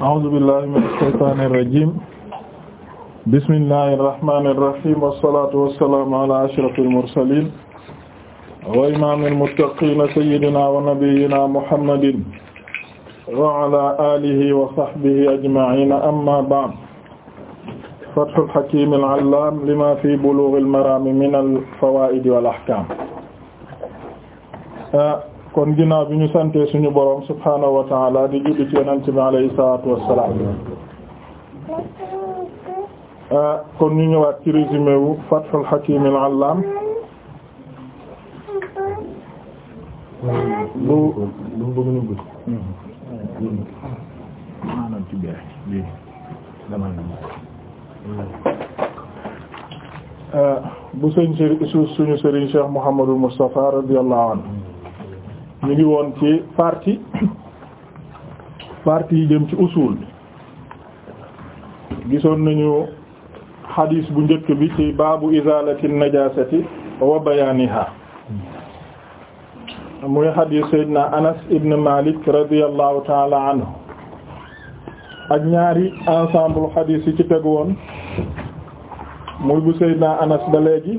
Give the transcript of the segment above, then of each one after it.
a'uuzu billaahi mina shaytaani rajiim bismillaahi rahmaani rahiim wassalaatu wassalaamu alaa ashrafil mursaliin wa imaamil muttaqiin sayyidinaa wa nabiyyinaa muhammadin wa alaa aalihi wa sahbihi ajma'iin ammaa ba'd fathul hakiimil 'allaam limaa fii buluughil maraam minal fawaa'idi wal ahkaam kon ginnaaw bi ñu santee suñu borom subhaanahu wa di julli ci yonent bi alayhi salaatu ah, kon ñu ñëwaat ci résumé wu Fathul Hakim bu ah, suñu sëriñ Cheikh Mouhamadou Moustapha radiyallahu anhu ñu ngi woon ci partie partie yi jëm ci usul gisoon nañu xadiis bu njëkk bi ci baabu izalati najasati wa bayaniha muy xadiis sayyidina Anas ibn Malik radiyallahu ta'ala anhu ak ñaari ensemble xadiis yi ci tegu woon muy bu sayyidina Anas ba léegi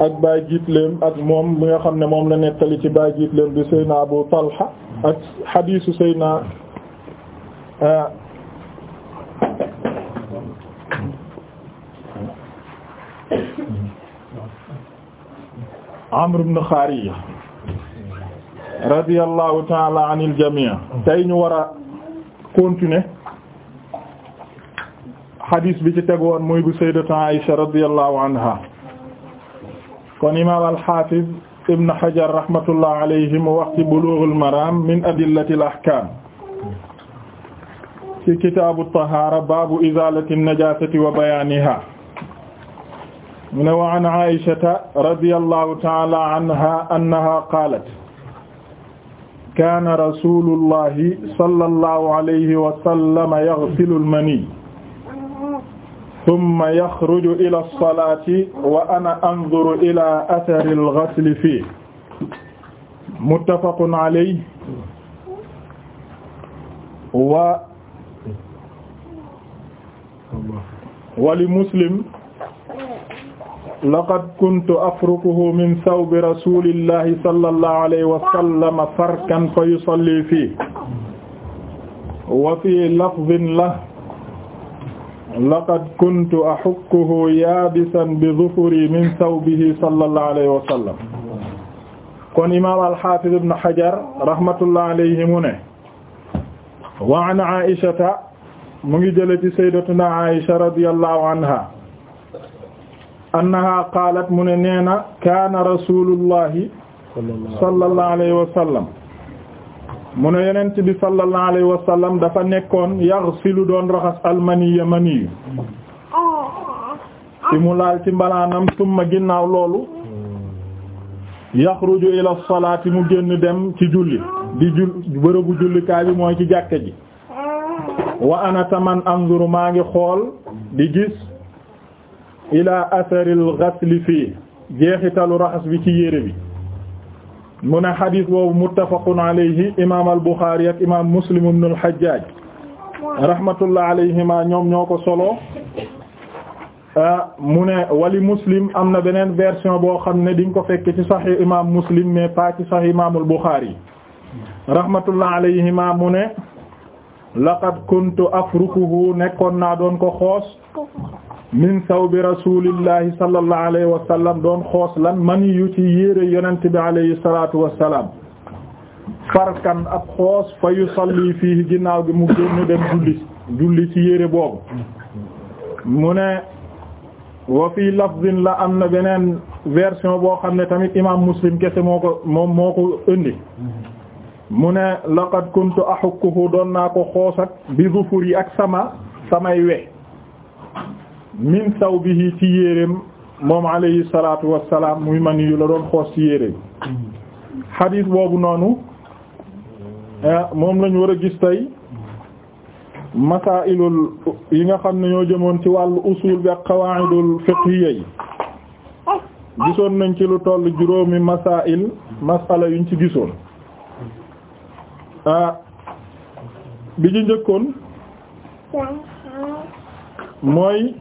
ak baay jiitleem ak moom bi nga xam ne moom la nettali ci baay jiitleem di Seyna Abu Talha ak xadiisu Seyna ah, Amr ibn Khariya radiyallahu ta'ala anil jami' tey ñu war a continuer xadiis bi ci teg woon muy bu Sayyidatu Aisha radiyallahu anha kon imaam al-Hafiz Ibn Hajar rahmatullah alayhi mu wax ci Bulughul Maram min adillatil ahkam ci kitaabu tahaara baabu izaalati najaasati wa bayaaniha mu ne wa an Aysata radiyallahu ta'ala anha annaha qaalat kaana rasuulullahi sallallahu alayhi wa sallam yaghsilu al-mani summa yaxruju ila salaati wa ana anzuru ila athari al-ghasli fii muttafaqun alayhi wa wa li Muslim laqad kuntu afrukuhu min thawbi rasulillahi sallallahu alayhi wa sallam farkan fa yusalli fiihi wa fii lafdhin lahu laqad kuntu ahukkuhu yaabisan bi dhufuri min thawbihi sallallahu alayhi wa sallam kon imaam al-Hafiz ibn Hajar rahmatullah alayhi mu ne wa an Aïshata mu ngi jële ci sayyidatuna Aïsha radiyallahu anha annaha qaalat mu ne nee na kaana rasulullahi sallallahu alayhi wa sallam mu ne yeneen bi sallallahu alayhi wa sallam dafa nekkoon yaghsilu doon raxas almaniya maniyu ci mu laal ci mbalaanam summa ginnaaw loolu yaxruju ila salaati mu génn dem ci julli di jul bërëbu jullikaay bi mooy ci jàkke ji wa ana taman maa ngi xool di gis ila atharil ghasli fii jeexitalu raxas bi ci yére bi mu ne xadis boobu muttafaqun alayhi imaam al-Buxaari ak imaam Muslim ibn al-Hajjaaj rahmatullah alayhima ñoom ñoo ko solo ah, mu ne wali Muslim am na beneen version boo xam ne diñ ko fekk ci Sahih imaam Muslim mais pas ci Sahih imaam al-Buxaari rahmatullah alayhima mu ne laqad kuntu afrukuhu nekkoon naa doon ko xoos min saw bi sallallahu alayhi wa sallam doon xoos lan man ci yére yonent bi alayhi salaatu wa salaam farkan ab xoos fa yusalli fii ginnaaw gi mu génn dem julli ci yére boobu mu ne wa fii lafdin la am na beneen version boo xam ne tamit imam muslim kese moo ko indi mu ne laqad kuntu ahukkuhu doon ko xoos ak bi zufur yi ak sama samay we min sawbihi ci yéreem moom alayhi salaatu wassalaam muy man yu la doon xoos ci yéreem xadiis boobu noonu eh, moom lañu war a gis tey masailul yi nga xam ne ñoo jëmoon ci wàllu usul bi ak qawaidul fiqhiyya yi gisoon nañ ci lu toll juróomi masail masala yuñ ci gisoon ah, bi ci njëkkoon mooy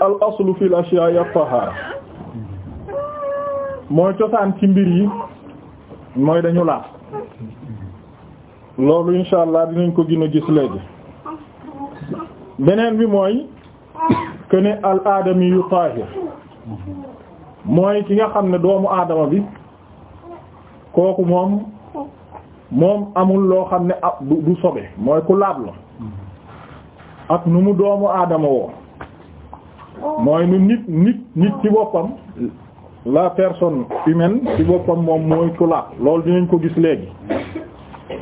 al aslu fil ashya'i at mooy cosaan ci mbir yi mooy dañu laab loolu insha allah dinañ ko gën a gis léegi beneen bi mooy que ne al aadami yu tahir mooy ki nga xam ne doomu aadama bi kooku moom moom amul loo xam ne ab ah, du sobe mooy ku laab la ak nu mu doomu aadama woo mooy nu nit nit nit ci boppam la personne humaine ci boppam moom mooy ku laab dinañ ko gis léegi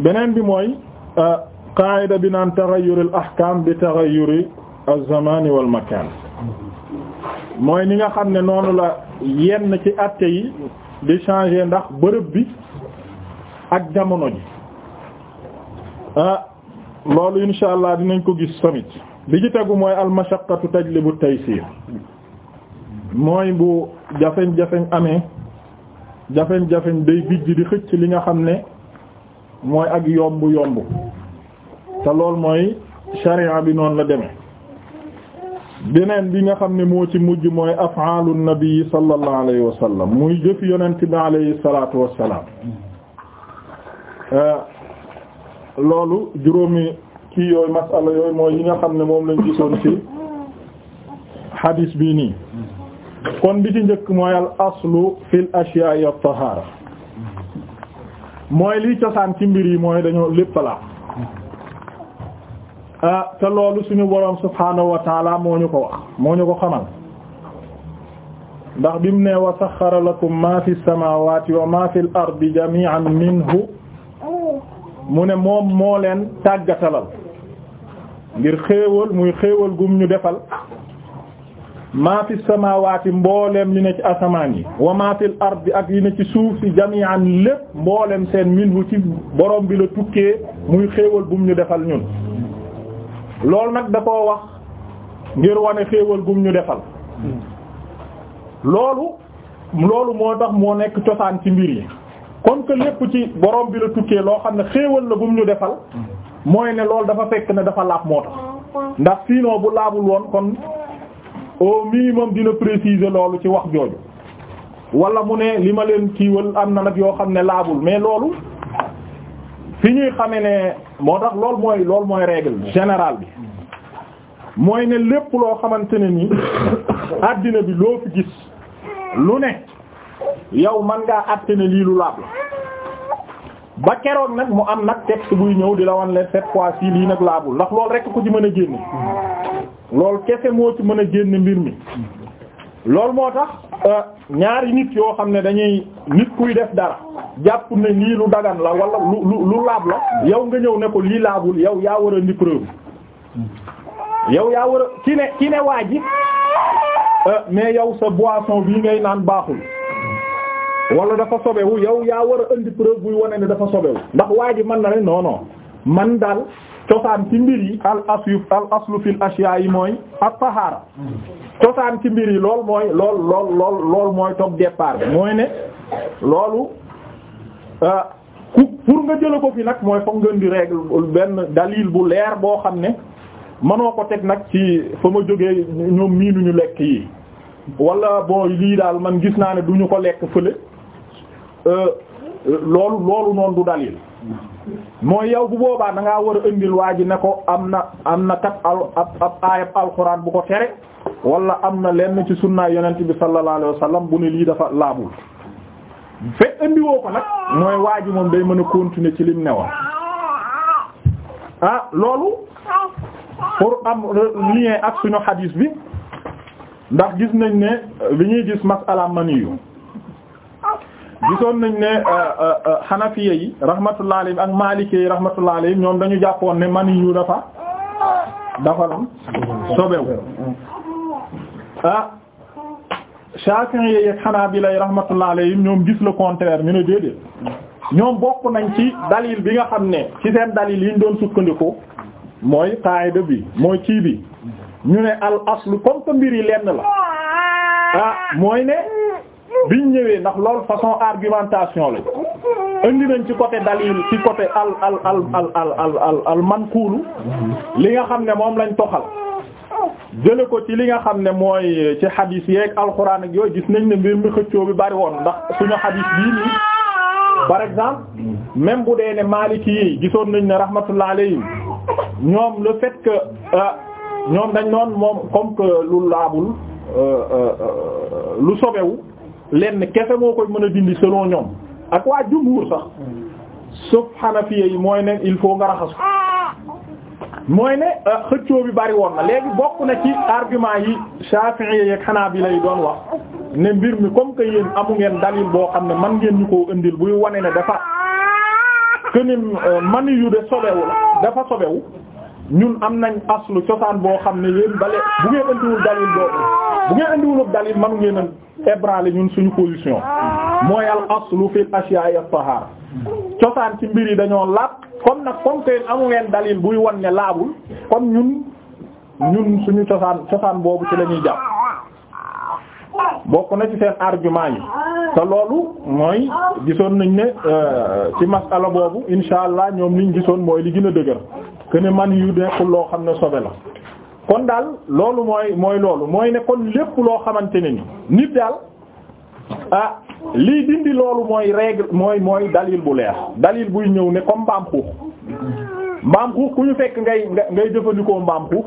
beneen bi mooy euh, qaida bi naan taghayyur al ahkam bi taghayyur al zaman wal mooy ni nga xam ne noonu la yenn ci atte yi di changer ndax bërëb bi ak jamono ji euh, loolu insha allah dinañ ko gis tamit li ci tegu mooy al mashaqqatu tajlibu taysir mooy bu jafeñ-jafeñ amee jafeñ-jafeñ day bijj di xëcc li nga xam ne mooy ak yomb yomb te loolu mooy sharia bi noonu la demee beneen bi nga xam ne moo ci mujj mooy af'aalu nabi sallallahu alayhi wa sallam muy jëf yonent bi alayhi salaatu wa salaam euh, loolu juróomi kii yooyu masala yooyu mooy yi nga xam ne moom lañu gisoon ci hadis bii nii kon bi ci njëkk mooy al aslu fil ashyaa'i at-tahaara mooy liy cosaan ci mbir yi mooy dañoo lépp la ah te loolu suñu boroom subhaanahu wa taala moo ñu ko wax moo ñu ko xamal ndax bimu ne wa saxxara lakum ma fi samaawaati wa ma fil ardi jami'an minhu mu ne moom moo leen tàggatalal ngir xéewal muy xéewal gum ñu defal maa fi samaawaati mbooleem li ne ci asamaan yi wa maa fil ardi ak yi ne ci suuf si jami'an lépp mbooleem seen minhu ci borom bi la tukkee muy xéewal gum ñu defal ñun loolu nag dafoo wax ngir wane xéewal gum ñu defal loolu loolu moo tax moo nekk cosaan ci mbir yi comme que lépp ci borom bi la loo xam ne xéewal la bu mu ñu defal mooy ne loolu dafa fekk ne dafa laab moo tax ndax sinon bu laabul woon kon au minimum dina préciser loolu ci wax jooju wala mu ne li ma leen kiiwal am na nag yoo xam ne laabul mais loolu fi ñuy xame ne moo tax loolu mooy loolu mooy règle générale bi mooy ne lépp loo xamante ne ni àddina bi loo fi gis lu ne yow man ngaa àtte ne lii lu laab la ba keroog nag mu am nag texte buy ñëw di la wan leen cette fois ci lii nag laabul ndax loolu rek ko ci mën a génne loolu kese moo ci mën a génne mbir mi loolu moo tax euh, ñaari nit yoo xam ne dañuy nit kuy def dara jàpp ne lii lu dagan la wala lu lu laab la yow nga ñëw ne ko lii laabul yow yaa war a indi preuve yow yaa war a ne ki ne waa ji euh, mais yow sa boisson bii ngay naan baaxul wala dafa sobewu yow yaa war a indi preuve buy wane ne dafa sobewu ndax waa ji man na ne non man daal cosaan ci mbir yi al aslu al aslu fil ashiya yi mooy ak tahaara cosaan ci mbir yi lool mooy lool lool lool lool mooy toog départ bi mooy ne loolu euh, ku pour nga jëla ko fi nag mooy foog ngeen di règle benn dalil bu leer boo xam ne mënoo ko teg nag ci fa ma jógee ñoom miinuñu lekk yi wala bon lii daal man gis naa ne duñu ko lekk fële Euh, loolu loolu noonu du dalil mooy yow bu boobaa da ngaa war a indil waa ji ne ko am na am na kat al ab ab alxuraan bu ko tere walla am na lenn ci sunnaay yonent bi sallallahu alayhi bu ni lii dafa laabul fekk indiwoo ko nag mooy waa ji moom day mën a continuer ci lim ne woon ah loolu pour am lien ak suñu xadiis bi ndax gis nañ ne li ñuy gis masala maniyu gisoon nañ ne xanafiya euh, euh, euh, yi rahmatullah alayhim ak maliki yi rahmatullah alayhim ñoom dañu jàppoon ne man yu dafa dafa lan sobewu ah shafi'i yi ak hanabila yi rahmatullah alayhim ñoom gis le contraire ñu ne déedéet ñoom bokk nañ ci dalil bi nga xam ne ci seen dalil yi ñu doon sukkandiku mooy qaida bi mooy kii bi ñu ne al aslu comme que mbir yi lenn la ah mooy ne biñ ñëwee ndax loolu façon argumentation lañ indi nañ ci côté dalil ci côté al al al al al al al li nga xam ne moom lañ toxal jële ko ci li nga xam ne mooy ci xadiis yeeg alxuraan ak yooyu gis nañ ne mbir mi xëccoo bi bari woon ndax suñu xadiis bii nii par exemple même bu dee ne Maliki yi gisoon nañ ne rahmatullah alayhim ñoom le fait ah, ñoom dañ noon moom comme que lu laabul euh, euh, euh, lu sobewu lenn kese moo koy mën a dindi selon ñoom ak waa jumhur sax sauf yi mooy ne il faut nga raxasu mooy ne euh, xëccoo bi bari woon na léegi bokk na ci argument yi shafi'i ak bi lay doon wax ne mbir mi comme que yéen amu ngeen dalil boo xam ne man ngeen ñu ko indil buy wane ne dafa que man euh, mani yu de sobewu la dafa sobewu ñun am nañ aslu cosaan boo xam ne yéen bale bu ngeen indiwul dalil boobu bu ngeen indiwul dalil manu ngeen ébranlé ñun suñu position mooy al aslu fil ashyaa'i at-tahar cosaan ci mbir yi dañoo laab comme nag comme que amu dalil buy won ne laabul comme ñun ñun suñu cosaan cosaan boobu ci la ñuy bokk na ci seen argument yi te loolu mooy gisoon nañ ne euh, ci masala boobu insha allah ñoom liñ gisoon mooy li gën a dëgër que man yu nekkul loo xam ne sobe la kon daal loolu mooy mooy loolu mooy ne kon lépp loo xamante ne nit daal ah lii dindi loolu mooy règle mooy mooy dalil bu leer dalil buy ñëw ne comme mbaam xuux mbaam xuux ku ñu fekk ngay ngay jëfandikoo mbaam xuux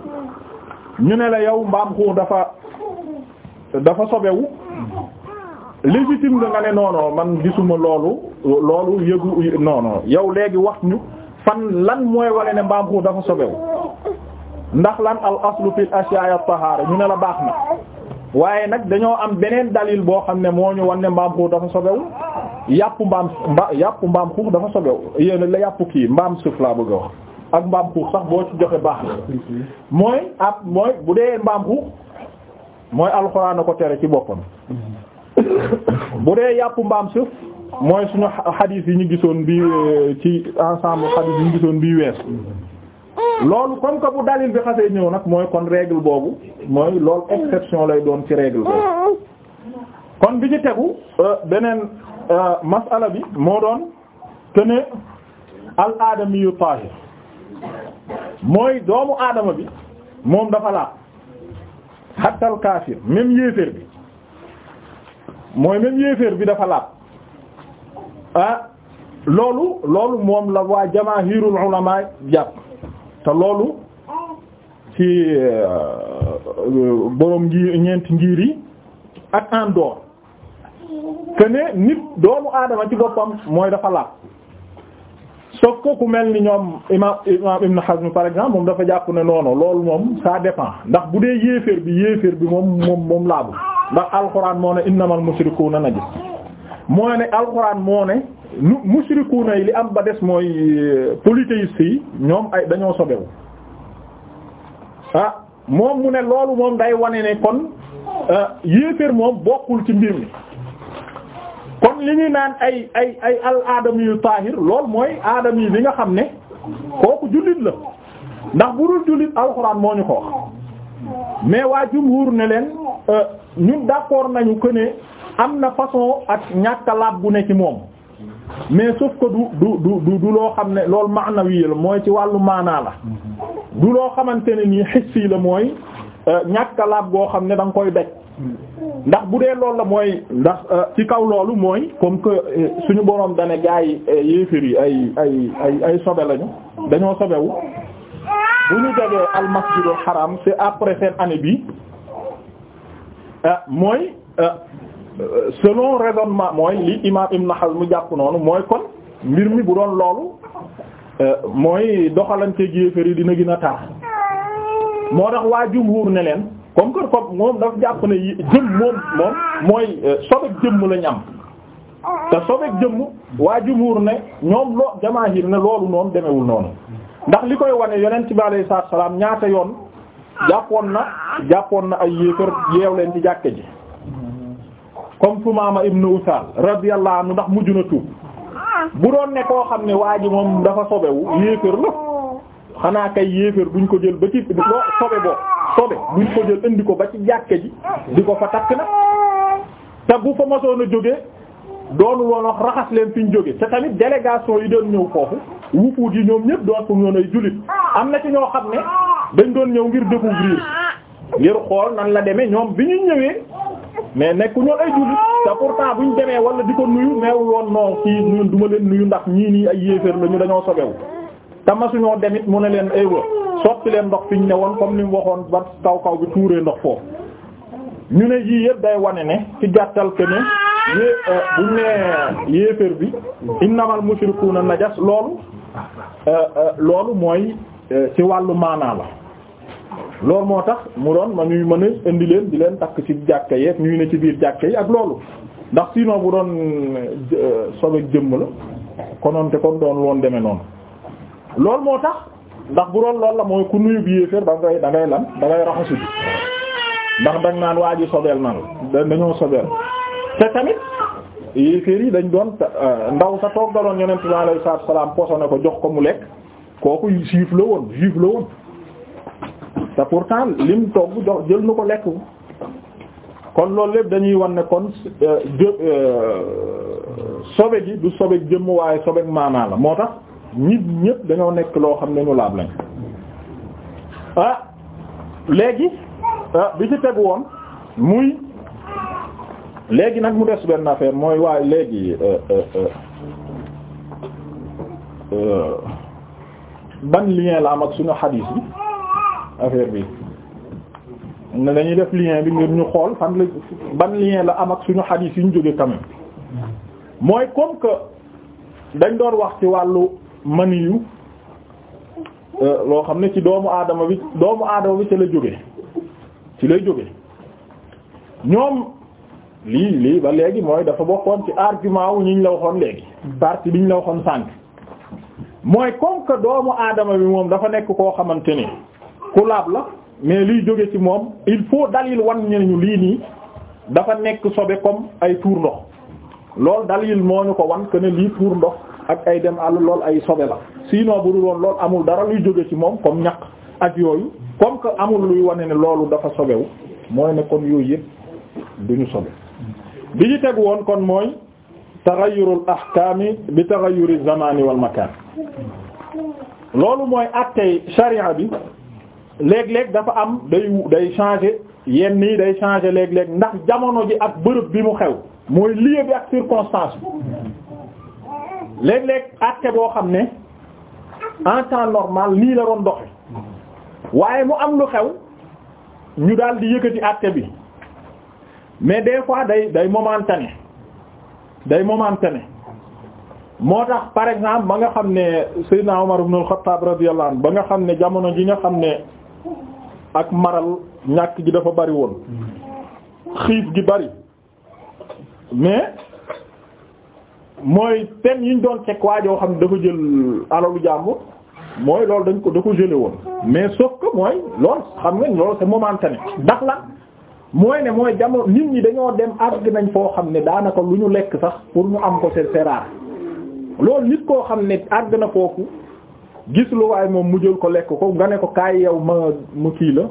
ñu ne la yow mbaam xuux dafa dafa sobewu légitime da nga ne non man gisuma loolu loolu yëgu non non yow léegi wax ñu fan lan mooy wale ne mbaam xuux dafa sobewu ndax lan al aslu fil ashya'i at ñu ne la baax na waaye nag dañoo am beneen dalil boo xam ne moo ñu wan ne mbaam xuux dafa sobewu yàpp mbaam mba yàpp mbaam xuux dafa sobewu yéen la yàpp kii mbaam suuf laa bëgg a wax ak mbaam xuux sax boo ci joxe baax na mooy ab mooy bu dee mbaam xuux mooy alxuraan a ko tere ci boppam bu dee yàpp mbaam suuf mooy suñu xadiis yi ñu gisoon bi ci ensemble xadiis yi ñu gisoon bi wees loolu comme que bu dalil bi xasee ñëw nag mooy kon règle boobu mooy lool exception lay doon ci règle boobu kon bi ci tegu euh, beneen euh, masala bi moo doon que al aadami tahir mooy doomu aadama bi moom dafa laab hatta al kaafir même yéeféer bi mooy même yéeféer bi dafa laab ah loolu loolu moom la waa jamaahirul ulama jàpp te loolu ci euh, borom ngi ñeenti ngir yi ak en dehors nit doomu aadama ci boppam mooy dafa laab sauf que ku mel ni ñoom imam imam Ibn Hazm par exemple moom dafa jàpp ne noonu loolu moom ça dépend ndax bu dee yéeféer bi yéeféer bi moom moom laabu ndax alxuraan moo ne innamal musrikuuna ji mooy ne alxuraan moo ne nu musrikuuna yi li am ba des mooy euh, polythéistes fii ñoom ay dañoo sobewu ah moom mu ne loolu moom day wane ne kon euh, yéeféer moom bokkul ci mbir mi kon li ñuy naan ay ay ay al aadami yu taahir loolu mooy aadam yi bi nga xam ne kooku jullit la ndax bu dul jullit alxuraan moo ñu ko wax mais waa jumhur ne leen euh, ñun d'accord nañu que am na façon ak ñàkk a bu ne ci moom mais sauf que du du du du loo xam ne loolu maanawi la mooy ci wàllu maanaa la du loo xamante ne nii xissi la mooy euh, ñàkk a goo xam ne da koy daj ndax bu dee loolu la mooy ndax euh, ci kaw loolu mooy comme que euh, suñu boroom dane gaa yi yéefir yi ay ay ay ay sobe lañu dañoo sobewu bu ñu jegee al masjidul haram c'est après seen année bi mooy selon raisonnement mooy li imam Ibn Hazm mu jàpp noonu mooy kon mbir mi bu doon loolu euh, mooy doxalante yi dina gin a tar moo tax waa jumhuur ne leen comme que comme moom daf jàpp ne jëm moom moom mooy euh, sobek jëmm lañ am te sobek jëmm waa jumhuur ne ñoom loo jamaahir ne loolu noonu demewul noonu ndax li koy wane yonent bi alayhi salaam ñaata yoon jàppoon na jàppoon na ay yéefar yeew leen ci jàkke ji comme Sumaama ibnu Usaal radiyallahu anhu ndax mujj na tuub bu doon ne koo xam ne waa ji moom dafa sobewu yéeféer la xanaa kay yéeféer duñ ko jël ba ci loo sobe boo sobe duñ ko jël indi ko ba ci jàkke ji di ko fa takk nag te bu fa masoon a jóge doonu woon wax raxas leen fi jóge te tamit délégation yi doon ñëw foofu wufuut yi ñoom ñëpp doon ko ñoon ay jullit am na ci ñoo xam ne dañ doon ñëw ngir découvrir ngir xool nan la demee ñoom bi ñu ñëwee mais nekku ñoon ay jullit te pourtant buñ demee wala di ko nuyu neewul woon non kii ñun du leen nuyu ndax ñii nii ay yéeféer la ñu dañoo sobewu te masuñoo demit mu ne leen aywa sotti leen ndox fi ñu ne comme ni mu waxoon ba kaw kaw bi tuuree ndox foofu ne yii yëpp day wane ne ci gàttal ke ne yé euh, buñ ne yéeféer bi innamal mushrikuuna najas loolu euh, euh, loolu mooy ci wàllu maanaa la loolu moo tax mu doon ma ñuy mën a indi leen di leen takk ci jàkka yeeg ñuy ne ci biir jàkka yi ak loolu ndax sinon bu doon euh, sobe jëmm la konoon te kon doon woon demee noonu loolu moo tax ndax bu doon loolu la moo ku nuyu bi yéeféer da ngay da ngay lan da ngay raxasu ndax dañ naan waa ji sobeel na la dañoo sobeel te tamit yéeféer yi dañ doon euh, ndaw sa toog da doon yonent bi alayhi salaatu wa salaam ko jox ko mu lekk kooku juif la woon juif la woon te pourtant lim togg jox jël na ko lekk kon loolu lépp dañuy wan ne kon euh, euh, sobe gi du sobe jëmm waaye sobe maanaa la moo tax nit ñépp dañoo nekk loo xam ne ñu laab lañ ah léegi ah, bi ci tegu woon muy léegi nag mu des benn affaire mooy waaye léegi euh, ban lien la am ak suñu xadiis bi affaire bi ne dañuy def lien bi ngir ñu xool fan la ban lien la am ak suñu xadiis yi ñu jóge quand mooy comme que dañ doon wax ci wàllu maniyu euh, loo xam ne ci doomu aadama bi doomu aadama bi ci la jóge ci lay jóge ñoom lii lii ba léegi mooy dafa bokkoon ci argument wu ñu la waxoon léegi partie bi ñu la waxoon sànq mooy comme que doomu aadama bi moom dafa nekk koo xamante ni ku la mais liy jóge ci moom il faut dalil wan ñu lii nii dafa nekk sobe comme ay tuur ndox loolu dalil moo ñu ko wan que lii tuur ndox ak ay dem àll lool ay sobe la sinon bu dul woon loolu amul dara luy jóge ci moom comme ñaq ak yooyu comme que amul luy wane ne loolu dafa sobewu mooy ne kon yooyu yëpp duñu sobe bi ñu teg woon kon mooy taxayurul ahkaami bi taxayuri zamani wal makaan loolu mooy àttey sharia bi léeg-léeg dafa am day day changer yenn nii day changer léeg-léeg ndax jamono ji ak bërëb bi mu xew mooy lieu bi ak circonstance bi léeg acte boo xam ne en temps normal nii la doon doxe waaye mu am lu xew ñu daal di yëkkati acte bi mais des fois day day momentané day momentané moo tax par exemple ba nga xam ne Seydina Omar ibn al-Khattab radiyallahu anhu ba nga xam ne jamono ji nga xam ne ak maral ñàkk gi dafa bari woon xiif gi bari mais mooy thème yi ñu doon teg waa joo xam ne dafa jël alalu jàmbur mooy loolu dañ ko da jële woon mais sauf que mooy lool xam nga loolu c'est ne dax la mooy ne mooy jamono nit ñi dañoo dem àgg nañ foo xam ne daanaka lu ñu lekk sax pour ñu am ko c'est rare loolu nit koo xam ne àgg na foofu gis lu waaye moom mu jël ko lekk ko nga ne ko kaay yow ma ma kii la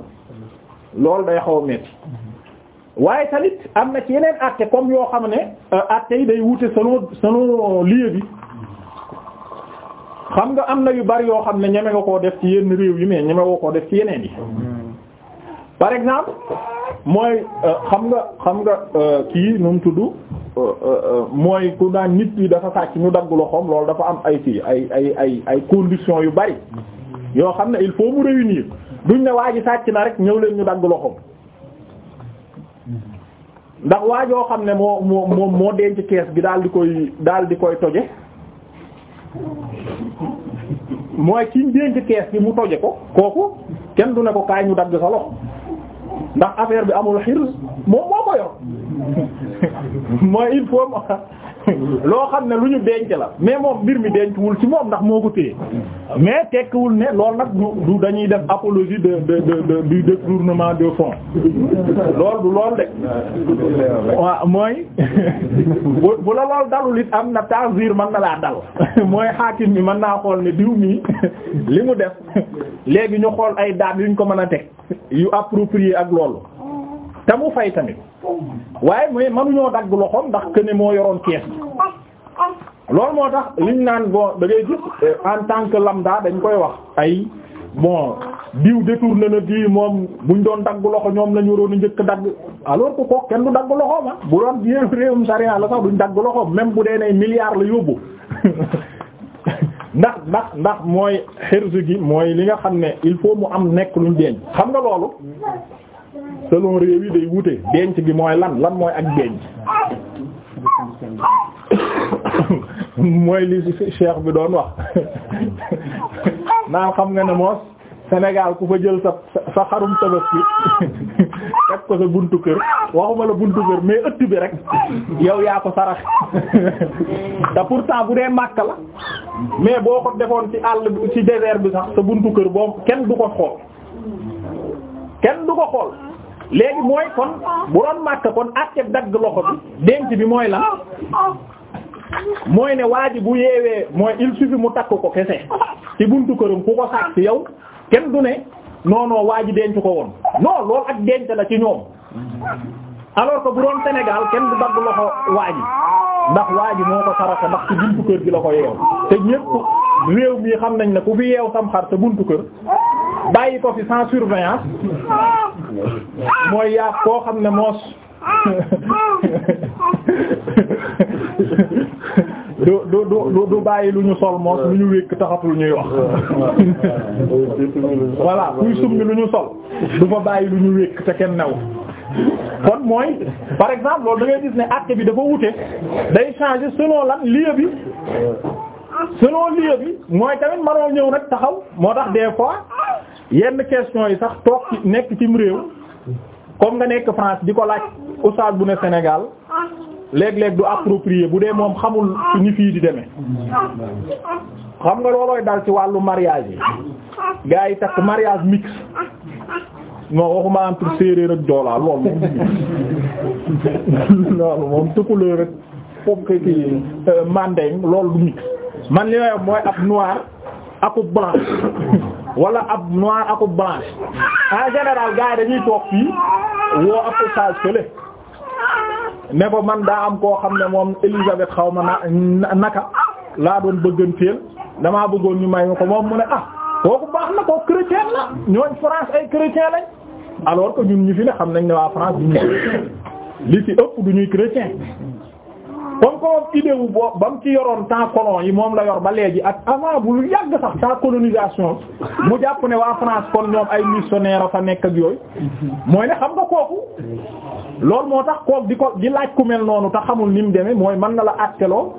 loolu day xaw a metti waaye tamit am na ci yeneen acte comme yoo xam ne euh, acte yi day wute selon selon lieu xam nga am na yu bari yoo xam ne ñeme nga koo def ci yenn réew yi mais ñeme nga koo def ci yeneen yi mm-hmm. par exemple mooy euh, xam nga xam nga euh, kii nu mu tudd euh, mooy ku naan nit yi dafa sàcc ñu dagg loxoom loolu dafa am ay kii ay ay ay ay conditions yu bari yoo xam ne il faut mu réunir duñ ne waa ji sàcc na rek ñëw leen ñu dagg loxoom ndax waa joo xam ne moo moo moo moo denc kees gi daal di koy daal di koy toje mooy ci denc kees gi mu toje ko kooku kenn du ne ko kaay ñu dagg sa loxo. ndax affaire bi amul xir moom moo ko yor mooy il faut loo xam ne lu ñu denc la mais moom mbir mi dencuwul ci moom ndax moo ko téye mais tekkiwul ne loolu nag du dañuy def apologie de de de du détournement de fonds lool du lool de waaw mooy bu la lool dalul it am na tazir man na laa dal mooy xaakim mi mën naa xool ne diw mi li mu def léegi ñu xool ay daan yuñ ko mën a teg yu approprié ak loolu te mu fay tamit waaye mooy mënuñoo dagg loxoom ndax que ne moo yoroon kees bi loolu moo tax liñ naan boo da ngay gis euh, en tant que lambda dañ koy wax ay bon diw détourné na di moom buñ doon dagg loxo ñoom la ñu njëkk dagg alors que kenn du dagg loxoom ah, bu doon bien réewum sariya la sax duñ dagg loxoom même bu dee ne milliards la yóbbu ndax ndax ndax mooy xerse gi mooy li nga xam ne il faut mu am nekk luñ denc xam nga loolu selon réew yi day wute denc gi mooy lan lan mooy ak denc mooy li cheikh bi doon wax naan xam nga ne moos Sénégal ku fa jël sa sa xarum tabaski teg ko sa buntu kër waxuma la buntu kër mais ëtt bi rek yow yaa ko sarax te pourtant bu dee Makka la mais boo ko defoon ci àll bi ci désert bi sax sa buntu kër boobu kenn du ko xool kenn du ko xool léegi mooy kon bu doon màkk kon àtte dagg loxo bi denc bi mooy lan mooy ne waa bu yeewee mooy il suffit mu takk ko kese ci buntu këram ku ko sàcc yow kenn du ne non non waa ji denc ko woon non loolu ak denc la ci ñoom alors que bu doon senegal kenn du dagg loxo waa ji ndax waa ji moo ko saraxe ndax ci buntu kër gi la ko yeew te ñépp réew mi xam nañ ne ku fi yeew sam xar sa buntu kër bàyyi ko fi sans surveillance mooy yaa koo xam ne moos du du du du bàyyi lu ñu sol moos lu ñu wékk taxatul ñuy wax voilà kuy summi lu ñu sol du fa bàyyi lu ñu wékk te kenn new kon mooy par exemple loolu da gis ne acte bi dafa wute day changer selon lan lieu bi selon lieu bi mooy tamit manoo ñëw nag taxaw moo tax des yenn question yi sax toog ci nekk cim réew comme nga nekk France di ko laaj oustaz bu ne Sénégal léeg-léeg du approprié bu dee moom xamul ni fii di deme xam nga loolooy dal ci wàllu mariage yi gars yi takk mariage mixte non waxuma entre séeréer ak joolaa loolu moom loolu moom tukulóor rek foofu kii mandeng loolu du man li may wax mooy ab noir akub blanche wala ab noir akub blanche en général gars dañuy toog fii woo ab sage fële ne ko man daa am koo xam ne moom Elisabeth xaw ma na naka laa doon bëgganteel damaa bëggoon ñu may ma ko moom mu ne ah kooku baax na koo chrétien la ñooñ France ay chrétien lañ alors que ñun ñu fi ne xam nañ ne waa France li ci ëpp du ñuy chrétien comme comme idée wu boo ba mu ci yoroon temps colon yi moom la yor ba léegi ak avant bu yàgg sax temps colonisation mu jàpp ne waa France kon ñoom ay missionnaire a fa nekk ak yooyu mooy ne xam nga kooku loolu moo tax kook di ko di laaj ku mel noonu te xamul ni mu demee mooy man na la àtteloo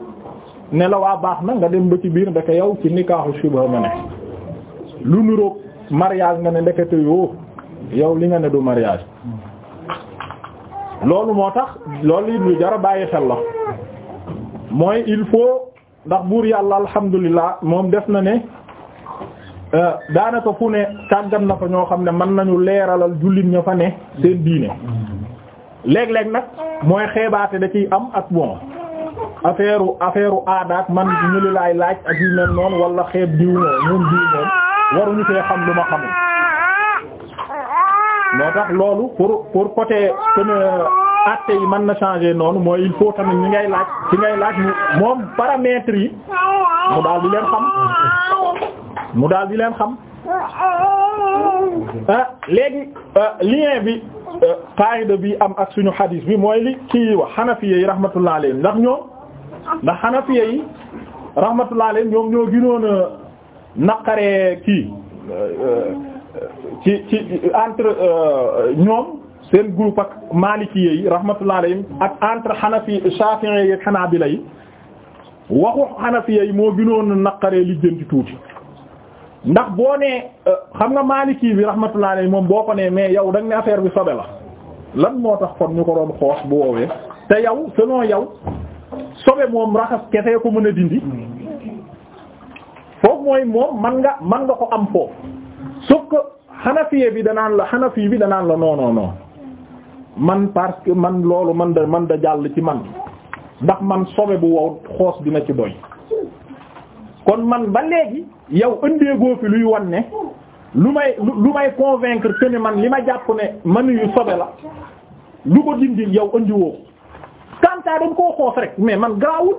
ne la waa baax na nga dem ba ci biir ndeke yow ci nikaaxu suba nga ne lu niroog mariage nga ne ndekete yoo yow li nga ne du mariage loolu moo tax loolu it lu jara bàyyi xel la mooy il faut ndax buur yàlla alhamdulilah moom def na ne euh, daanaka fu ne tàggat na fa ñoo xam ne mën nañu leeralal jullit ña fa ne seen diine léeg-léeg nag mooy xeebaate da ciy am ak bon affaire affaire aadaat man ñu laay laaj ak yu mel noonu wala xeeb diw moom diw moom waruñu fee xam lu ma xamul. moo tax loolu pour pour côté seen actes yi mën na changer noonu mooy il faut tamit ñi ngay laaj ci ngay laaj mu moom paramètres yi mu daal leen xam mu daal di leen xam ah léegi ah, lien bi ah, qaida bi am ak suñu hadis bi mooy li kii wax xanafiya yi rahmatullah alayhim ndax ñoom ndax xanafiya yi rahmatullah alayhim ñoom ñoo gënoon a kii. ci ci entre euh, ñoom seen groupe ak maalikiyya yi rahmatullahi alayhim ak entre xanafi shafi'iyya yi ak xanaabila yi waxu xanafiya yi moo gënoon naqaree li jënti tuuti ndax boo nee euh, xam nga maaliki bi rahmatullahi alayhi moom boo ko nee mais yow da nga ne affaire bi sobe la lan moo tax kon ñu ko doon xoos bu woowee te yow selon yow sobe moom raxas kese ko mën a dindi mm. foofu mooy moom man nga man nga ko am foofu sauf que bi danaan la xanafi bi danaan la non non man parce que man loolu man da man da jàll ci man ndax man sobe bu wow xoos dina ci doy kon man ba léegi yow ëndeegoo fi luy wan ne lu may lu may convaincre que ne man li ma jàpp ne man yu sobe la lu ko dindi yow ëndiwoo kantaa dañ koo xoos rek mais man gaawul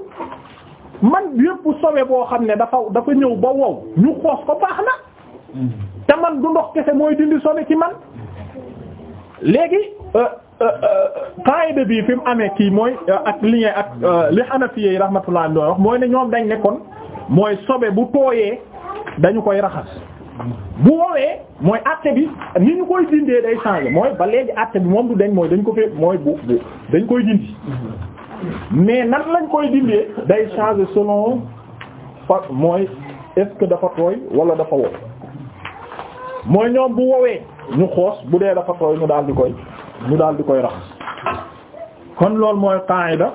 man yépp sobe boo xam ne dafa dafa ñëw ba wow ñu xoos ko baax na mm-hmm. te man du ndox kese mooy dindi sobe ci man léegi euh, euh, euh, qaida bi fi mu amee kii mooy ak li ak li Hanafiyya yi rahmatullah am wax mooy ne ñoom dañ nekkoon mooy sobe bu tooyee dañu koy raxas bu woowee mooy àtte bi ni ñu koy dindee day changer mooy ba léegi àtte bi moom du dañ mooy dañ ko fee mooy bu bu dañ koy dindi mais nan lañ koy dindee day changer selon mooy est dafa tooy wala dafa wow mooy ñoom bu wowee ñu xoos bu dee dafa tooy ñu daal di koy ñu daal di koy rax kon loolu mooy qaida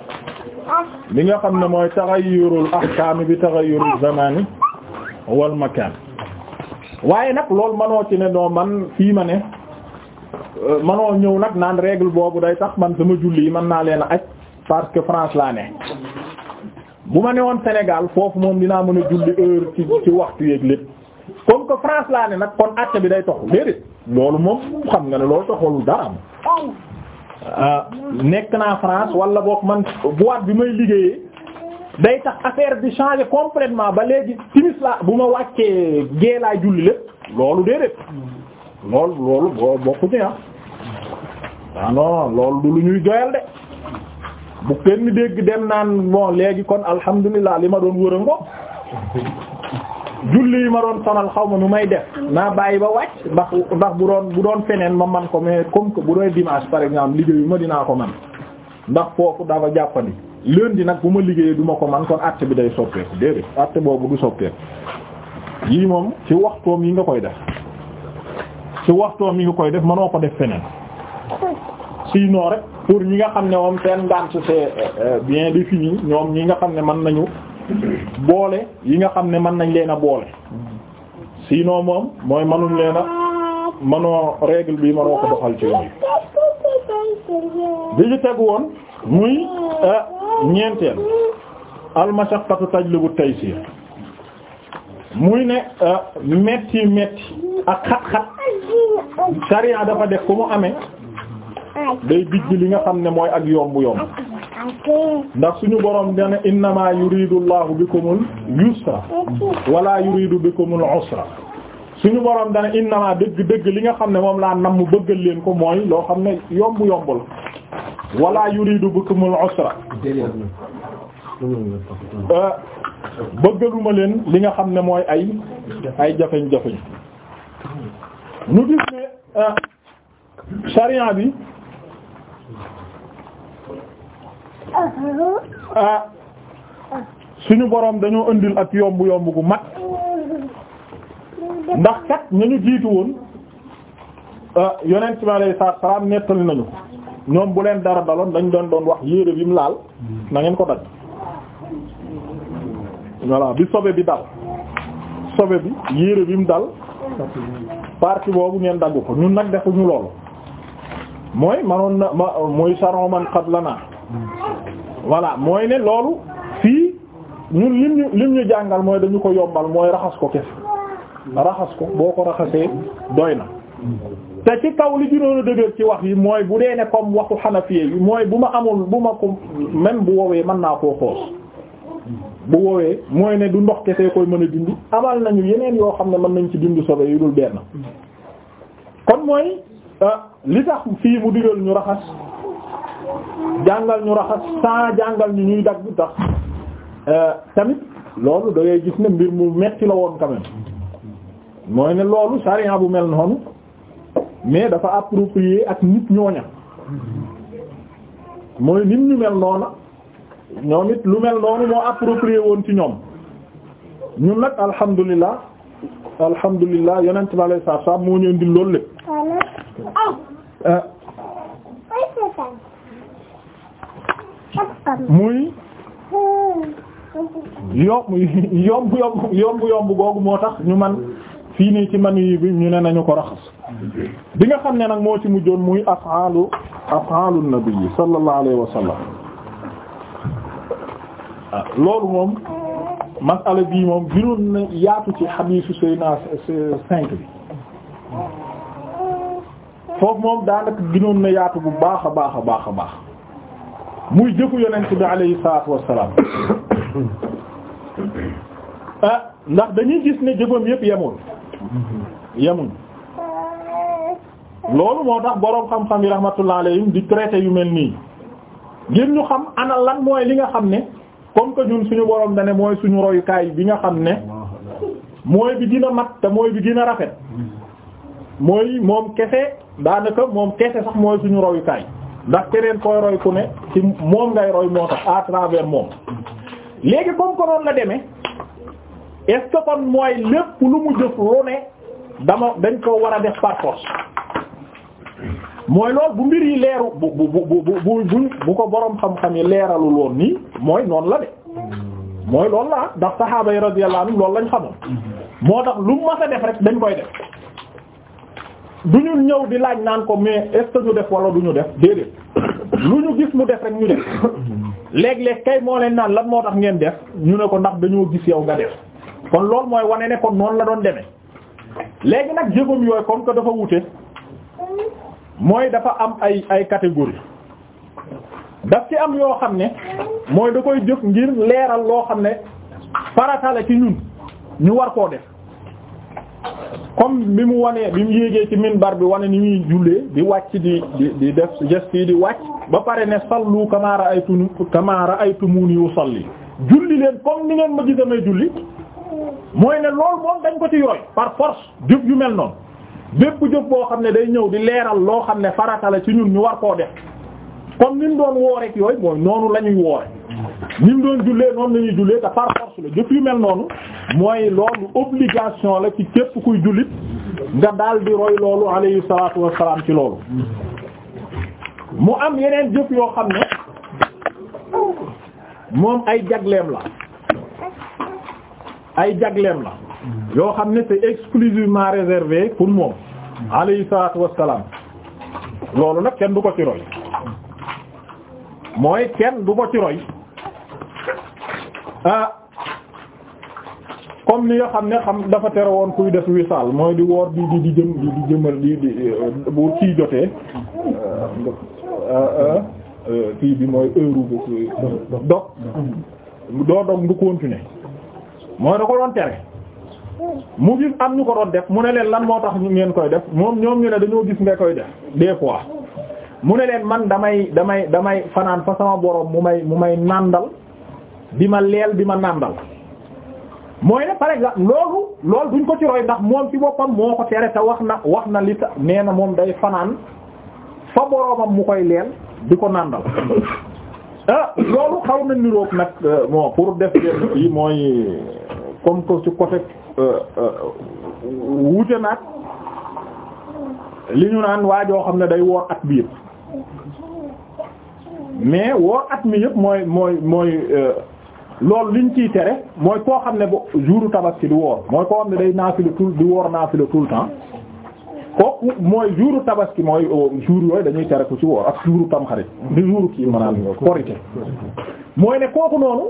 li nga xam ne mooy taghayyurul ahkam bi taghayyurul zamani wal makan waaye nag loolu manoo ci ne doo man fii ma ne manoo ñëw nag naan règle boobu day tax man sama julli yi man naa leen ak aj parce France laa ne bu ma ne woon Sénégal foofu moom dinaa mën a julli heure ci ci waxtu yeeg lépp comme que France laa ne nag kon acte bi day toxu déedéet loolu moom xam nga ne loolu toxul dara ah, nekk naa France wala boog man boîte bi may liggéeyee day tax affaire bi changer complètement ba léegi timis la bu ma wàccee gée julli lépp loolu déedéet loolu loolu boo bokku ci ah ah loolu lu ñuy joyal de bu kenn dégg dem naan bon léegi kon alhamdulilah li ma doon wër a ngo julli yi ma doon sonal xaw ma nu may def naa bàyyi ba wàcc ndax ndax bu doon bu doon feneen ma man ko mais comme que bu doon dimanche par exemple liggéeyu ma dinaa ko man ndax foofu dafa jàppandi lundi nag bu ma liggéeyee du ma ko man kon àtte bi day soppeeku déedéet àtte boobu du soppeeku yii moom ci waxtoom yi nga koy def ci waxtoom yi nga koy def mënoo ko def feneen sinon rek pour ñi nga xam ne moom seen ngànt c'est euh, euh, bien défini ñoom ñi nga xam ne man nañu boole yi nga xam ne mën nañ leen a boole sinon moom mooy mënul leen a mënoo régle bi mënoo ko doxal ci yooyu bi ñu teg woon muy ah, ñeenteel almashaqqatu tajlibu taysir muy ne ah, metti metti ak xat-xat sariya dafa def ku mu amee day bijj li nga xam ne mooy ak yomb yomb ndax suñu borom dana innamaa yuridu Allahu bikumul yusra wala yuridu bikumul usra suñu borom dana innamaa dëgg dëgg li nga xam ne moom laa namm mu bëggal leen ko mooy loo xam ne yomb yomb la wala yuridu bikumul usra euh, bëggaluma leen li nga xam ne mooy ay ay jafeñ jafeñ ñu gis ne euh, sharia bi ah suñu boroom dañoo indil ak yomb yomb gu mat ndax kat nañu jiitu woon ah, yonent bi alayhi salaam nettali nañu ñoom bu leen dara daloon dañ doon doon wax yére bi mu laal na ko daj voilà bi sobe bi dal sobe bi yére bi mu dal partie boobu ngeen daggu ko ñun nag defuñu loolu mooy manoon na ma mooy saron man la naa voilà mooy ne loolu fii ñun lim ñu lim ñu jàngal mooy dañu ko yombal mooy raxas ko kese raxas ko boo ko raxasee doy na te ci kaw li gënoon a dëgër ci wax yi mooy bu dee ne comme waxu xanafiye yi mooy bu ma amul bu ma ko même bu woowee man naa koo xoos bu woowee mooy ne du ndox kese koy mën a dindi amal nañu yeneen yoo xam ne mën nañ ci dindi sobe yu dul benn kon mooy euh, li tax fii mu digal ñu raxas jàngal ñu raxas sans jàngal ñu ñuy dagg tax euh, tamit loolu da gis ne mbir mu metti la woon quand même mooy ne loolu sariya bu mel noonu mais dafa approprié ak nit ñooña mooy nit ñu mel noona ñoom it lu mel noonu moo approprié woon ci ñoom ñun nag alhamdulilah alhamdulilah yonent bi alayhi salaatu wa salaam moo ñu indil loolu lépp muy yomb yomb yomb yomb googu moo tax ñu man fii nii ci man yi bi ñu ne nañu ko raxas bi nga xam ne nag moo ci mujjoon muy afaalu afaalu nabi sallallahu alayhi wa sallam ah, loolu moom masala bii moom gënoon na yaatu ci xadiisu Seydina cinq bi foofu moom daanaka gënoon na yaatu bu baax a baax a baax a baax muy jëfu yonent bi alayhi salaatu wassalaam ah ndax dañuy gis ne jëfam yëpp yemul yemuñ loolu moo tax boroom xam-xam yi rahmatullah alayhim di traité yu mel nii ngir ñu xam ana lan mooy li nga xam ne comme que ñun suñu boroom da ne mooy suñu royukaay bi nga xam ne mooy bi dina mat te mooy bi dina rafet mooy moom kese daanaka moom kese sax mooy suñu royukaay ndax keneen koy roy ku ne ci moom ngay roy moo tax à travers moom léegi comme ko noonu la demee est kon mooy lépp lu mu jëf lu ne dama dañ ko war a def par force mooy loolu bu mbir yi leeru bu bu bu bu bu ko boroom xam-xam yi leeralul woon nii mooy noonu la de mooy loolu la ndax saxaaba yi radiyallahu anhum loolu lañ xamoon moo tax lu mu mës def rek dañ koy def. du ñun ñëw di laaj naan ko mais est-ce que ñu def wala du ñu def déedéet lu ñu gis mu def rek ñu def léeg-léeg kay moo leen naan lan moo tax ngeen def ñu ne ko ndax dañoo gis yow nga def kon loolu mooy wane ne ko noonu la doon demee léegi nag jëfam yooyu comme que dafa wute mooy dafa am ay ay catégorie daf ci am yoo xam ne mooy da koy jëf ngir leeral loo xam ne farata la ci ñun ñu war koo def comme bi mu wanee bi mu yéegee ci bar bi wane ni muy jullee di wàcc di di def geste yi di wàcc ba pare ne sallu kama ra'aytuni kama ra'aytumuni usalli julli leen comme ni ngeen ma gis damay julli mooy ne lool moom dañ ko ci yooy par force jëf yu mel noonu bépp jëf boo xam ne day ñëw di leeral loo xam ne farata la ci ñun ñu war koo def kon ni mu doon wooree ak yooyu mooy noonu la ñuy wooree ni mu doon jullee noonu la jullee te par la jëf yu mel noonu mooy loolu obligation la ci képp kuy jullit nga daal di roy loolu alayhi salaatu wassalaam ci loolu mu am yeneen jëf yoo xam ne moom ay jagleem la ay jagleem la yoo xam ne c'est exclusivement réservé pour moom alayhi salaatu wassalaam loolu nag kenn du ko ci roy mooy kenn du ko ci roy ah, comme ni nga xam ne xam dafa tere woon kuy def wisaal mooy di woor di di di jëm di di jëmal di di bu kii jotee ah, ah, kii bi mooy heure bu dog doo dog du continuer mooy da ko doon tere mu gis am ñu ko doon def mu ne leen lan moo tax ñu ngeen koy def moom ñoom ñu ne dañoo gis nga koy def des fois mu ne leen man damay damay damay fanaan fa sama boroom mu may mu may nàndal di ma leel di ma nàndal mooy ne par exemple loolu loolu duñ ko ci roy ndax moom ci boppam moo ko tere te wax na wax na li ta nee na moom day fanaan fa boroomam mu koy leel di ko nàndal ah loolu xaw na niroog nag euh, bon pour def leen mooy comme que ci côté euh, euh, wuute naag li ñu naan waa joo xam ne day woor at biir mais woor at mi yëpp mooy mooy mooy euh, loolu liñ ciy tere mooy koo xam ne ba jouru tabaski du woor mooy koo xam ne day naa naafila tout di woor naafila tout le temps kooku mooy jouru tabaski mooy euh, jour yooyu dañuy tere ko ci woor ak jouru tamxarit di jouru kii maanaam korité mooy ne kooku noonu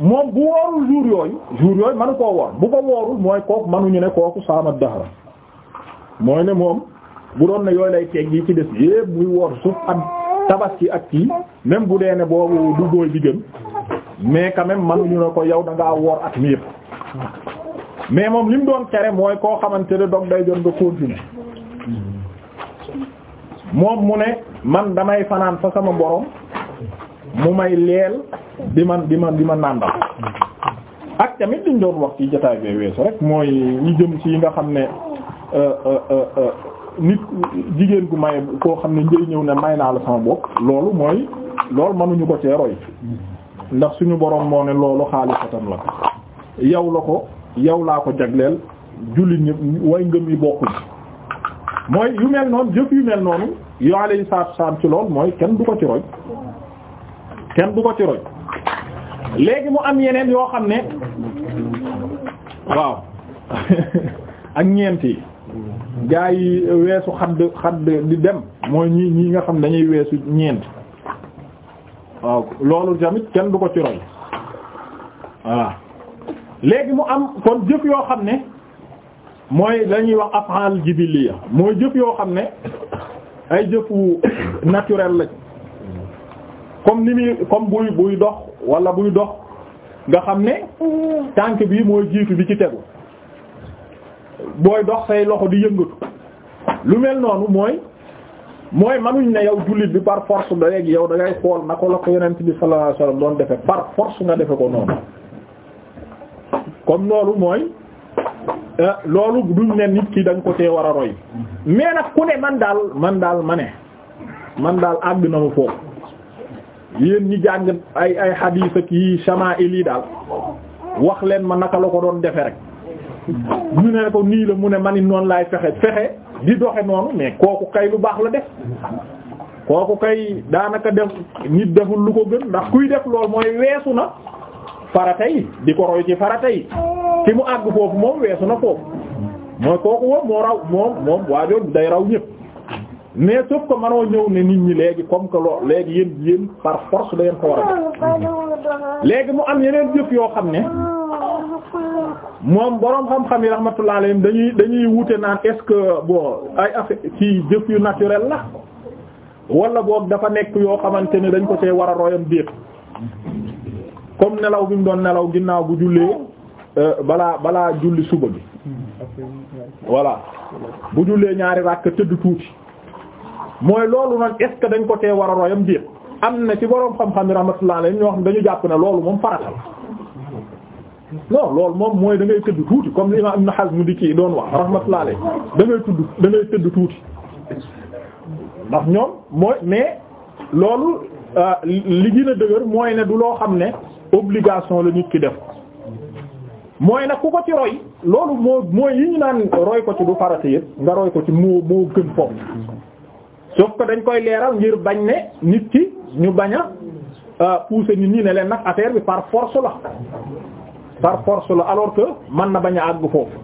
moom bu woorul jour yooyu yooy yooyu manu koo woor bu ko woorul mooy kooku manuñu ne kooku saama dahra mooy ne moom bu doon ne yooyu lay teg yi ci des yépp muy woor suuf ak tabaski ak kii même bu dee ne boobu du booy bi gën mais quand même mënuñu ne ko yaw da ngaa woor at mi yépp mais moom li doon tere mooy koo xamante ne dog day jot nga continuer moom mu ne man damay fanaan fa sama borom mu may leel di man di man di ma nàndal ak tamit liñ doon wax ci jotaay bee weesu rek mooy ñu jëm ci yi nga xam ne euh, euh, euh, nit jigéen gu may koo xam ne njëy ñëw ne may naa la sama bopp loolu mooy loolu mënuñu ko cee roy ndax suñu boroom moo ne loolu xaalisatan la yow la ko yow laa ko jagleel jullit ñi way ngëm yi bokkuñ mooy yu mel noonu jëf yu mel noonu yoo alayhi salaatu wassalaam ci lool mooy kenn du ko ci roy kenn du ko ci roy léegi mu am yeneen yoo xam ne waaw ak ñeent yi gaa yi weesu xadd xadd di dem mooy ñii ñii nga xam dañuy weesu ñeent waaw loolu tamit kenn du ko ci roy voilà léegi mu am kon jëf yoo xam ne mooy dañuy wax af'al jibiliya mooy jëf yoo xam ne ay jëfu naturel lañ comme ni muy comme buy buy dox wala buy dox nga xam ne tànk bi mooy jiitu bi ci tegu booy dox say loxo di yëngatu lu mel noonu mooy mooy manuñ ne yow jullit bi par force da léegi yow da ngay xool naka la ko yonent bi sallallahu alayhi wasallam doon defe par force nga defe ko noonu comme loolu mooy euh, loolu duñ ne nit ki da nga ko tee war a roy mais nag ku ne man daal man daal ma ne man daal àgg na ma foofu yéen ñi jàng ay ay xadiis ak yi shama'il yi daal wax leen ma naka la ko doon defe rek ñu ne ko nii la mu ne manit noonu laay fexe fexe di doxe noonu mais kooku kay lu baax la def kooku kay daanaka def nit deful lu ko gën ndax kuy def lool mooy weesu na farata yi di ko roy ci farata yi ki mu àgg foofu moom weesu na foofu mooy kooku moom moo raw moom moom waajoon day raw ñëpp mais sauf que manoo ñëw ne nit ñi léegi comme que loo léegi yéen yéen par force da ngeen ko mu am yeneen jëf yoo xam ne moom boroom xam-xam yi rahmatullah alayhim dañuy dañuy wute naan est-ce que bon ay affaire ci jëf yu naturel la wala boog dafa nekk yoo xamante ne dañ ko see war a royam déet comme nelaw bi mu doon nelaw ginnaaw bu jullee euh, balaa balaa julli suba bi voilà bu jullee ñaari ràkk tëdd tuuti mooy loolu nag est dañ ko see war a royam déet am na ci boroom xam-xam yi rahmatullah alayhim ñoo xam dañu jàpp na loolu moom farata non loolu moom mooy da ngay tëdd tuuti comme li Imaam Ibn Hazm mu di kii doon wax rahmatullah alayh da ngay tudd da tëdd tuuti ndax ñoom mooy mais loolu euh, li gën a dëgër mooy ne du loo xam ne obligation la nit ki def mooy nag ku ko ci roy loolu moo mooy yi ñu naan roy ko ci du farata yëpp nga roy ko ci moo moo gën foofu sauf que dañ koy leeral ngir bañ ne nit ki ñu bañ a euh, pousser nit ñi ne leen nag affaire bi par force la par force la alors que mën na bañ a àgg foofu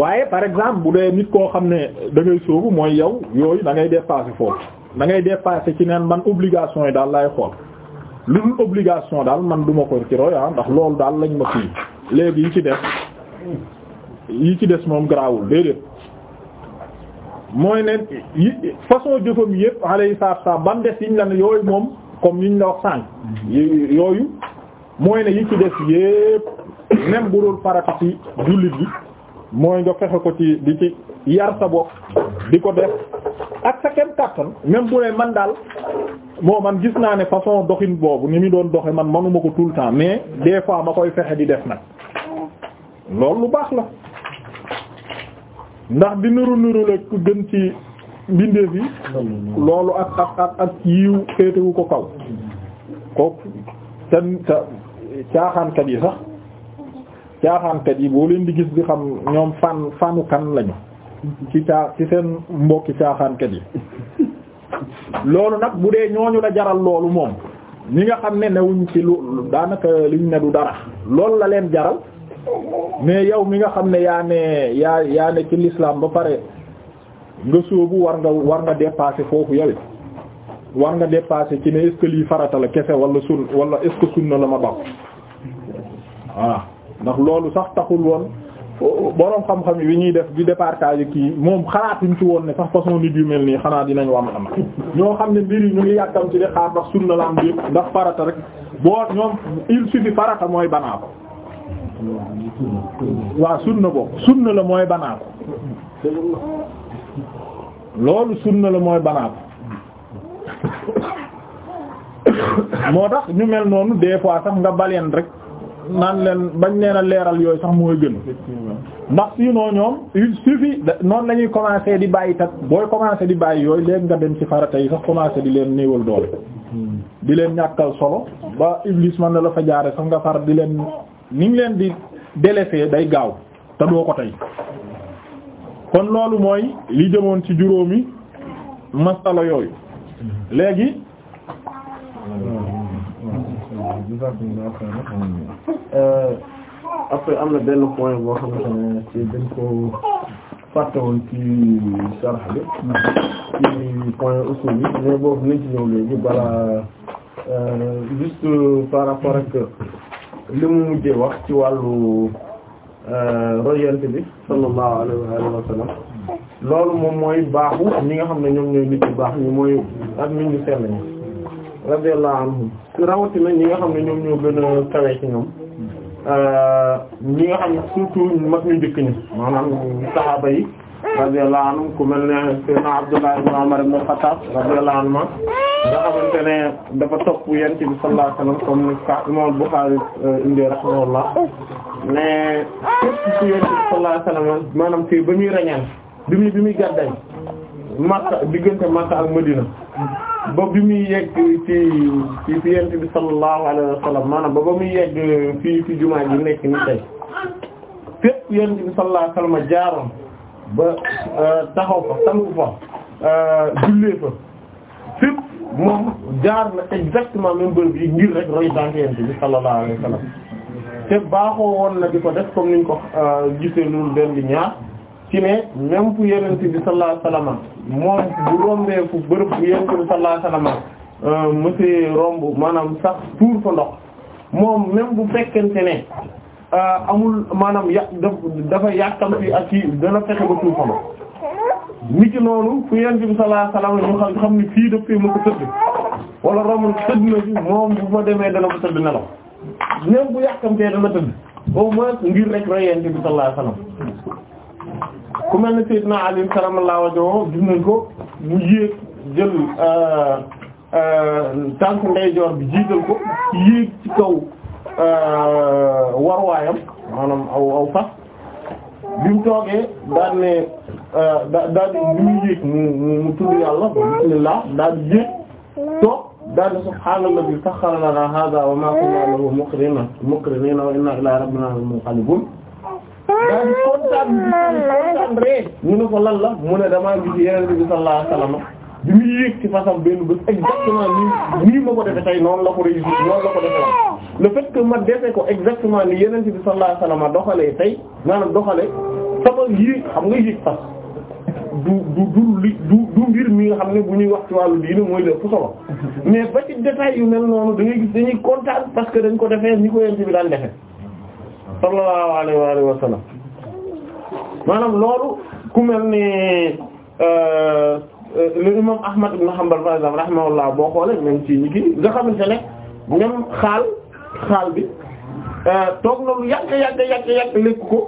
waaye par exemple bu dee nit koo xam ne da ngay mooy yow yooyu da ngay dépasser foofu da ngay dépasser ci neen man obligation yi daal lay xool lu dul obligation daal man duma ko ci roy ah ndax loolu daal lañ ma fii léegi yi ci des yi ci des moom garaawul déedéet mooy ne yi façon jëfam yëpp alayhi salaatu wa salaam ban des yiñ la ne yooyu moom comme yiñ la wax sànq yooyu mooy ne yi ci def yépp même bu dul farata ci jullit bi mooy nga fexe ko ci di ci yar sa bopp di ko def ak sa kem kàttan même bu ne man daal moo man gis naa ne façon doxin boobu ni mu doon doxe man manuma ko tout temps mais des fois ma koy fexe di def nag loolu lu baax la ndax di nuru nuru la ku gën ci mbindeef yi loolu ak ak ak ak yiw féetewu ko kaw kooku te caaxaankat yi sax caaxaankat yi boo leen di gis di xam ñoom fan fanu kan lañu ci caa ci seen mbokki caaxaankat yi loolu nag bu dee ñooñu la jaral loolu moom ñi nga xam ne newuñ ci lu daanaka liñ ne du dara loolu la leen jaral mais yow mi nga xam ne yaa ne yaa yaa ne ci l'islam ba pare nga sóobu war nga war nga dépasser foofu yawit war nga dépasser ci ne est farata la kese wala sun wala est-ce que la ma bam voilà ndax loolu sax taxul woon boroom xam-xam yi ñuy def di départage kii moom xalaatuñ ci woon ne sax façon nit yu mel nii xanaa dinañu am am ñoo xam ne mbir yi ñu ngi yàkkam ci di xaar ndax sunna la am biir ndax farata rek boo ñoom il suffit farata mooy banaa ko waaw sunna boobu sunna la mooy banaa ko loolu na la mooy banaa ko moo tax ñu mel noonu des pois sax nga baleen rek naan leen bañ leen a leeral yooyu sax mooy gën ndax sinon ñoom il suffit noonu la commencer di bàyyi tak booy commencer di bàyyi yooyu léegi nga dem ci fara tey sax commencer di leen néewal doole hmm. di leen ñàkkal solo ba iblis na la fa jaare nga far di leen ni ngi leen di délaisser day gaaw te doo ko tey kon loolu mooy li jëmoon ci juróomi masala yooyu léegi euh, après am na benn point boo xamante ne ci dañ ko fàtte woon ci sarx bi ci point usul bi mais boobu nañ ci léegi balaa euh, juste par rapport ak li mu mujjee wax ci wàllu euh, royante bi sallallahu alayhi wa sallam loolu moom mooy baaxu ñi nga xam ne ñoom ñooy nit yu baax ñi mooy ak nit ñu sell ñi radiyallahu anhum rawatina ñi nga xam ne ñoom ñoo gën a kawe ci ñoom euh, ñi nga xam ne surtout mag ñu njëkk ñi maanaam saxaaba yi radiyallahu anhum ku mel ne sayyidina Abdullah ibn Umar ibn Khattab radiyallahu anhuma nga xamante ne dafa topp yonent bi sallallahu alayhi wasallam comme ni ka mais euh, képp ci yonent bi sallallahu maanaam fii ba ñuy rañaan bi muy bi muy gàdday Makka diggante Makka ak Madina ba bi muy yegg ci ci fi yent bi sallallahu alayhi wa maanaam ba ba muy yegg fii fi jumaa ji nekk ni tey fépp yent bi sallallahu alayhi wa euh, taxaw fa sangu fa euh, jullee fa fépp moom jaar na exactement même bërëb yi ngir rek roy tànk yent bi sallallahu alayhi wa sallam baaxoo woon na di ko def comme niñ ko euh, gisee loolu benn ñaar ci ne même fu yenent bi sallallahu alayhi wasallam moom bu rombee fu bërëb bu yenent bi sallallahu alayhi euh, romb maanaam sax tuur fa ndox moom même bu fekkente ne euh, amul maanaam ya dafa yàqam fi ak ci dana fexe ba tuur fa ndox ni ci noonu fu yenent bi sallallahu alayhi wasallam ñu xam xam ni fii daf fee ma ko tëdd wala romb tëdd na fi moom bu ma demee dana ma tëdd nelaw même bu yàqamtee dana tëdd au moins ngir rek royente bi sallallahu ku mel ni Seydina Ali karamallahu wajhahu gis nañ ko mu yéeg jël euh, euh, tànk ndeyjoor bi jiital ko yéeg ci kaw euh, warwaayam maanaam aw aw fas bi mu toogee daan ne daa daa di li muy yéeg mu mu tudd yàlla bismillah daa di yéeg toog daa di subhaanallahi saxxara lanaa haazaa wa maa kunnaa lahu muqriniina muqriniina wa innaa ilaa rabbinaa lamunqalibuun daal di kontaan kontaan rek ñu ne ko lan la mu ne damaa gis Yonent bi sallallahu alayhi wasallam bi muy yéeg ci façon benn bés exactement nii nii ma ko defee tey noonu la ko réussir noonu la ko defee la le fait ma defee ko exactement ni Yonent bi sallallahu alayhi wasallam tey maanaam doxalee sama yéeg xam nga yéeg fas du du du li du du mbir mi nga xam ne bu ñuy wax ci wàllu diine mooy lépp solo mais ba ci détail yu mel noonu da ngay gis dañuy kontaan parce que dañ ko defee ni ko Yonent bi sallallahu alayhi wa alihi maanaam loolu ku mel ni euh, euh, le imam Ahmad ibn Hanbal par exemple rahimahullah boo xoolee même ci ñi kii nga xamante ne même xaal xaal bi euh, toog na lu yàgg yàgg yàgg yàgg ko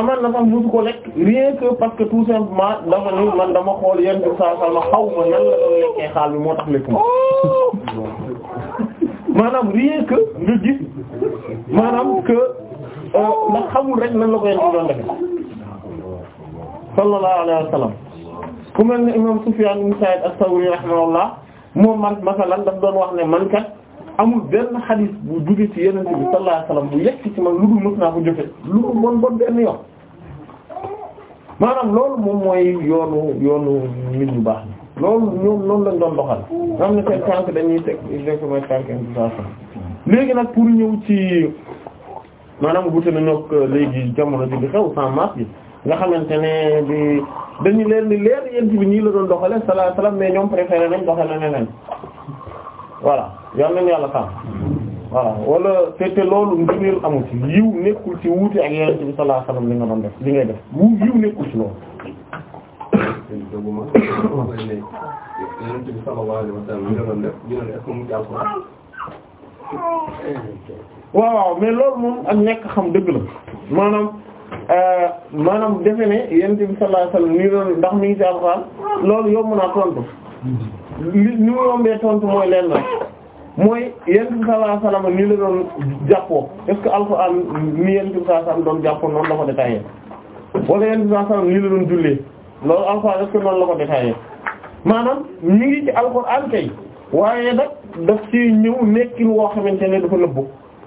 amaan na sax musu ko lekk rien que parce que tout simplement dafa ni man dama xool yenn saa saa ma xaw ma nan la lekkee xaal bi moo tax lekk ma oh! maanaam rien que nga gis maanaam que euh, ndax xamul rek nan la ko yàlla doon defee sallallahu alayhi wa sallam ku mel ne imam Sufyan ibn Sa'id as-Sawri rahimahullah moom man masalan daf doon wax ne man kat amul benn xadis bu jóge ci yeneen bi sallallahu alayhi bu yegg ci man lu dul mës naa ko jëfe lu dul bon bon benn yoon maanaam loolu moom mooy yoonu yoonu nit baax loolu ñoom noonu lañ doon doxal xam ne dañuy tànk dañuy teg exactement tànk imputation léegi nag pour ñëw ci maanaam wute nañu ak léegi jamono ji di xew sans masque yi nga xamante ne bi dañu leen di leer yent bi ñii la doon doxale sala salam mais ñoom préféré nañ doxale neneen voilà yal nañu yàlla sax voilà wala te te loolu ngëneel amu ci yiw nekkul ci wuute ak yent bi salaa salam li nga doon def li ngay def wu yiw nekkul ci loolu doguma wax nañ ne yonent bi sallallahu alayhi wa sallam nga doon def ñu ne est-ce que mu jàll ko waaw mais loolu moom ak ñàkk xam dëgg la maanaam maanaam defe ne yonent bi sallallahu ndax mi ngi ci alxuraan loolu yomb naa tontu li ni ye yombee tontu mooy lenn rek mooy yonent loolu alxuraan est la ko détaillé maanaam ñu ngi ci alxuraan kay waaye nag daf ci ñëw nekkin woo xamante ne dafa nëbbu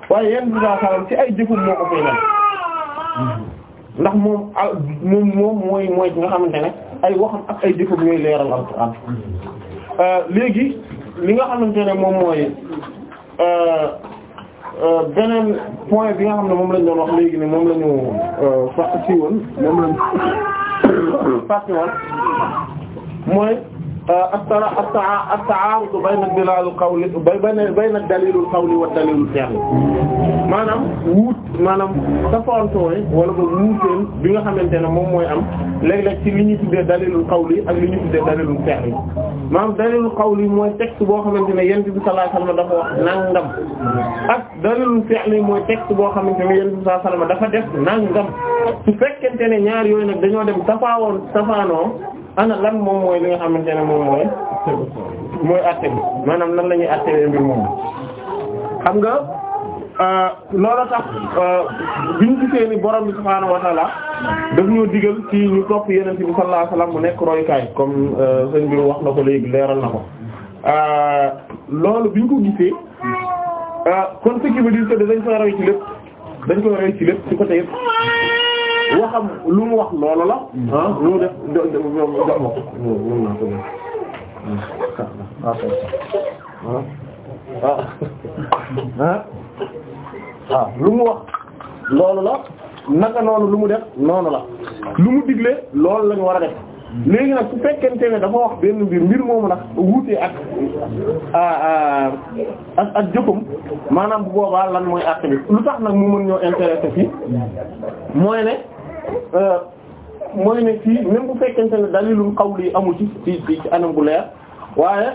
waaye yenn bi daa ci ay jëfum moo ko fay nag ndax moom al moom mooy mooy nga xamante ne ay waxam ak ay jëfum ñooy leeral alxuraan euh, léegi li nga xamante ne moom mooy euh, beneen point bi nga xam ne moom lañ doon wax léegi ne moom la ñu euh, fàttali woon moom la ñu fàttali woon mooy euh, ata ata at-ta'arud bayna dalil al-qawli bayna bayna dalil al-qawli wa dalil al-fi'l wuut maanaam tafaantooy wala ba wuuteen bi nga xamante ne moom mooy am léeg-léeg ci li ñuy tuddee dalilul qawli ak li ñuy tuddee dalilul fi'li maanaam dalilul qawli mooy texte boo xamante ne yonent bi sallallahu alayhi wasallam dafa wax nangam ak dalilul fi'li mooy texte boo xamante ne yonent bi sallallahu alayhi dafa def nangam su fekkente ne ñaar yooyu nag dañoo dem tafaawoon tafaanoo ana lan moom mooy li nga xamante ne moom mooy mooy àtte bi maanaam lan la ñuy àttewee mbir moom xam nga. Euh, loola tax euh, bi ñu ni borom bi subhaanahu wa taala daf ñoo digal ci ñu topp yonent bi sallallahu alayhi wa sallam mu nekk royukaay comme euh, sëñ bi wax na ko léegi leeral na ko loolu bi ko gisee kon ce qui veut dire que dañ koy roy ci lépp dañ koy roy ci lépp ci côté yëpp waxam lu mu wax loolu la. ah lu mu def do do jox ma ko. ah. waaw lu mu wax loolu la naka noonu lu mu def noonu la lu mu digle loolu lañu war a def léegi nag su fekkente ne dafa wax benn mbir mbir moomu nag wuute ak ak ak jëfam maanaam bu boobaa lan mooy àtte lu tax nag mu mën ñoo intéressé fii mooy ne euh, mooy ne fii même bu fekkente ne dalilul qawli amul ci ci ci anam bu leer waaye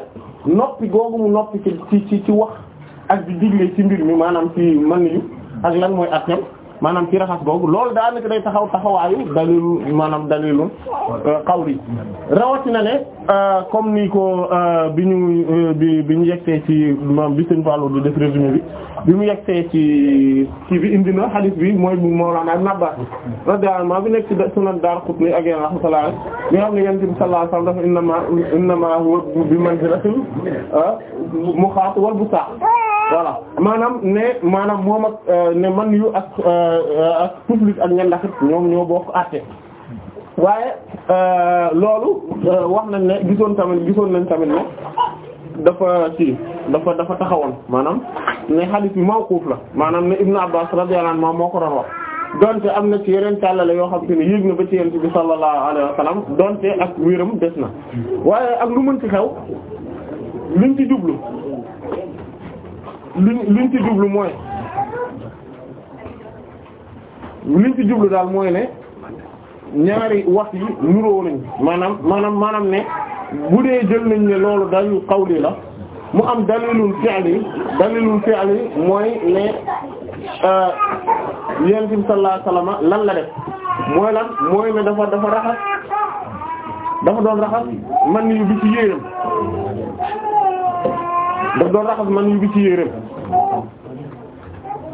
noppi googu mu noppi ci ci ci wax ak di digle ci mbir mi maanaam ci man yu ak lan mooy attem maanaam ci raxas boobu loolu daanaka day taxaw taxawaayu dalil maanaam dalilun euh, qawli rawatina ne euh, comme ni ko euh, bi ñu bi bi ñu yegsee ci bi sëñ Fallou di def résumé bi bi mu yegsee ci ci bi indi na hadith bi mooy bu Mawlana Ibn Abbas radiyallahu anhu bi nekk ci sunan Daraqutni ak yéen rahmatullah bi nga xam ne yéen ci sallallahu alayhi wasallam dafa innama innama huwa bi manzilatil muxaat wal busaq voilà maanaam ne maanaam moom ak ne man yu ak Euh, ak public ak ñenn ndax ñoom ñoo bokk àtte waaye euh, loolu euh, wax nañ ne gisoon tamit gisoon nañ tamit ne dafa ci dafa dafa taxawoon maanaam ne xadis bi mawquf la maanaam ne Ibn Abbas radiyallahu anhu moo ko doon wax donte am na ci yeneen tàllale yoo xam te ne yéeg na ba ci yent bi sallallahu alayhi wa sallam donte ak wéram des na waaye ak lu mën ci xew liñ ci jublu liñ liñ ci jublu mooy liñ ci jublu daal mooy ne ñaari wax yi nuróo nañ maanaam maanaam maanaam ne bu dee jël nañ ne loolu dalil qawli la mu am dalilul fi'li dalilul fi'li mooy ne euh, yonent bi sallallahu alayhi wasallam lan la def mooy lan mooy ne dafa dafa raxas dafa doon raxas man yu bi ci yéeram dafa doon raxas man yu bi ci yéeram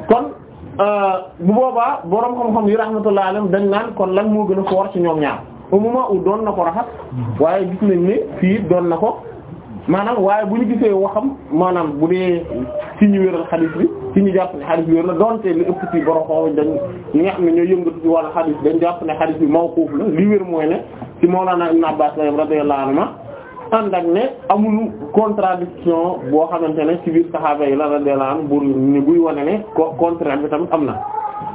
kon Euh, bu boobaa borom xam-xam yi rahmatullah alayhim dañ naan kon lan moo gën a foor ci ñoom ñaar au moment où doon na ko raxas waaye gis nañ ni fii doon na ko maanaam waaye bu ñu gisee waxam maanaam bu dee ci ñu wéral xadis bi ci ñu jàpp ne xadis bi wér na donte li ëpp ci borom xoox dañ ñi nga xam ne ñoo yëngatu ci wàllu xadis dañ jàpp ne xadis bi mawquf la li wér mooy ne ci Mawlana Ibn Abbas radiyallahu anhu ànd ak ne amul contradiction boo xamante ne ci biir saxaaba yi la radiyallahu anhu bu ni buy wane ne contraire bi tamit am na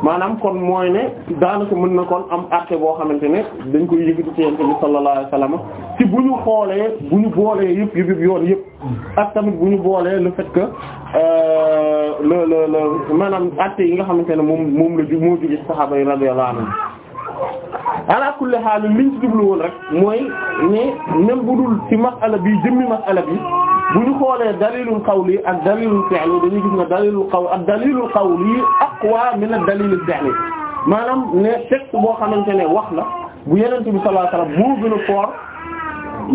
maanaam kon mooy ne daanaka mën na kon am àtte boo xamante ne dañ koy yëgati ci yonent bi sallallahu alayhi wasallam bu ñu xoolee bu ñu boolee yëpp yëpp yoon yëpp ak tamit bu ñu boolee la fait que euh, le le le maanaam àtte yi nga xamante ne moom moom la ju moo jóge ci saxaaba yi radiyallahu anhu ala kulli haal liñ ci jublu woon rek mooy ne même bu dul ci masala bi jëmmi masala bi bu ñu xoolee dalilul qawli ak dalilul fi'li dañuy gis ne dalilul qaw ak dalilul qawli aqwa min ad-dalilul fi'li maanaam ne texte boo xamante ne wax la bu yonent bi sallallahu alayhi wasallam moo gën a fort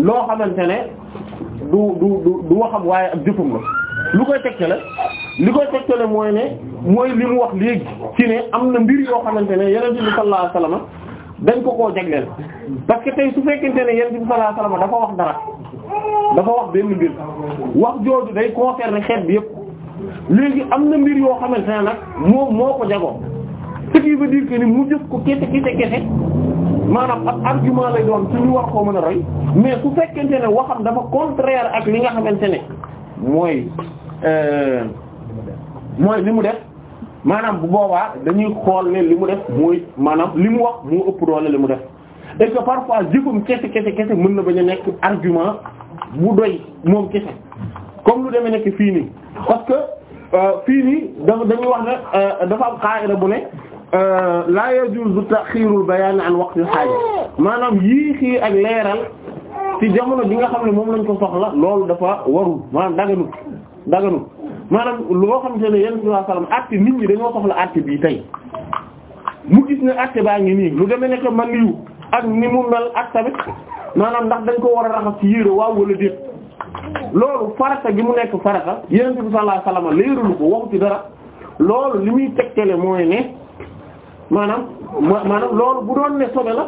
loo xamante ne du du du waxam waaye ak jëfam la. lu koy tegtale li koy tegtale mooy ne mooy li mu wax léegi ci ne am na mbir yoo xamante ne yonent bi sallallahu alayhi wasallam dañ ko koo jagleel parce que tey su fekkente ne yonent bi sallallahu alayhi wasallam dafa wax dara dafa wax benn mbir wax jooju day concerner xeet bi yépp léegi am na mbir yoo xamante ne nag moom moo ko jagoo ce qui ba dire que ni mu jëf ko kese kese kese maanaam ab argument lay doon su wax war koo mën a roy mais su fekkente ne waxam dafa contraire ak li nga xamante ne mooy Euh, mooy li mu def maanaam bu boobaa dañuy xool ne li mu def mooy maanaam li mu wax moo ëpp doole li mu def et que parfois jëfum kese kese kese mën na bañ a nekk argument bu doy moom kese comme lu demee nekk fii nii parce que euh, fii nii dafa dañuy wax ne euh, dafa am xaayira bu ne la yajuzu taxiirul bayaan an waqtil xaaja maanaam yii xii ak leeral ci jamono bi nga xam ne moom lañ ko soxla loolu dafa warul maanaam daganut daganul maanaam loo xamante ne yenn sallallahu alayhi wasallam àtte nit ñi dañoo soxla àtte bii tey mu gis ne àtte baa ngi nii lu demee ne que man yu ak ni mu mel ak tamit maanaam ndax dañ ko war a raxas ci yére waaw wala déet loolu farata gi mu nekk farata yenn sallallahu alayhi wasallam leeralu ko waxu ci dara loolu li muy tegtale mooy ne. maanaam maanaam loolu bu doon ne sobe la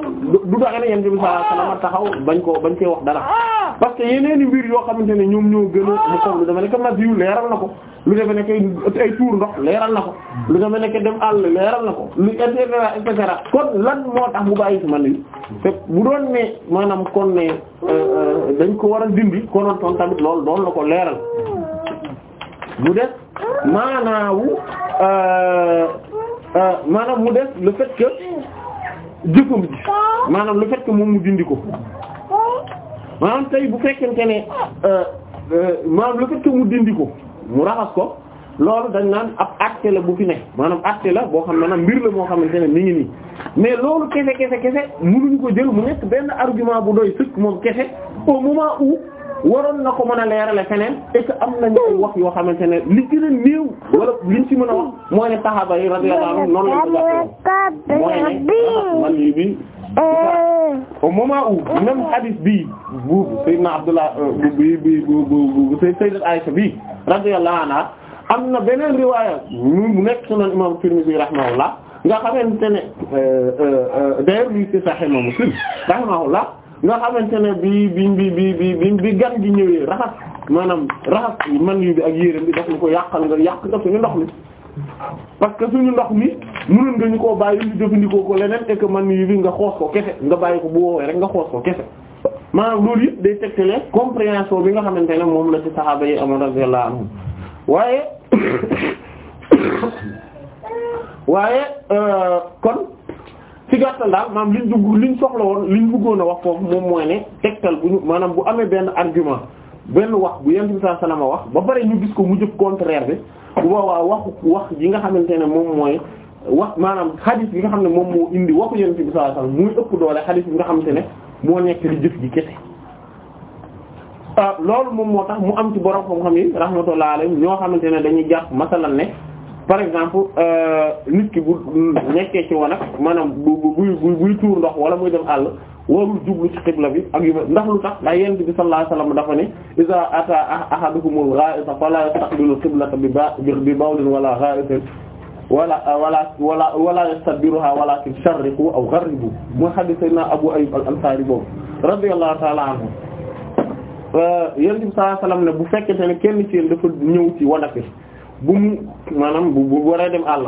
du daga ne yéen bi sallallahu alayhi wasallam taxaw bañ koo bañ cee wax dara parce que yeneeni mbir yoo xamante ne ñoom ñoo gën a mu soog lu dama ne kam na diw leeral na ko lu defe ne kay ay tuur ndox leeral na ko lu dama ne dem àll leeral na ko lu et cetera et cetera kon lan moo tax mu bàyyi si man yi bu doon ne maanaam kon ne euh, dañ ko war a dindi konoon toon tamit lool doon la ko leeral mu def maanaawu euh, Euh, maanaam mu def le fait que ji maanaam le fait moom mu dindi ko maanaam tey bu fekkente ne euh, euh, maanaam la fait que mu dindi ko mu raxas ko loolu dañ naan ab acte la bu fi ne maanaam acte la boo xam maanaam mbir la moo xamante ne mi ngi nii mais loolu kese kese kese mënuñu ko jël mu nekk benn argument bu doy sëkk moom kese au moment où waroon na ko mën a leerale feneen et que am na ay wax yoo xamante ne li gën a néew wala liñ ci mën a wax mooy ne saxaaba yi radiyallahu anhum noonu lañu bi eh. au moment où même bi bu Seydina Abdullah euh, am na beneen riwaaya mu nekk sunan imam Tirmidhi rahimahullah nga xamante ne euh, euh, d'ailleurs li ci Sahih Muslim rahimahullah nga xamante ne bi bi bi bi bi bi gan gi ñëwee raxas maanaam raxas man yu bi ak yéeram bi daf ñu ko yàqal nga yàq nga suñu ndox mi parce que suñu ndox mi mënoon nga ñu koo bàyyi ñu jëfandikoo ko leneen et man yu bi nga xoos ko kese nga bàyyi ko bu woowee rek nga xoos ko kese maanaam loolu yëpp day tegtale compréhension bi nga xamante ne moom la ci saxaaba yi amoon radiyallahu anhum waaye waaye euh, kon ci gàttal daal maanaam liñ dugg liñ soxla woon liñ bëggoon a wax foofu moom mooy ne tegtal bu ñu maanaam bu amee benn argument benn wax bu yent bi sallallahu alayhi wasallam wax ba pare ñu gis ko mu jëf contraire bi bu boobaa waxu wax yi nga xamante ne moom mooy wax maanaam xadis bi nga xam ne moom moo indi waxu yent bi sallallahu alayhi wasallam muy ëpp doole xadis bi nga xamante ne moo nekk li jëf ji kese ah, loolu moom moo tax mu am ci borom xam-xam yi rahmatullahi alayhi ñoo xamante ne dañuy jàpp masalan ne par exemple euh, nit ki bu nekkee ci wanag maanaam bu buy buy tuur ndox wala muy dem àll warul jublu ci xibla bi ak yu ndax lu tax ndax yonent bi sallallahu alayhi wasallam dafa ne iza ata ahadukumul gha'ita fala yastaqbilu qiblata bi bawlin wala gha'itin wala wala wala wala yastadbiruha walakin sharriqu aw gharribu mooy hadith sayyidina Abu Ayyub al-Ansari boobu radiyallahu ta'ala anhu euh, yonent bi sallallahu alayhi wasallam ne bu fekkente ne kenn ci yéen dafa ñëw ci wanag bi bu mu maanaam bu bu waree dem àll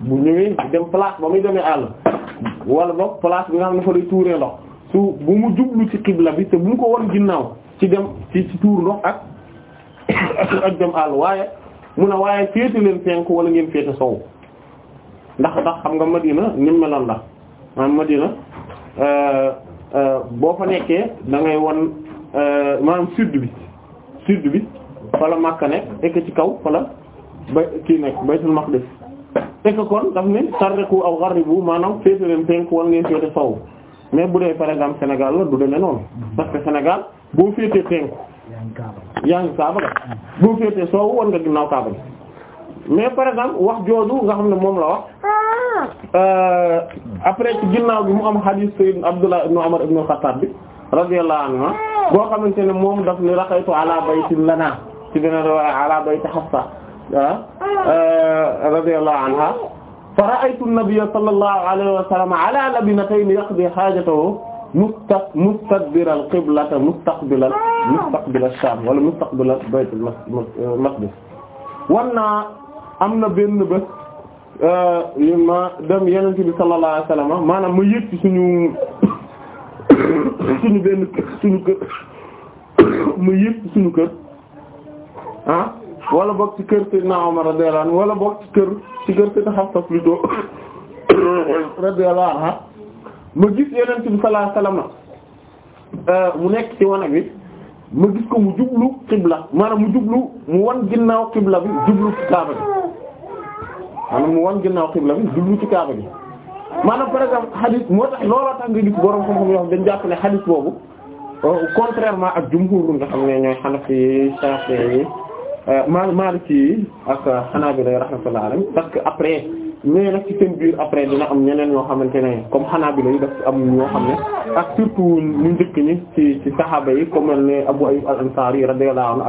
bu ñëwee dem place ba muy demee àll wala boog place bi nga xam ne fa lay tuuree ndox su bu mu jublu ci xibla bi te bu mu ko won ginnaaw ci dem ci ci tuur ndox ak ak dem àll waaye mun a waaye féete leen fenk wala ngeen féete sow ndax ndax xam nga Madina ni mu meloon la maanaam Madina euh, euh, boo fa nekkee da ngay won euh, maanaam sud bi sud bi fa la Makka nekk ci kaw fa la ba kii nekk baytul maqdis fekk kon daf ne sarriqu aw gharribu maanaam féete leen penk wala ngeen féete sow mais bu dee par exemple Sénégal la du demee noonu parce que Sénégal boo féetee penku yaa ngi kaaba la boo féetee sow war nga ginnaaw kaaba la mais par exemple wax jooju nga xam ne moom la wax euh, après ci ginnaaw bi mu am hadith Sayyidina Abdullah ibn Umar ibn Khattab bi radiyallahu anhu boo xamante ne moom daf ni raqaytu ala baytin lana ci beneen ah eh, radiyallahu anha fa ra'aytu an-nabiyya sallallahu alayhi wa sallam ala labinatayn yaqdi haajatahu musta mustadbiral qiblata mustaqbilal ah. mustaqbilal shaam wala mustaqbilal baytul maqdis wan naa am na benn bés eh, ma dem yenente bi sallallahu alayhi wasallam maanaam ma yëg ci suñu suñu benn suñu kër ma yëg ci suñu kër ah wala boog ci kër Seydina Omar radiyallahu anhu wala boog ci kër ci kër Seydina Hafsa plutôt radiyallahu ma gis Yonent bi sallallahu alayhi wasallam euh, mu nekk ci wanag bi ma gis ko mu jublu xibla maanaam mu jublu mu wan ginnaaw xibla bi jublu ci kaaba bi maanaam mu wan ginnaaw xibla bi jublu ci kaaba bi maanaam par exemple hadith moo tax looloo tax nga gis borom xam-xam yoo xam dañu ne hadith boobu contrairement ak jumhur nga xam ne ñooy Hanafi Shafi'i Euh, ma Maliki yi ak Hanabila rahmatullah alayhi parce que après ñee nag ci seen biir après dina am ñeneen ñoo xamante ne comme Hanabila yi daf ci am ñoo xam ne ak surtout ñu njëkk ñi ci ci saxaaba yi comme ne Abu Ayyub ak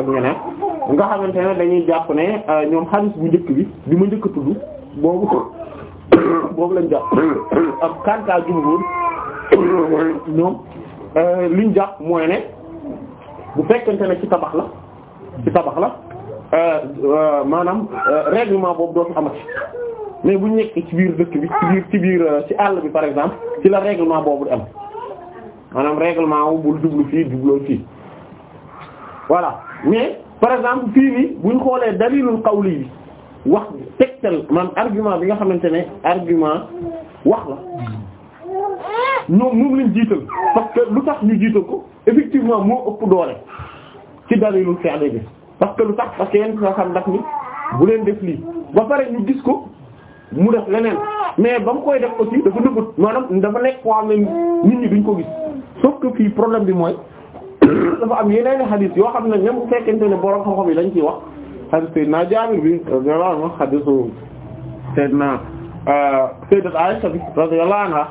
ñeneen nga xamante ne dañuy jàpp ne euh, ñoom xadiis bu njëkk bi bi ma njëkk tudd boobu boobu lañ jàpp ak kanta jumhur ñoom euh, liñ jàpp mooy ne bu fekkente ne ci tabax la ci tabax la Euh, euh, maanaam euh, règlement boobu doo dootu amati mais bu ñu nekkee ci biir dëkk bi ci biir ci àll bi par exemple ci la réglement boobu di am maanaam réglement wu bul jublu fii jubloo fii voilà mais par exemple fii nii buñ ñu xoolee dalilul qawli yi wax tegtal man argument bi nga xamante ne argument wax la ñoom moom lañ jiital parce lu tax ñu jiital ko effectivement moo ëpp doole ci dalilul fi'li bi parce que lu tax parce que yenn saa xam ndax ni bu leen def lii ba pare ñu gis ko mu def leneen mais ba mu koy def aussi dafa nëbbut maanaam dafa nekk koo xam ne nit ñi duñ ko gis sauf que fii problème bi mooy dafa am yeneen xadis yoo xam ne ñoom bu fekkente ne borom xam-xam yi lañ ciy wax xadis Seydina Jaabir bi radiyallahu anhu xadisu Seydina euh, Sayyidat Aisha bi radiyallahu anha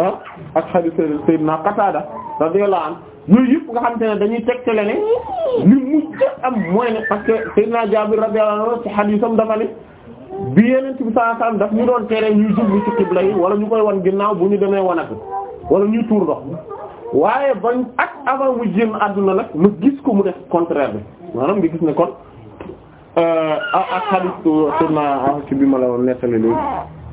ah, ak xadis Seydina Qatada radiyallahu anhu yooyu yëpp nga xam te ne dañuy tegtale ne li mujj am mooy ne parce que Seydina Jaabir radiyallahu anhu ci hadiisam dafa ne bi yeneen ci saa saa daf ñu doon tere ñuy jublu ci xibla yi wala ñu koy wan ginnaaw bu ñu demee ko wala ñuy tuur ndox waaye bañ ak avant mu jëm àdduna nag ma gis ko mu def contraire bi maanaam nga gis ne kon euh, ak hadiis Seydina ci bi ma la nettali léegi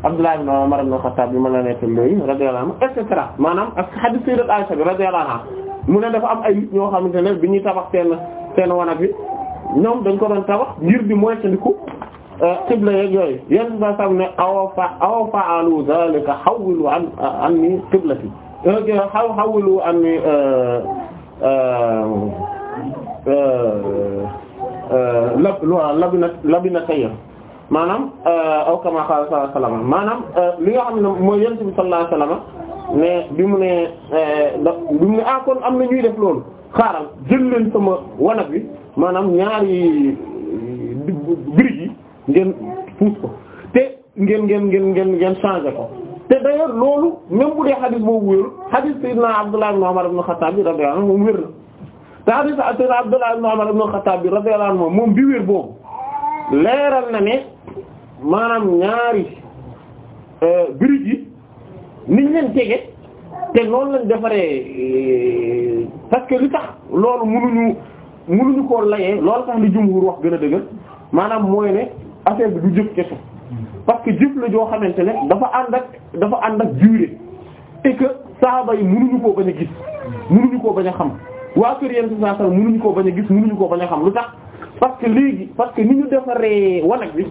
Abdullah ibn Umar ibn Khattab bi ma la nekk léegi radiyallahu anhu et cetera maanaam ak hadith sayyidat Aisha bi radiyallahu anha mu ne dafa am ay nit ñoo xamante ne bi ñuy tabax seen seen wanag bi ñoom dañ ko doon tabax ngir di moytandiku euh, xibla yeeg yooyu yenn saa sax ne awa fa awa fa'alu zalika hawwilu an anni qiblati xaw euh, hawwilu anni euh, lab labinat labinatayya maanaam euh, aw kama qala maanaam euh, li nga xam ne mooy yonent bi sallallahu alayhi wasallam mais bi mu ne euh, bi mu ne ah kon am na ñuy def loolu xaaral jël leen sama wanag bi maanaam ñaari briques yi ngeen puus ko te ngeen ngeen ngeen ngeen ngeen changé ko te d'ailleurs loolu même bu dee xadis boobu wéerul xadis sayyidina Abdullah ibn Umar ibn Khattab radiyallahu anhu moom wér na te xadis sayyidina Abdullah ibn Umar ibn Khattab radiyallahu anhu moom bi wér boobu leeral na ne maanaam ñaari euh, birig yi niñ leen tege te noonu lañ defaree euh, parce que li tax loolu mënuñu mënuñu koo layee loolu tax li jumhur wax gën a dëgër maanaam mooy ne affaire bi du jëf kese parce que jëf la joo xamante ne dafa ànd ak dafa ànd ak durée et que saaba yi munuñu koo bañ a gis mënuñu koo bañ a xam waa kër yenn saa mënuñu koo bañ a gis mënuñu koo bañ a xam lu tax parce que léegi parce que ni ñu defaree wanag bi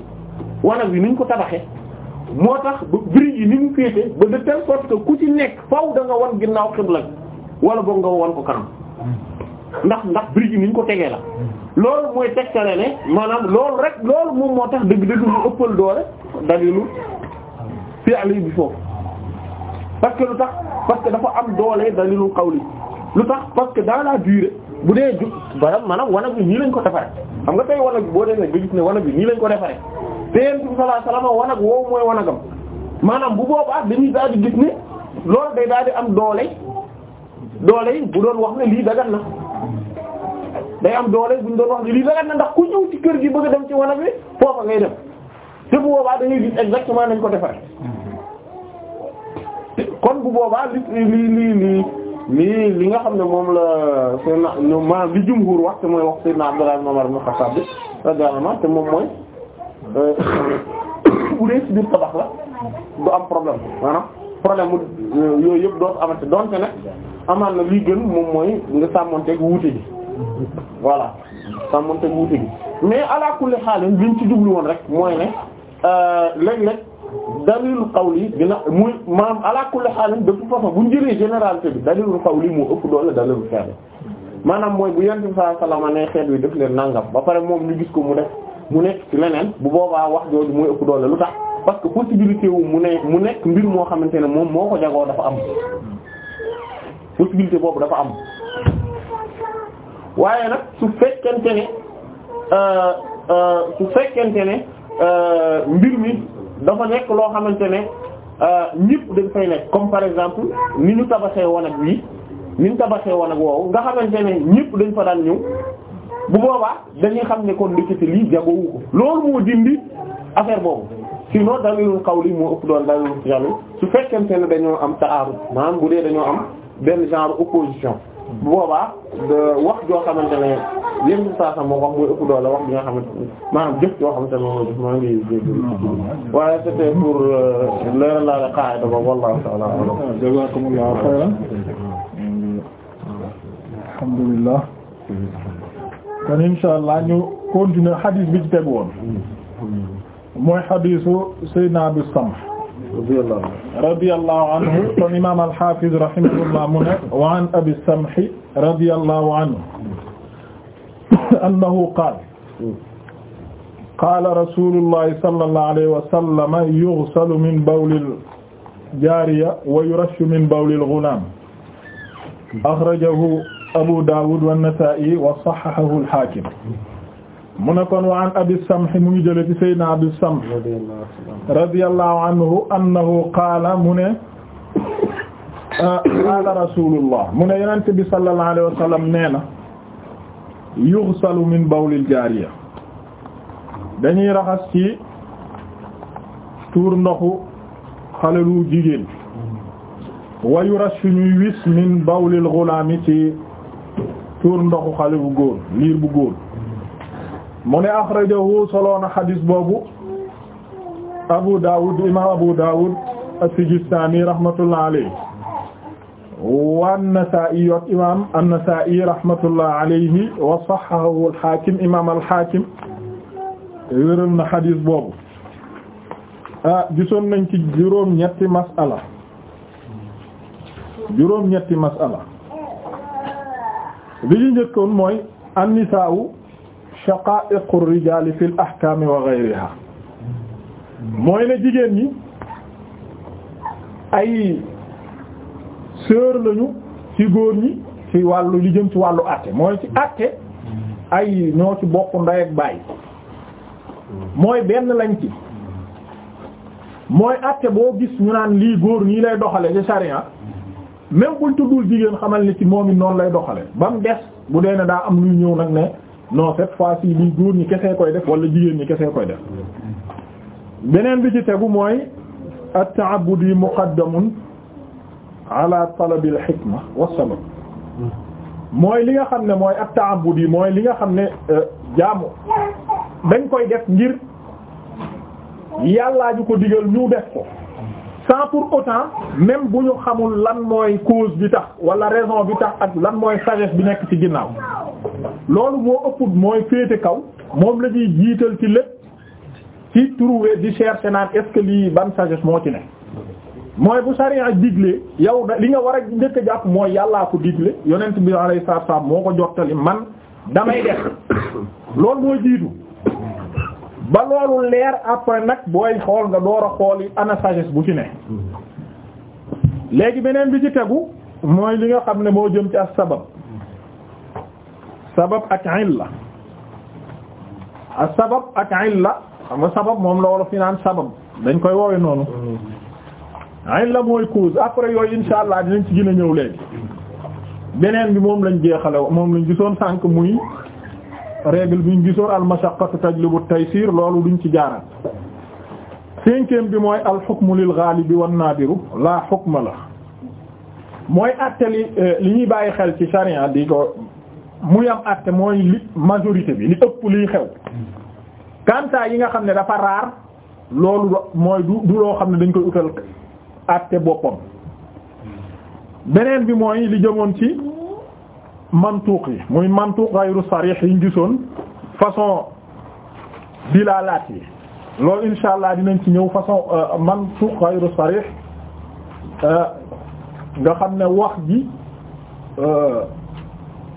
wanag bi ni ñu ko tabaxee moo tax ba briques yi ni ñu féete ba de telle sorte que ku ci nekk fow da nga wan ginnaaw xibla wala boog nga wan ko kanam ndax ndax briques yi ni ñu ko tegee la. loolu mooy tegtale ne maanaam loolu rek loolu moom moo tax dëgg-dëgg lu ëppal doole dalilu fi ali bi foofu parce que lu tax parce que dafa am doole dalilu xawli lu tax parce que dans bu dee ju barab maanaam wanag bi nii lañ ko defaree xam nga tey wanag bi boo demee ba gis ne wanag bi nii lañ ko defaree te yonent bi sallallahu woo wasallam wanag woowu mooy wanagam maanaam bu boobaa dañuy daal di gis ne loolu day daal di am doole doole yi bu doon wax ne lii dagan na day am doole buñ ñu doon wax ne lii dagan na ndax ku ñëw ci kër gi bëgg dem ci wanag wi foofa ngay dem te bu boobaa dañuy gis exactement nañ ko defaree kon bu boobaa li li li li. lii li nga xam ne moom la Seydina ma li jumhur wax te mooy wax Seydina Abdullah ibn Umar ibn Khattab bi radiyallahu te moom mooy euh, bu dee ci biir tabax la du am problème maanaam problème mu euh, yooyu yëpp dootu amante donte ne amaan na lii gën moom mooy nga sàmmanteeg wuute gi voilà sàmmanteeg wuute gi mais ala kulli xaalis liñ ci jublu woon rek mooy ne euh, léeg-léeg dalilul qawli dina muy maam ala kulli xaal de toute façon bu ñu jëlee généralité bi dalilul qawli moo ëpp doole dalilul xeet maanaam mooy bu yonent bi sallallahu alayhi wasallam ne xeet wi def leen nangam ba pare moom ñu gis ko mu def mu nekk ci leneen bu boobaa wax jooju mooy ëpp doole lu tax parce que possibilité wu mu mu nekk mbir moo xamante ne moom moo ko jagoo dafa am possibilité boobu dafa am waaye nag su fekkente ne euh, euh, su fekkente ne euh, mbir mi. dafa nekk loo xamante ne euh, ñëpp dañ fay nekk comme par exemple ni ñu tabaxee wanag wi ni ñu tabaxee wanag woowu nga xamante ne ñëpp dañ fa daan ñëw bu boobaa dañuy xam ne kon ndekete lii jagoowu ko loolu moo dindi affaire boobu sinon xaw lii moo ëpp doon dalilul fi'li su fekkente ne dañoo am taarut maanaam bu dee dañoo am benn genre opposition boobaa wax joo xamante ne yéen saa sax moom wax mooy ëpp doole wax bi nga xamante ne maanaam jëf joo xamante ne moom mooy maa waaye c'était pour euh, leeral la qaida ba wallahu ta'ala a'lam. jazakumullahu khayran. alhamdulillah. kon insha Allah ñu continuer hadith bi ci tegu woon. mooy hadithu Seydina Abi Samh radiyallahu anhu kon imaam al-Hafiz rahimahullah mu ne wa an Abi Samhi radiyallahu anhu annahu qaala qaala rasuulullahi sallallahu alayhi wa sallam yughsalu min bawlil jaariya wa yurashu min bawlil ghulaam akhrajahu Abu Daawud wan-Nasaa'i wa sahhahahu al-Haakim mu ne kon wa an abi samh mu ngi jële ci sayyidina abi samh radiyallahu anhu annahu qaala mu ne qaala rasulullah mu ne yonent bi sallallahu alayhi wa sallam nee na yughsalu min bawlil jaariya dañuy raxas ci tuur ndoxu xale lu jigéen wa yurashu ñuy wis min bawlil ghulaami ci tuur ndoxu xale bu góor liir bu góor mu ne axrajahu soloona xadis boobu Abu Dawud imam Abu Dawud as-Sijistani rahmatullah alayhi wa an-Nasa'i yot imam an-Nasa'i rahmatullah alayhi wa sahhahu al-Hakim imam al-Hakim wéral na xadis boobu ah gisoon nañ ci juróom ñetti masala juróom ñetti masala li ñu njëkkoon mooy an-nisaa'u shaqaa'iqu rijaali fil ahkaami wa mooy ne jigéen ñi ay sœur lañu ci góor ñi ci wàllu li jëm ci wàllu àtte mooy ci àtte ay ñoo ci bokk ndey ak baay mooy benn lañ ci mooy àtte boo gis ñu naan lii góor ñii lay doxale ci sharia même buñ tuddul jigéen xamal ni ci moom it noonu lay doxale ba mu des bu dee ne daa am luy ñëw nag ne non cette fois-ci li góor ñi kese koy def wala jigéen ñi kese koy def beneen bi ci tegu mooy at-ta'abbudi muqaddamun ala talabil hikma wa sabab mooy li nga xam ne mooy at yi mooy li nga xam ne euh, jaamu dañ koy def ngir yàlla ju ko digal ñu def ko sans pour autant même bu ñu xamul lan mooy cause bi tax wala raison bi tax ak lan mooy sagesse bi nekk ci ginnaaw loolu moo ëpp mooy féete kaw moom la ñuy jiital ci lépp ci trouver di chercher naan est lii ban sagesse moo ci ne mooy bu sariya digle yow li nga war a njëkk jàpp mooy yàllaa ko digle yonent bi alayhi salaam moo ko jottali man damay def loolu mooy jiitu ba loolu leer après nag booy xool nga door a ana sagesse bu ci ne léegi beneen bi ci tegu mooy li nga xam ne moo jëm ci as sabab sabab ak illa ak sabab ak illa xam nga sabab moom la wala fi naan sabab dañ koy woowe noonu illa mooy cause après yooyu insha allah dinañ ci gën a ñëw beneen bi moom lañ jeexale moom lañ gisoon sànq muy règle bi ñu gisoon al mashaqqatu tajlibu taysir loolu duñ ci jaaraat cinquième bi mooy al hukmu lil ghalibi wan nadiru la hukma la mooy attali euh, li ñuy bàyyi xel ci charia di ko mu yam àtte mooy li majorité bi li ëpp liy xew kantaa yi nga xam ne dafa raar loolu mooy du du loo xam ne dañ koy utal àtte boppam beneen bi mooy li jëmoon ci mantuq yi muy mantuq ghayru sarih yi ñu gisoon façon dilaalaat yi loolu insha allah dinañ ci ñëw façon euh, mantuq ghayru sarih euh, nga xam ne wax bi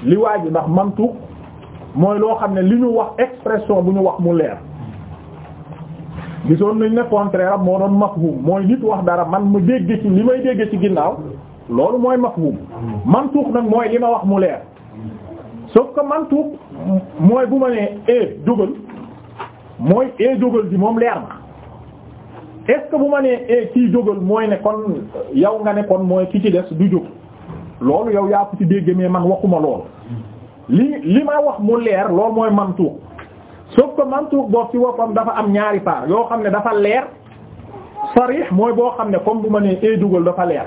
li waa ji ndax mantu mooy loo xam ne li ñu wax expression bu ñu wax mu leer gisoon nañ ne contraire am moo doon mafhum mooy nit wax dara man mu dégg ci li may dégg ci ginnaaw loolu mooy mafhum mantuux nag mooy li ma wax mu leer so que mantuux mooy bu ma nee e jógal mooy e jógal bi moom leer na est bu ma nee e kii jógal mooy ne kon yow nga ne kon mooy ki ci des du jóg loolu yow yaa ko ci dégg mais man waxuma loolu li li ma wax mu leer loolu mooy mantuuq soo ko mantuuq boobu ci woppam dafa am ñaari paar yoo xam ne dafa leer sarix mooy boo xam ne comme bu ma nee ee dugal dafa leer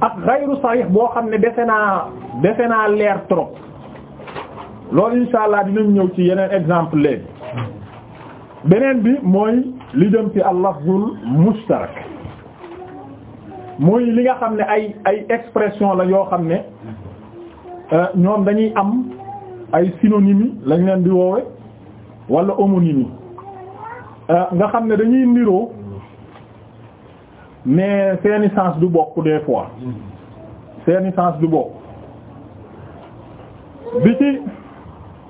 ak xayru sarix boo xam ne defe naa defe naa leer trop loolu insha allah dinañ ñëw ci yeneen exemple léegi beneen bi mooy li dem ci al-lafzul mushtarak mooy li nga xam ne ay ay expression la yoo xam ne euh, ñoom dañuy am ay synonymes lañ leen di woowe wala homonymes euh, nga xam ne dañuy niroo mais seeni sens du bokk des fois seeni sens du bokk bi ci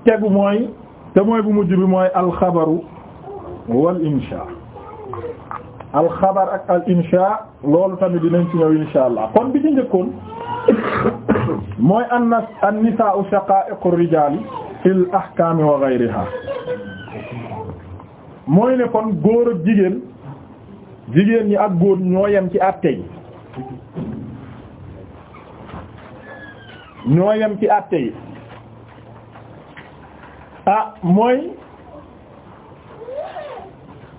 tegu mooy te mooy bu mujj bi mooy alxabaru wal insha alxabar ak al insha loolu tamit dinañ ci ñëw insha allah kon bi ci njëkkoon mooy annas an-nisaa'u shaqaa'iqu rijaali fil ahkaami wa ghayrihaa mooy ne kon góor ak jigéen jigéen ñi ak góor ñoo yem ci àtte yi ñoo yem ci àtte yi ah mooy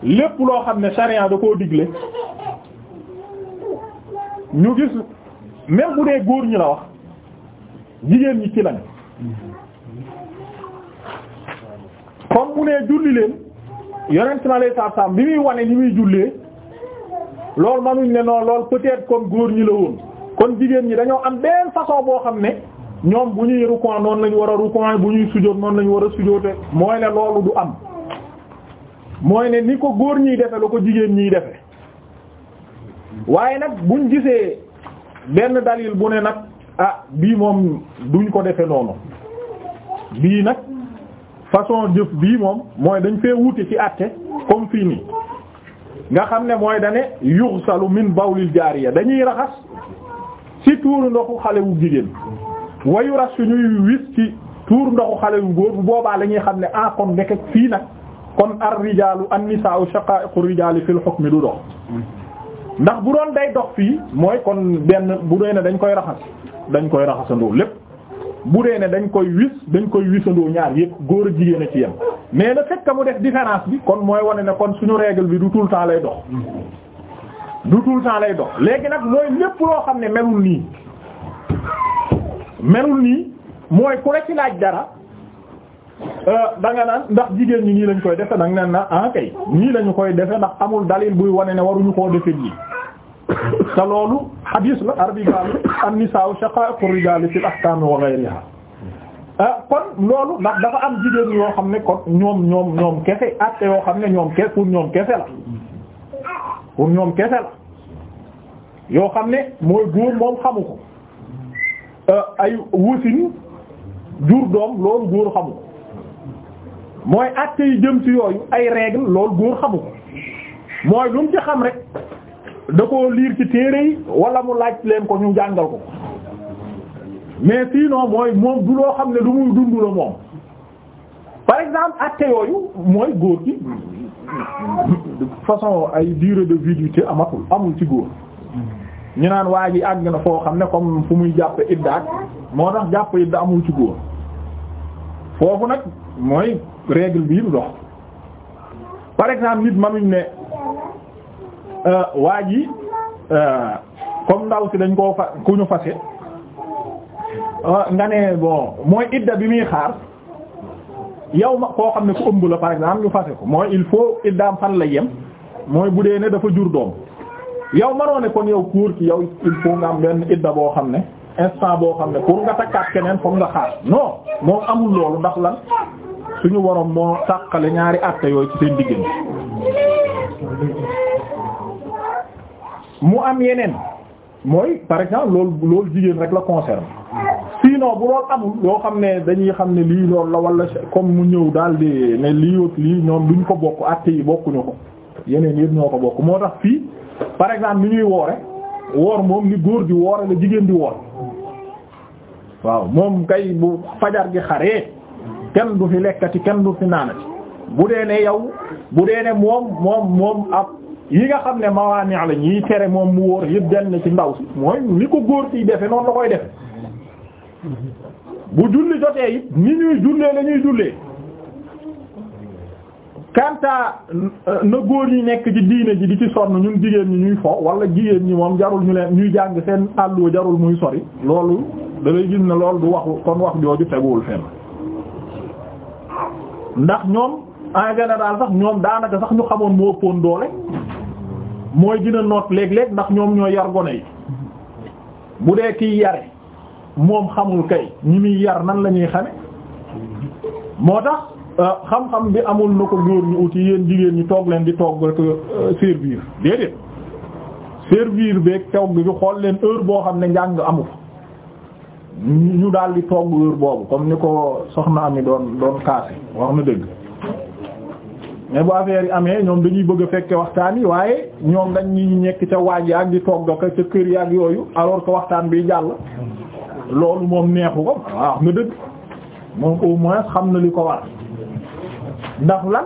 lépp loo xam ne sharia da koo digle ñu gis même bu dee góor ñu la wax jigéen ñi ci lañ comme bu ne julli leen yonent na lay saab bi muy wane ni muy jullee loolu manuñ ne noonu lool peut-être góor ñi la woon kon jigéen ñi dañoo am benn façon boo xam ne ñoom bu ñuy rukkoo noonu lañu war a rukkoo bu ñuy sujjóot noonu lañu war a sujjóote mooy ne loolu du am mooy ne ni ko góor ñiy defe la ko jigéen ñiy defe waaye nag buñ gisee benn dalil bu ne nag ah bii moom duñ ko defe noonu bii nag façon jëf bii moom mooy dañ fee wuute ci àtte comme fii nii nga xam ne mooy dane yughsalu min bawlil jaariya dañuy raxas ci tuuru ndoxu xale wu jigéen wayu ras suñuy wis ci tuur ndoxu xale wu góor bu boobaa la ñuy xam ne ah kon nekk fii nag kon ar rijaalu an nisaa'u shaqaa'iqu rijaali fil hukmi du dox ndax bu doon day dox fii mooy kon benn bu dee ne dañ koy raxas dañ koy raxasandoo lépp bu dee ne dañ koy wis dañ koy wisandoo ñaar yépp góor a jigéen a ci yem mais le fait que mu def différence bi kon mooy wane ne kon suñu règle bi du tout le temps lay dox du tout temps lay dox léegi nag mooy lépp loo xam ne melul nii melul nii mooy ku la ci laaj dara Euh, da nga naan ndax jigéen ñi nii lañ koy defe nag nen na ah kay nii lañu koy defe ndax amul dalil buy wane ne waruñu koo defe nii te loolu hadis la arbigal an-nisaa shaqaa'iqu ci fil ahkaam wa ghayrihaa ah, kon loolu ndax dafa am jigéen yoo xam ne kon ñoom ñoom ñoom kese acte yoo xam ne ñoom kese pour ñoom kese la pour ñoom kese la yoo xam ne mooy góor moom xamu ko euh, ay wusin jur doom loolu góor xamu ko mooy acte yi jëm ci yooyu ay règle lool góor xamu ko mooy lu mu ci xam rek da koo liir ci téere yi wala mu laaj leen ko ñu jàngal ko mais sinon mooy moom du loo xam ne lu muy dund la moom par exemple acte yooyu mooy góor gi de façon ay durée de viduité amatul amul ci góor ñu naan waa ji àgg na foo xam ne comme fu muy jàpp idda ak moo tax jàpp idda amul ci góor foofu nag mooy règle bii du dox par exemple nit manuñ ne euh, waa ji euh, comme ndaw si dañ koo fa ku ñu fase nga ne bon mooy idda bi muy xaar yow ma koo xam ne ku ëmb la par exemple ñu fase ko mooy il faut iddaam fan la yem mooy bu dee ne dafa jur doom yow manoo ne kon yow kuur ci yow il faut nga am benn idda boo xam ne instant boo xam ne pour nga takkaat keneen foog nga xaar non moo amul loolu ndax lan suñu waroon moo tàqale ñaari àtte yooyu ci seen diggante mu am yeneen mooy par exemple loolu loolu jigéen rek la concerne sinon bu loolu amul yoo xam ne dañuy xam ne lii loolu la wala comme mu ñëw daal ne lii wut lii ñoom duñ ko bokk àtte yi bokkuñu ko yeneen yëpp ñoo ko bokk moo tax fii par exemple ni ñuy woore woor moom li góor di woore la jigéen di woor waaw moom kay bu fajar gi xaree kenn du fi lekkati kenn du fi naanati bu dee ne yow bu dee ne moom moom moom ab yi nga xam ne mawaani la ñuy tere moom mu wóor yëpp del na ci ndaw si mooy ni ko góor siy defe noonu la koy defe bu julli jotee it ni ñuy jullee la jullee kanta euh, na góor yi nekk ci diine ji di ci sonn ñun jigéen ñi ñuy fo wala jigéen ñi moom jarul ñu leen ñuy jàng seen àlluwa jarul muy sori loolu da lay gis ne loolu du waxu kon wax jooju teguwul fenn ndax ñoom en général sax ñoom daanaka sax ñu xamoon moo ëppoon doole mooy dina noot léeg-léeg ndax ñoom ñoo yar gone yi bu dee kiy yare moom xamul kay ñi muy yar nan la ñuy xame moo tax euh, xam-xam bi amul na ko góor ñu uti yéen jigéen ñi toog leen di togg rek euh, servir déedéet servir beeg togg bi xool leen heure boo xam ne njàng amu ñu daal di togg wër boobu comme ni ko soxna am yi doon doon kaase wax na dëgg mais bu affaire yi amee ñoom dañuy bëgg a fekke waxtaan yi waaye ñoom dañ ñu nekk ca waaj ak di togg ak ca kër yaak yooyu alors que waxtaan bi jàll loolu moom neexu ko wax na dëgg moom au xam na li ko war ndax lan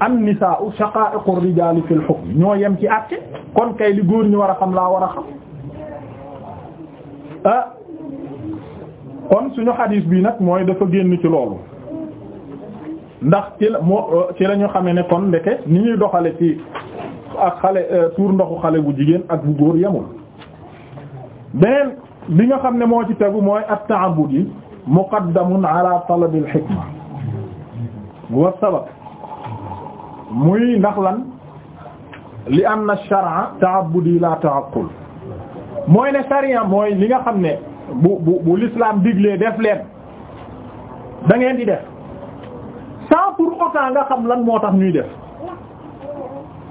an nisaa'u shaqaa'iqu rijaali fil hukm ñoo yem ci àtte kon kay li góor ñu war a xam laa war a xam ah, kon suñu xadiis bii nag mooy dafa génn ci loolu ndax ci la moo euh, ci la ñu xamee ne kon ndeke ni ñuy doxale ci ak xale euh, tuur ndoxu xale bu jigéen ak bu góor yemul beneen bi nga xam ne moo ci tegu mooy at-ta'abbud yi muqaddamun ala talab al-hikma sabab muy ndax lan li anna ash-shar'a ta'abbudi la ta'aqqul mooy ne sariya mooy li nga xam ne bu bu bu l'islam diglee def leen dangeen di def sans pour autant nga xam lan moo tax nuy def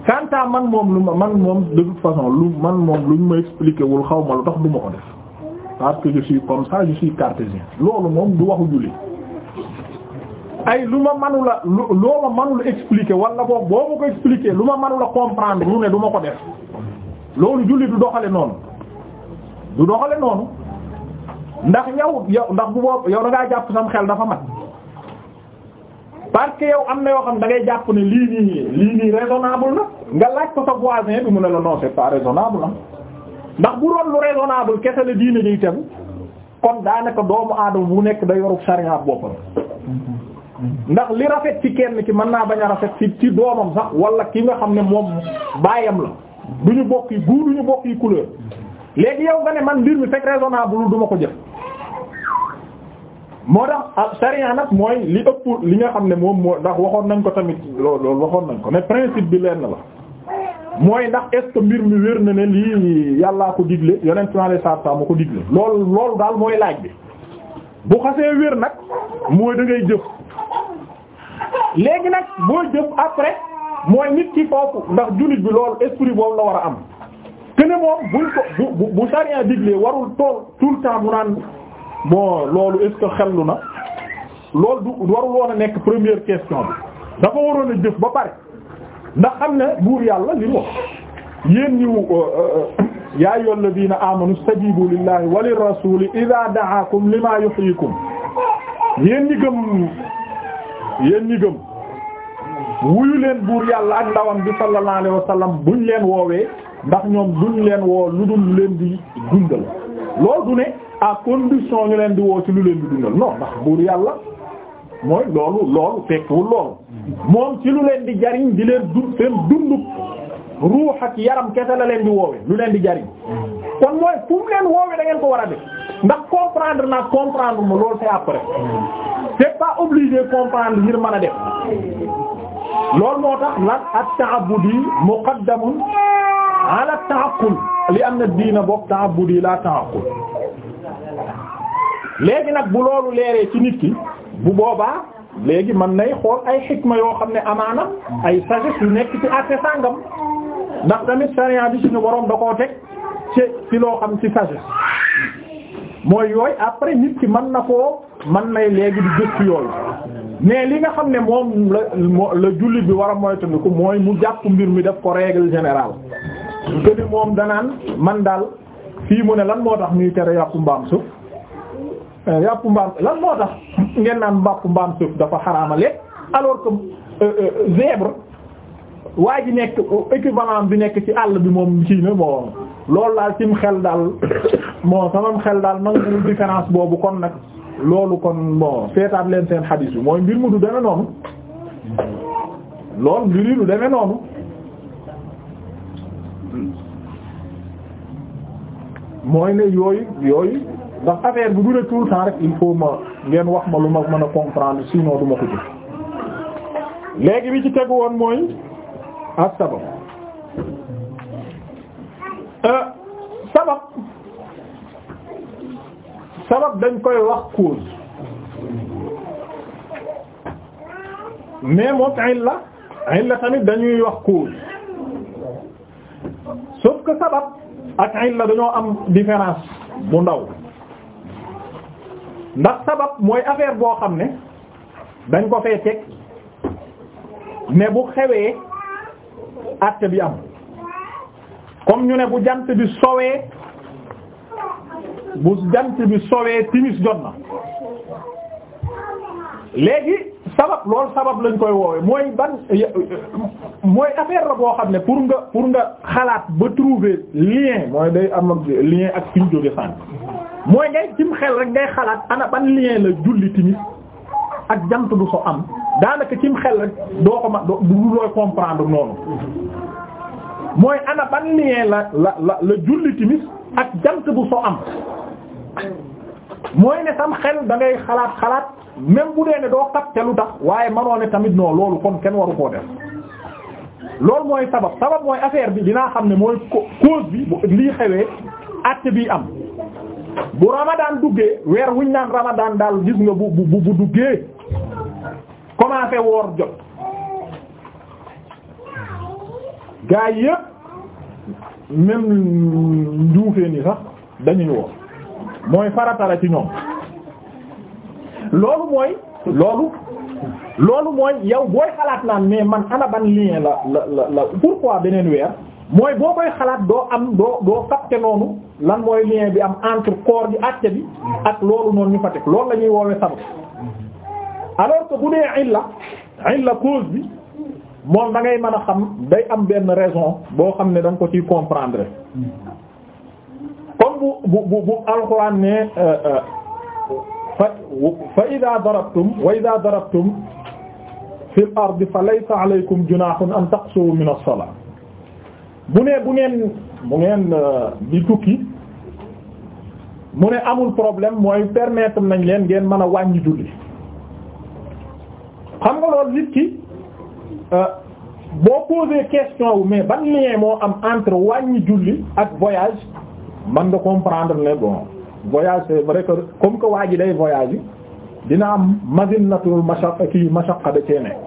kanta man moom lu ma man moom de toute façon lu man moom luñ ma expliqué wul xaw ma lu tax du ma ko def parce que je suis comme ça je suis cartésien loolu moom du waxu julli ay lu ma manula loo ma manula expliquer wala boobu boo ma ko expliquer lu ma manula comprendre lu ne du ma ko def loolu julli du doxale noonu du doxale noonu ndax yow yow ndax bu boobu yow da ngaa jàpp sam xel dafa mat parce que yow am na yoo xam da ngay jàpp ni lii nii lii nii raisonnable na nga laaj ko sa voisin bi mu ne la non c'est pas raisonnable na ndax bu doon lu raisonnable kese la diine day tegu kon daanaka doomu aadama bu nekk da yorub sariya boppam ndax li rafet ci kenn ci mën naa bañ a rafet ci ci doomam sax wala ki nga xam ne moom baayam la du ñu bokk yi goût du ñu bokk couleur léegi yow nga ne man mbir mi fekk raisonnable duma ko jëf moo tax ah, sariya nag mooy li ëpp li nga xam ne moom moo ndax waxoon nañ ko tamit loolu loolu waxoon nañ ko ne principe bi lenn la mooy ndax est-ce que mbir mi wér na ne lii yàlla ko digle yonent naa leen saabsaab ma ko digle loolu loolu daal mooy laaj bi bu xasee wér nag mooy dangay ngay jëf léegi nag boo jëf après mooy nit ki foofu ndax jullit bi lool esprit boobu la war a am que ne moom bu bu bu sariya digle warul tool tout le temps mu naan. bon loolu est-ce que xellu na loolu du warul a nekk première question bi dafa waroon a jëf ba pare ndax xam ne buur yàlla li mu wax yéen ñiw euh, euh, yaa ayyuha alladhina amanu stajibu lillahi wa lirrasuli idha da'akum lima yuhyikum yéen ñi gëm yéen ñi gëm wuyu leen buur yàlla ak ndawam bi sallallahu alayhi wa sallam buñ leen woowee ndax ñoom duñ leen woo lu du leen di dundal loolu du ne à condition ñu leen di woo ci lu leen di dundal non ndax buur yàlla mooy loolu loolu fekkwul loolu moom ci lu leen di jariñ di leen dund seen dundub ruux ak yaram kese la leen di woowe lu leen di jariñ kon mooy fu mu leen woowe da ngeen ko war a def ndax comprendre naa comprendre ma loolu c'est après c'est pas obligé comprendre ngir mën a def loolu moo tax lan at-ta'abbudi muqaddamun ala at-ta'aqqul li am na diina bokk ta'abbudi la ta'aqqul léegi nag bu loolu leeree ci nit ki bu boobaa léegi man nay xool ay xikma yoo xam ne amaana ay sagesse yu nekk ci àtte sàngam ndax tamit sariya bi suñu borom da koo teg ci loo xam ci sagesse mooy yooyu après nit ki man na koo man nay léegi di gëstu yooyu mais li nga xam ne moom la la jullit bi war a moytandiku mooy mu jàpp mbir mi def ko règle général que ni moom danaan man daal fii mu ne lan moo tax ñuy tere yàqu mbaam su Euh, yàpp mbaam lan moo tax ngeen naan mbàpp mbaam suuf dafa xaraama lekk alors que euh, euh, zèbre waa ji nekk équivalent bi nekk ci àll bi moom kii na moo loolu daal cim xel daal moo samam xel daal nanguwul différence boobu kon nag loolu kon bon seetaat leen seen xadiis bi mooy mbir mu du deme noonu loolu mbir yi du deme noonu mooy ne yooyu yooyu ndax affaire bu duree tout le temps il faut ma ngeen wax ma lu ma mën a comprendre sinon du ma ko jëf léegi bi ci tegu woon mooy ak sabab euh, sabab sabab dañ koy wax cause mais moom illa illa tamit dañuy wax cause sauf que sabab ak illa dañoo am différence bu ndaw ndax sabab mooy affaire boo xam ne dañ ko fee teg ne bu xewee àtte bi am comme ñu ne bu jant bi soowee bu jant bi soowee timis jot na léegi sabab loolu sabab lañ koy woowe mooy ban mooy affaire la boo xam ne pour nga pour nga xalaat ba trouver lien mooy day am lien ak fi ñu jóge sànq mooy ngay cim xel rek ngay xalaat ana ban lien la julli timis ak jant du so am daanaka cim xel rek doo ko ma du noonu mooy ana ban lien la la la la julli ak jant bu so am mooy ne sam xel da xalaat xalaat même bu dee ne doo capter lu tax waaye mënoo ne tamit non loolu kon kenn waru koo def loolu mooy sabab sabab mooy affaire bi dinaa xam ne mooy cause bi bu lii xewee acte bi am bu Ramadan duggee weer wuñ naan Ramadan daal gis nga bu bu bu duggee commencé woor jot gaa yëpp même njuufee ni sax dañuy woor mooy farata ci ñoom. loolu mooy loolu loolu mooy yow booy xalaat naan mais man ana ban lien la la la la pourquoi beneen weer mooy boo koy xalaat doo am doo doo fàtte noonu lan mooy lien bi am entre corps bi acte bi ak loolu noonu ñu fa teg loolu la ñuy woowee sabab alors que bu dee illa illa cause bi moom da ngay mën a xam day am benn raison boo xam ne da ko ciy comprendre comme bu bu bu alxuraan ne euh, euh, fa fa idaa darabtum wa idaa darabtum fil ardi fa laysa alaykum junaahun an taqsuru min as-salaa mu ne bu ngeen ngeen euh, di tukki mu ne amul problème mooy permettre nañ leen ngeen mën a wàññi julli xam nga loolu nit ki euh, boo posé question wu mais ban lien moo am entre wàññi julli ak voyage mën nga comprendre ne bon voyage c'est vrai comme que waa ji day voyage dina am mazinatul mashaqqa kii mashaqqa da mm-hmm.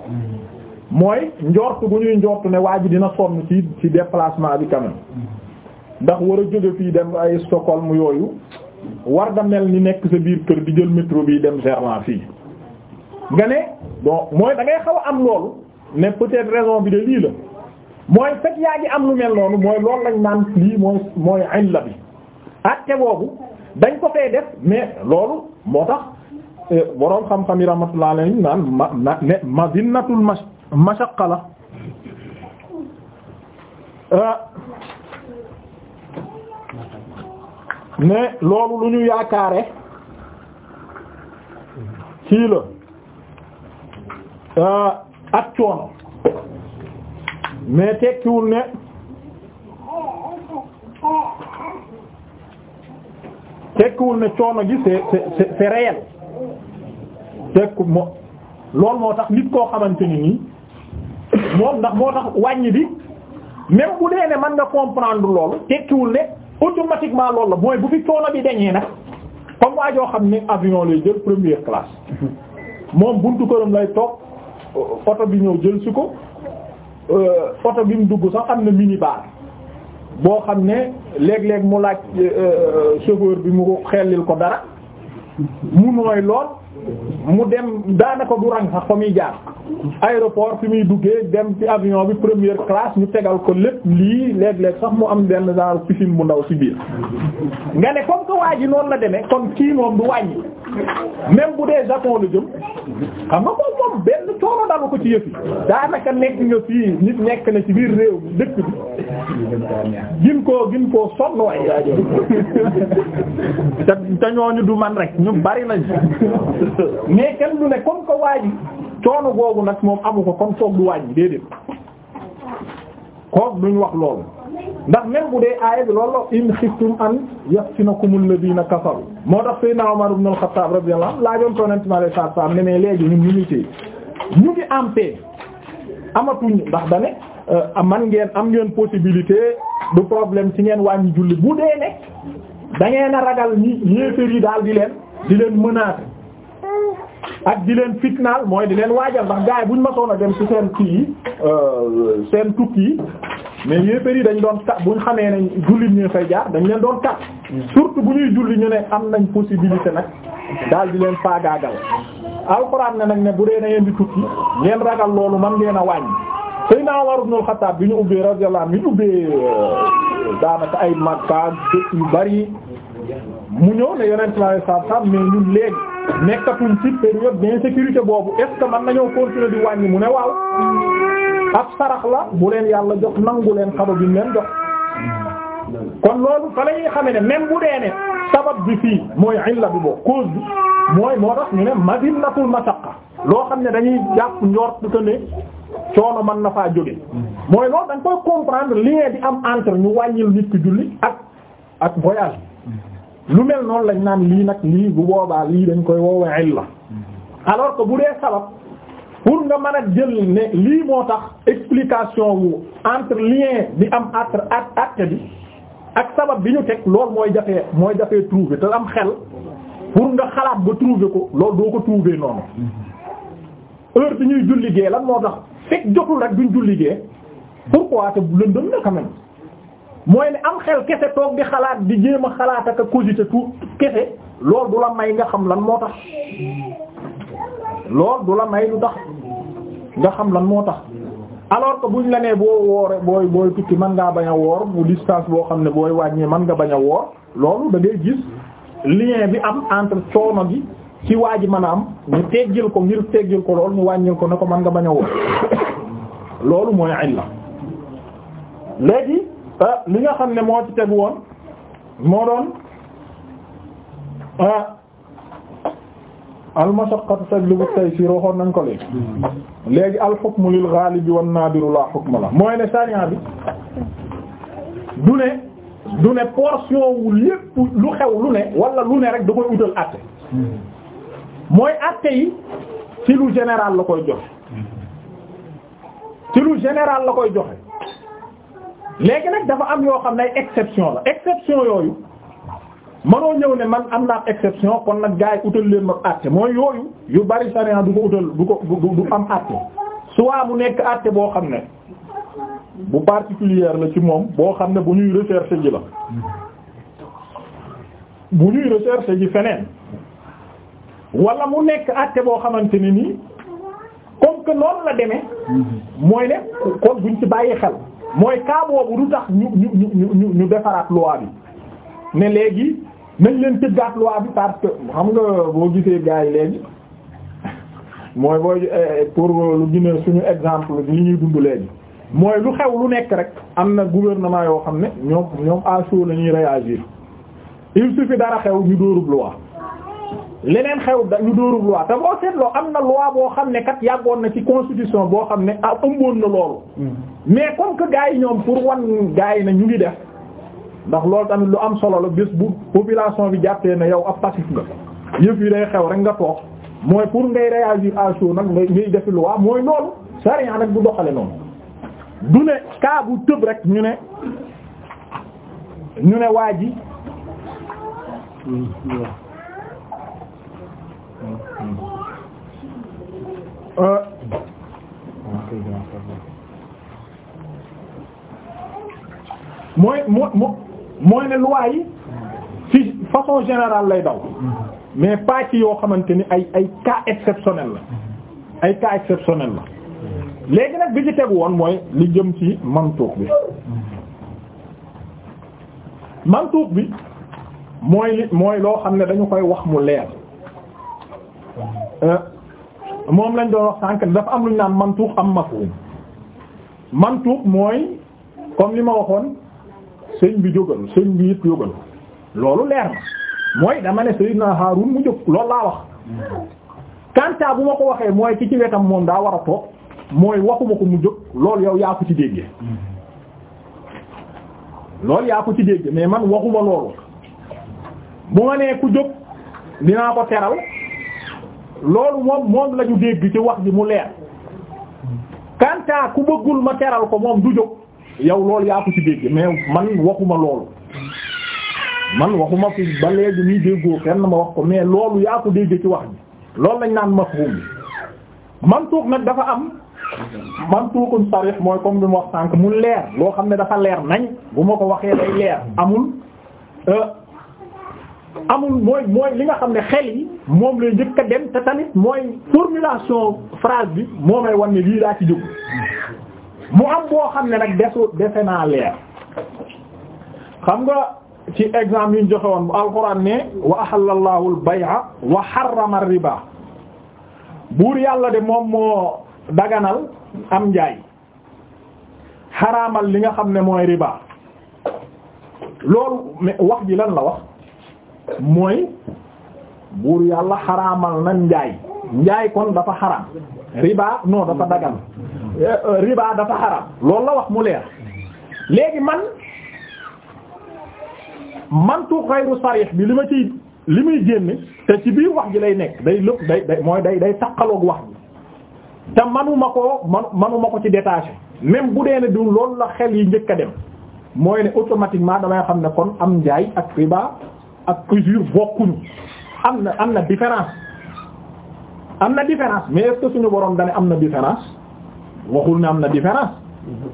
mooy njortu bu ñuy njortu ne waa ji dina sonn ci ci déplacement bi quand même mm-hmm. ndax war a jóge fii dem ay Stockholm yooyu war nga mel ni nekk sa biir kër di jël métro bi dem Gerland fii nga ne donc mooy da xaw am loolu ne peut-être raison bi de lii la mooy fekk yaa ngi am lu mel noonu mooy loolu lañ naan lii mooy mooy añ la bi atte boobu dañ ko fee def mais loolu moo tax euh, boroom xam-xam yi rahmatullah alayhi naan ma ma ne madinatul mashaqqa la euh, ne loolu lu ñu yaakaare kii la euh, ak coono mais tekkiwul ne tekkiwul ne coono gi c'est c'est c'est réel tekku moo loolu moo tax nit koo xamante ni nii moom ndax moo tax wàññi bi même bu dee ne mën nga comprendre loolu tekkiwul ne automatiquement loolu la mooy bu fi coono bi dañee na comme waa joo xam ne avion lay jël première classe moom buntu këram lay toog oto bi ñëw jël si ko euh, oto bi mu dugg sax am na minibar boo xam ne léeg-léeg mu laaj euh, euh, chauffeur bi mu ko xellil ko dara mu nooy lool mu dem daanaka du rang sax fa muy jaar aéroport fi muy duggee dem ci avion bi première classe ñu tegal ko lépp lii léeg-léeg sax mu am benn genre piscine bu ndaw si biir nga ne comme que waa ji noonu la demee kon kii moom du wàññi même bu dee Japon la jëm xam nga ko moom benn coono dalu ko ci yëf yi daanaka nekk nga fii nit nekk na ci biir réew dëkk bi gin koo gin koo sonn waay te te ñooñu du man rek ñu bari nañ mais kenn du ne comme que waa ji coono googu nag moom amu ko kon foog du wàññi déedéet koog duñ wax loolu ndax même bu dee aaya bi loolu in xiftum an yaftinakum alladhina kafaru moo tax Seydina Umar ibn al-Khattab radiyallahu anhu laajoon Yonent mi alayhi salaatu salaam ne ne léegi ñun ñu ngi téye ñu ngi euh, am paix amatuñ ndax da ne man ngeen am ngeen possibilité du problème ci ngeen wàññi julli bu dee ne da ngeen a ragal ñi yéefar yi daal di leen di leen menacer. ak di leen fitnaal mooy di leen waajal ndax gaay buñ masoon a dem si seen kii yi euh, seen tukki yi mais yéefar yi dañ doon kat buñ xamee nañ jullit ñu fay jaar dañ leen doon kat surtout bu ñuy julli ñu ne am nañ possibilité nag daal di leen faagaagal alxuraan na nag ne bu dee na ngeen di tukki ngeen ragal loolu man ngeen a wàññi Seydina Umar ibn al-Khattab bi ñu ubbee radiyallahu mi ñu ubbee euh, daanaka ay Makka dëkk yu bari mu ñëw ne yonent sallallahu alayhi wasallam mais ñun léegi nekkatuñ ci période d'insécurité boobu est-ce que mën nañoo continuer di wàññi mu ne waaw ab sarax la bu leen yàlla jox nangu leen xaba bi leen jox kon loolu fa lañuy xame ne même bu dee ne sabab bi fii mooy illa bi boo cause bi mooy moo tax ñu ne madinatul masaqqa loo xam ne dañuy jàpp njort que ne coono man na faa jóge mooy loolu dañ koy comprendre lien bi am entre ñu wàññil nit ki julli ak ak voyage lu mel noonu lañ naan lii nag lii bu boobaa lii dañ koy woowe illa alors que bu dee sabab pour nga mën a jël ne lii moo tax explication wu entre lien bi am entre at acte bi ak sabab bi ñu teg loolu mooy jafee mooy jafee trouver te am xel pour nga xalaat ba trouver ko loolu doo ko trouver noonu heure bi ñuy julligee lan moo tax fekk jotul rek duñ julligee pourquoi te lëndëm na quand mooy ne am xel kese toog di xalaat di jéem a xalaat ak a cogiter tout kese loolu du la may nga xam lan moo tax loolu du la may lu tax nga xam lan moo tax alors que buñ la nee boo wooree booy booy tukki mën ngaa bañ a woor mu distance boo xam ne booy wàññee man nga bañ a woor loolu da ngay gis lien bi am entre coono gi ci waa ji mën a am ñu teggil ko ngir teggil ko loolu mu wàññil ko ne ko mën nga bañ woor loolu mooy illa léegi. Euh, li nga xam ne moo ci tegu woon moo doon euh, al-mashaqqatu tajlibu at-taysir waxoon nañ ko léegi léegi al-hukmu lil ghalib wan nadiru la hukma la mooy ne sariya bi du ne du ne portion wu lépp lu xew lu ne wala lu ne rek da koy utal àtte mooy àtte yi ci lu général la koy joxe ci lu général la koy joxe léegi nag dafa am yoo xam ne ay exception la exception yooyu mënoo ñëw ne man am naa exception kon nag gars yi utal leen ma àtte mooy yooyu yu bari sariya du ko utal du ko du am àtte soit mu nekk àtte boo xam ne bu particulière la ci moom boo xam ne bu ñuy recherche ji la bu ñuy recherche ji feneen wala mu nekk àtte boo xamante ni nii comme que noonu la demee mhm. mooy ne kon buñ ci bàyyi xel. mooy cas boobu du tax ñu ñu ñu ñu ñu defaraat loi bi ne léegi nañ leen tëggaat loi bi parce que xam nga boo gisee gars yi léegi mooy booy eh, pour lu gine suñu exemple li ñuy dund léegi mooy lu xew lu nekk rek am na gouvernement yoo xam ne ñoom ñoom à chaud la ñuy réagir il suffit dara xew ñu dóorub loi leneen xew da ñu dóorul loi te boo seetloo am na loi boo xam ne kat yàggoon na ci constitution boo xam ne ah ëmboon na loolu mm-hmm. mais comme que gars yi ñoom pour wan gaa yi na ñu ngi def ndax loolu tamit lu am solo la bés bu population bi jàppee na yow ab passif nga yëf yi day xew rek nga toog mooy pour ngay réagir à chaud nag ngay ngay defi loi mooy loolu sariya nag bu doxale noonu du ne cas bu tëb rek ñu ne ñu ne waa ji mm-hmm. Euh. mooy moo moo mooy ne loi yi ci façon générale lay daw mais pas yoo xamante ni ay ay cas exceptionnel la ay cas exceptionnel la léegi nag bi ci tegu woon mooy li jëm ci mantuux bi mantuux bi mooy loo xam ne dañu koy wax mu leer. Euh, moom lañ doon wax sànq dafa am lu ñu naan mantuux am mafhum mantuux mooy comme li ma waxoon sëñ bi jógal sëñ bi it jógal loolu leer na mooy dama ne Sayyidina Haarun mu jóg loolu laa wax. kanta bu ma ko waxee mooy ki ci wetam moom daa war a toog mooy waxuma ko mu jóg loolu yow yaa ko ci déggee loolu yaa ko ci déggee mais man waxuma loolu bu ma nee ku jóg dinaa ko teral. loolu moom moom la ñu dégg ci wax ji mu leer kanta ku bëggul ma teral ko moom du jóg yow loolu yaa ko ci dégg mais man waxuma loolu man waxuma fi ba léegi nii déggoo kenn ma wax ko mais loolu yaa ko dégg ci wax ji loolu lañ naan mafhum man mantuux nag dafa am man mantuuxum sarih mooy comme bi mu wax sànk mu leer loo xam ne dafa leer nañ bu ma ko waxee day leer amul euh, amul mooy mooy li nga xam ne xel yi moom lay njëkk a dem te tamit mooy formulation phrase bi moom may wan ne lii laa ci jóg mu am boo xam ne nag desu dese naa leer xam nga ci exemple yi ñu joxe woon bu ne wa ahalla Allahu al-bay'a wa harrama ar-riba buur yàlla de moom moo daganal am njaay xaraamal li nga xam ne mooy riba loolu wax ji lan la wax mooy buur yàlla xaraamal na njaay njaay kon dafa xaraam riba non dafa dagan eh, riba dafa xaraam loolu la wax mu leer léegi man mantu xayru sarih bi li ma ciy li muy génne te ci biir wax ji lay nekk day lëpp day day mooy day day taqaloog wax ji te manuma ko manu manuma ko ci détaché même bu dee ne du loolu la xel yi njëkk a dem mooy ne automatiquement damay xam ne kon am njaay ak riba ak usure bokkuñu am na am na différence am na différence mais est-ce suñu borom dane am na différence waxul ne am na différence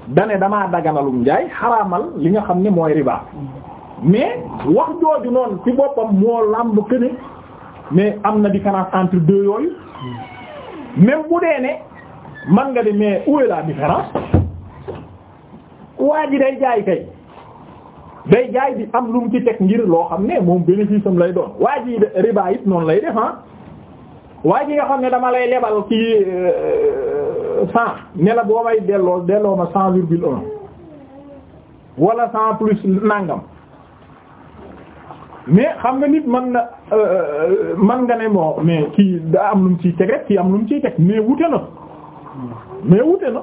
dane damaa daganalum njaay xaraamal li nga xam ne mooy riba mais wax jooju noonu ci boppam moo làmb que mais am na différence entre deux yooyu même bu dee ne man nga di mais où est différence waa ji day jaay kay day jaay di am lu mu ci teg ngir loo xam ne moom bénéfice am lay doon waa ji ribaay it noonu lay def ah waa ji nga xam ne dama lay lebal ci euh, cent ne la boo may delloo delloo ma cent virgule un wala cent plus nangam mais xam nga nit man na euh, man nga ne moo mais kii daa am lu ci ciy teg rek kii am lu mu ciy teg mais wute na mais wute na.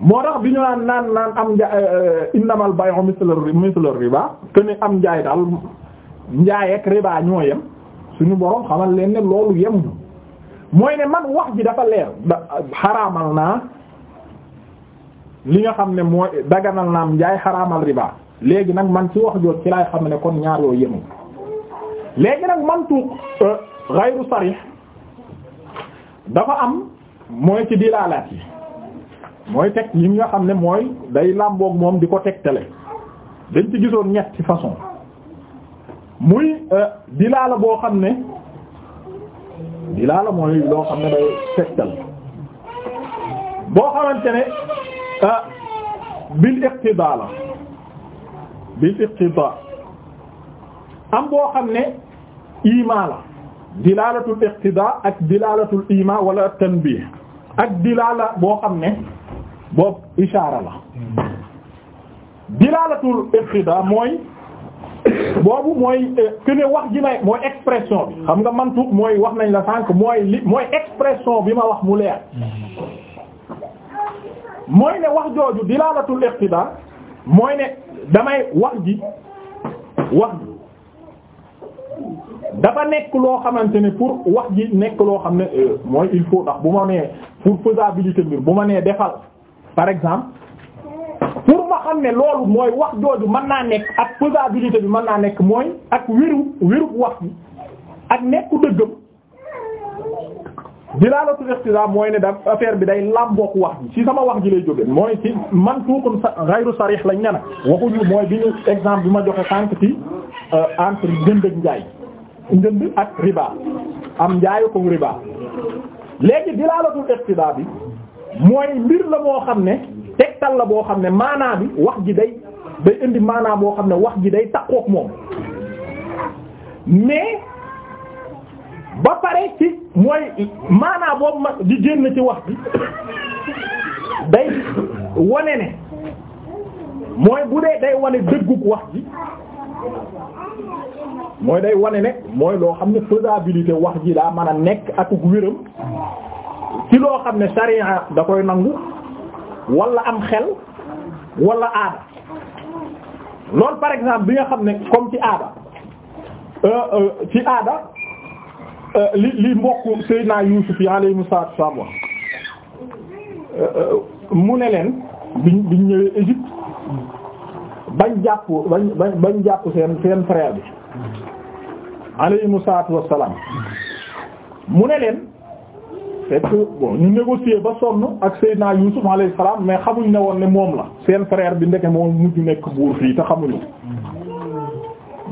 moo tax bi ñu naan naan naan am nja euh, euh, innamal bay'u mislu mislu riba te ni am njaay daal njaay ak riba ñoo yem suñu borom xamal leen ne loolu yemuñu mooy ne man wax ji dafa leer xaraamal naa li nga xam ne mooy daganal naa am njaay xaraamal riba léegi nag man ci wax joot ci laay xam ne kon ñaar yoo yemuñu léegi nag mantuq euh, ghayru sarih dafa am mooy ci dilaalaat yi mooy teg yi nga xam ne mooy day làmboog moom di ko tegtale dañ ci gisoon ñetti façon muy euh, dilaala boo xam ne dilaala mooy loo xam ne day tegtal boo xamante ne euh, bil iqtidaa la bil iqtidaa am boo xam ne imaa la dilaalatul iqtidaa ak dilaalatul imaa wala tanbiih ak dilaala boo xam ne boobu ishaara dilaalatul iqtida mooy boobu mooy eh, que ne wax ji may mooy expression bi xam nga man mooy wax nañ la sànq mooy li mooy expression bi ma wax mu leer mooy ne wax jooju dilaalatul iqtida mooy ne damay wax ji wax ji dafa nekk loo xamante ne pour wax ji nekk loo xam ne eh, mooy il faut ndax bu ma nee pour faisabilité mbir bu ma nee defal par exemple pour ma xam ne loolu mooy wax jooju man naa nekk ak faisabilité bi man naa nekk mooy ak wéru wéru wax bi ak nekku dëggam dilaalatul ixtisaab mooy ne da affaire bi day làmbook wax ji ci sama wax ji lay jóge mooy ci man tuuxum sa ghayru sarih lañ ne nag waxuñu mooy bi ñu exemple bi ma joxee sànq ci euh, entre njënd ak njaay njënd ak riba am njaayu ko riba léegi dilaalatul ixtisaab bi mooy mbir la moo xam ne tegtal la boo xam ne maanaa bi wax ji day day indi maanaa boo xam ne wax ji day takkook moom mais ba pare ci mooy maanaa boobu ma di génn ci wax bi day wane ne mooy bu dee day wane dëggug wax ji mooy day wane ne mooy loo xam ne faisabilité wax ji daa mën a nekk akuk wéram ci loo xam ne sariya da koy nangu wala am xel wala aada loolu par exemple bi nga xam ne comme ci aada euh, euh, ci aada euh, li li mbokk Seydina Yuusuf yi alayhi salaatu salaam wax mu ne leen biñ biñ ñëwee Égypte bañ jàpp bañ bañ jàpp seen seen frère bi alayhi salaatu wa salaam mu ne leen fekk ñu négocier ba sonn ak Seydina Yuusuf alayhi salaam mais xamuñ na woon ne moom la seen frère bi ndeke moo mujj nekk buur fii te xamuñu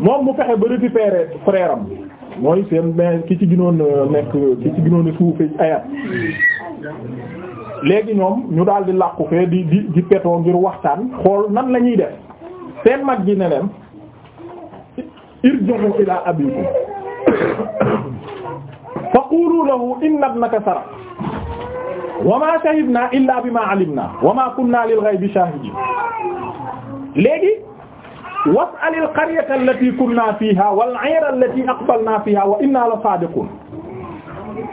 moom mu fexe ba récupérer frère am mooy seen mais ki ci ginoon euh, nekk ki ci ginoon suufe ayat léegi ñoom ñu daal di làqu fee di di di petoo ngir waxtaan xool nan la ñuy def seen mag gi ne leen irji'u ila abikum faqulu lahu inna ibnaka saraq wa ma shahidna illa bima alimna wa ma kunna lil ghaybi shahidin léegi was'al al qaryata allati kunna fiha wal 'ayra allati aqbalna fiha wa inna la sadiqun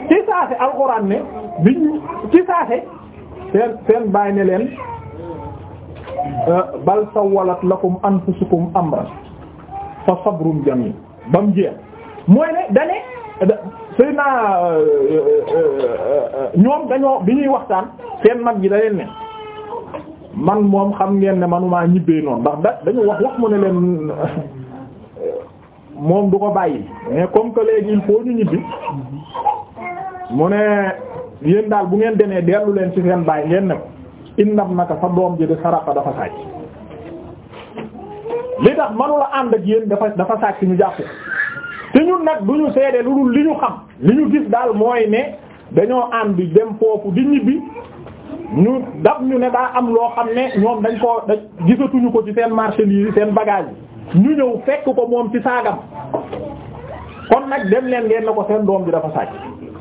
ci saase alxuraan ne biñ ci saase seen seen bàyyi ne leen euh, bal sawwalat lakum anfusukum amran fa sabrun jamil bam jeex mooy ne dane sëy naa euh, euh, euh, ñoom dañoo bi ñuy waxtaan seen mag gi da leen ne man moom xam ngeen ne manumaa ñibbee noonu ndax da dañu wax wax mu ne leen moom du ko bàyyi mais comme que léegi il ñu ñibbi mu ne yéen daal bu ngeen demee dellu leen ci seen bàyyi ngeen ne ko indam naka sa doom ji de saraka dafa sàcc li tax manula ànd ak yéen dafa dafa sàcc ñu jàpp te ñun nag du ñu seede lu dul li ñu xam li ñu gis daal mooy ne dañoo ànd dem foofu di ñibbi ñu dab ñu ne daa am loo xam ne moom dañ ko dañ gisatuñu ko ci seen marchandise seen bagage ñu ñëw fekk ko moom ci saagam kon nag dem leen ngeen na ko seen doom bi dafa sàcc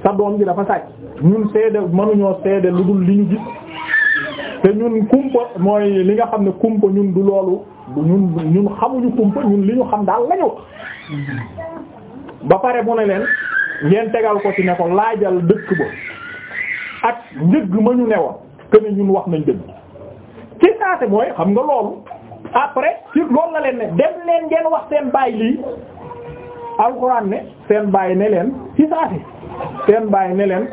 sa doom bi dafa sàcc ñun seede mënuñoo seede lu dul li ñu gis te ñun kumpa mooy li nga xam ne kumpa ñun du loolu ñun ñun xamuñu kumpa ñun li ñu xam daal lañu ba pare mu ne leen ngeen tegal ko ci ne ko laajal dëkk ba ak njëg ma ñu newoon que ne ñun wax nañ dëgg ci saase mooy xam nga loolu après ci loolu la leen ne dem leen ngeen wax seen baay lii alxuraan ne seen baay ne leen ci saase seen baay ne leen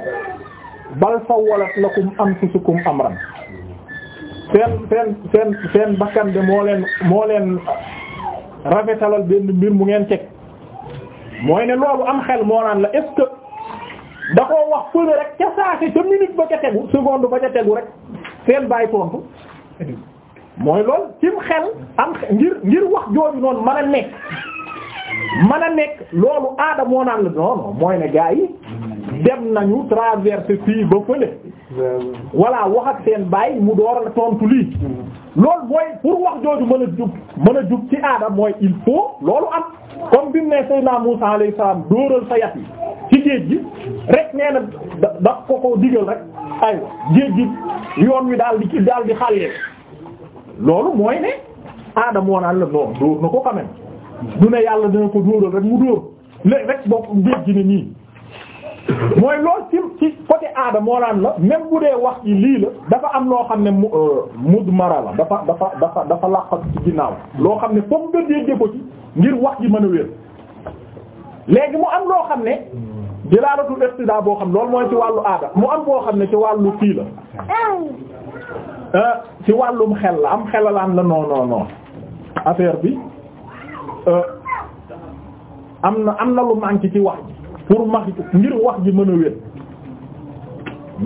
bal sawwalat lakum anfusukum amran seen seen seen seen bakkan de moo leen moo leen rafetalal benn mbir mu ngeen teg mooy ne loolu am xel moo naan la est-ce koo wax fële rek ca saase ca minute ba ca tegu seconde ba ca tegu rek seen bàyyi tontu mooy loolu cim xel am ngir ngir wax jooju noonu mën a nekk mën a nekk loolu aada moo naan la non non mooy ne gaa yi dem nañu traversé fii ba fële voilà wax ak seen bàyyi mu door a tontu lii loolu mooy pour wax jooju mën a jub mën a jub ci aada mooy il faut loolu am kon bi mu ne Seydina Muusaa alayhi salaam dóoral sa yat ci géej gi rek nee na da ko ko digal rek aywa géej gi yoon wi daal di daal di xàllee loolu mooy ne aadam woon la non dóor na ko quand même du ne yàlla dina ko dóoral rek mu dóor léegi rek boo géej gi ne nii mooy lool ci ci côté aada moo laan la même bu dee wax yi lii la dafa am loo xam ne mu euh, mudmara la dafa dafa dafa dafa làqat ci ginnaaw loo xam ne foog nga dégg ko ci ngir wax ji mën a wér léegi mu am loo xam ne dilaalatul iqtidaa boo xam loolu mooy ci wàllu aada mu am boo xam ne ci wàllu fii la euh, ci wàllum xel la am xelalaan la non non non affaire bi euh, am na am na lu manqué ci wax ji pour max ngir wax ji mën a wér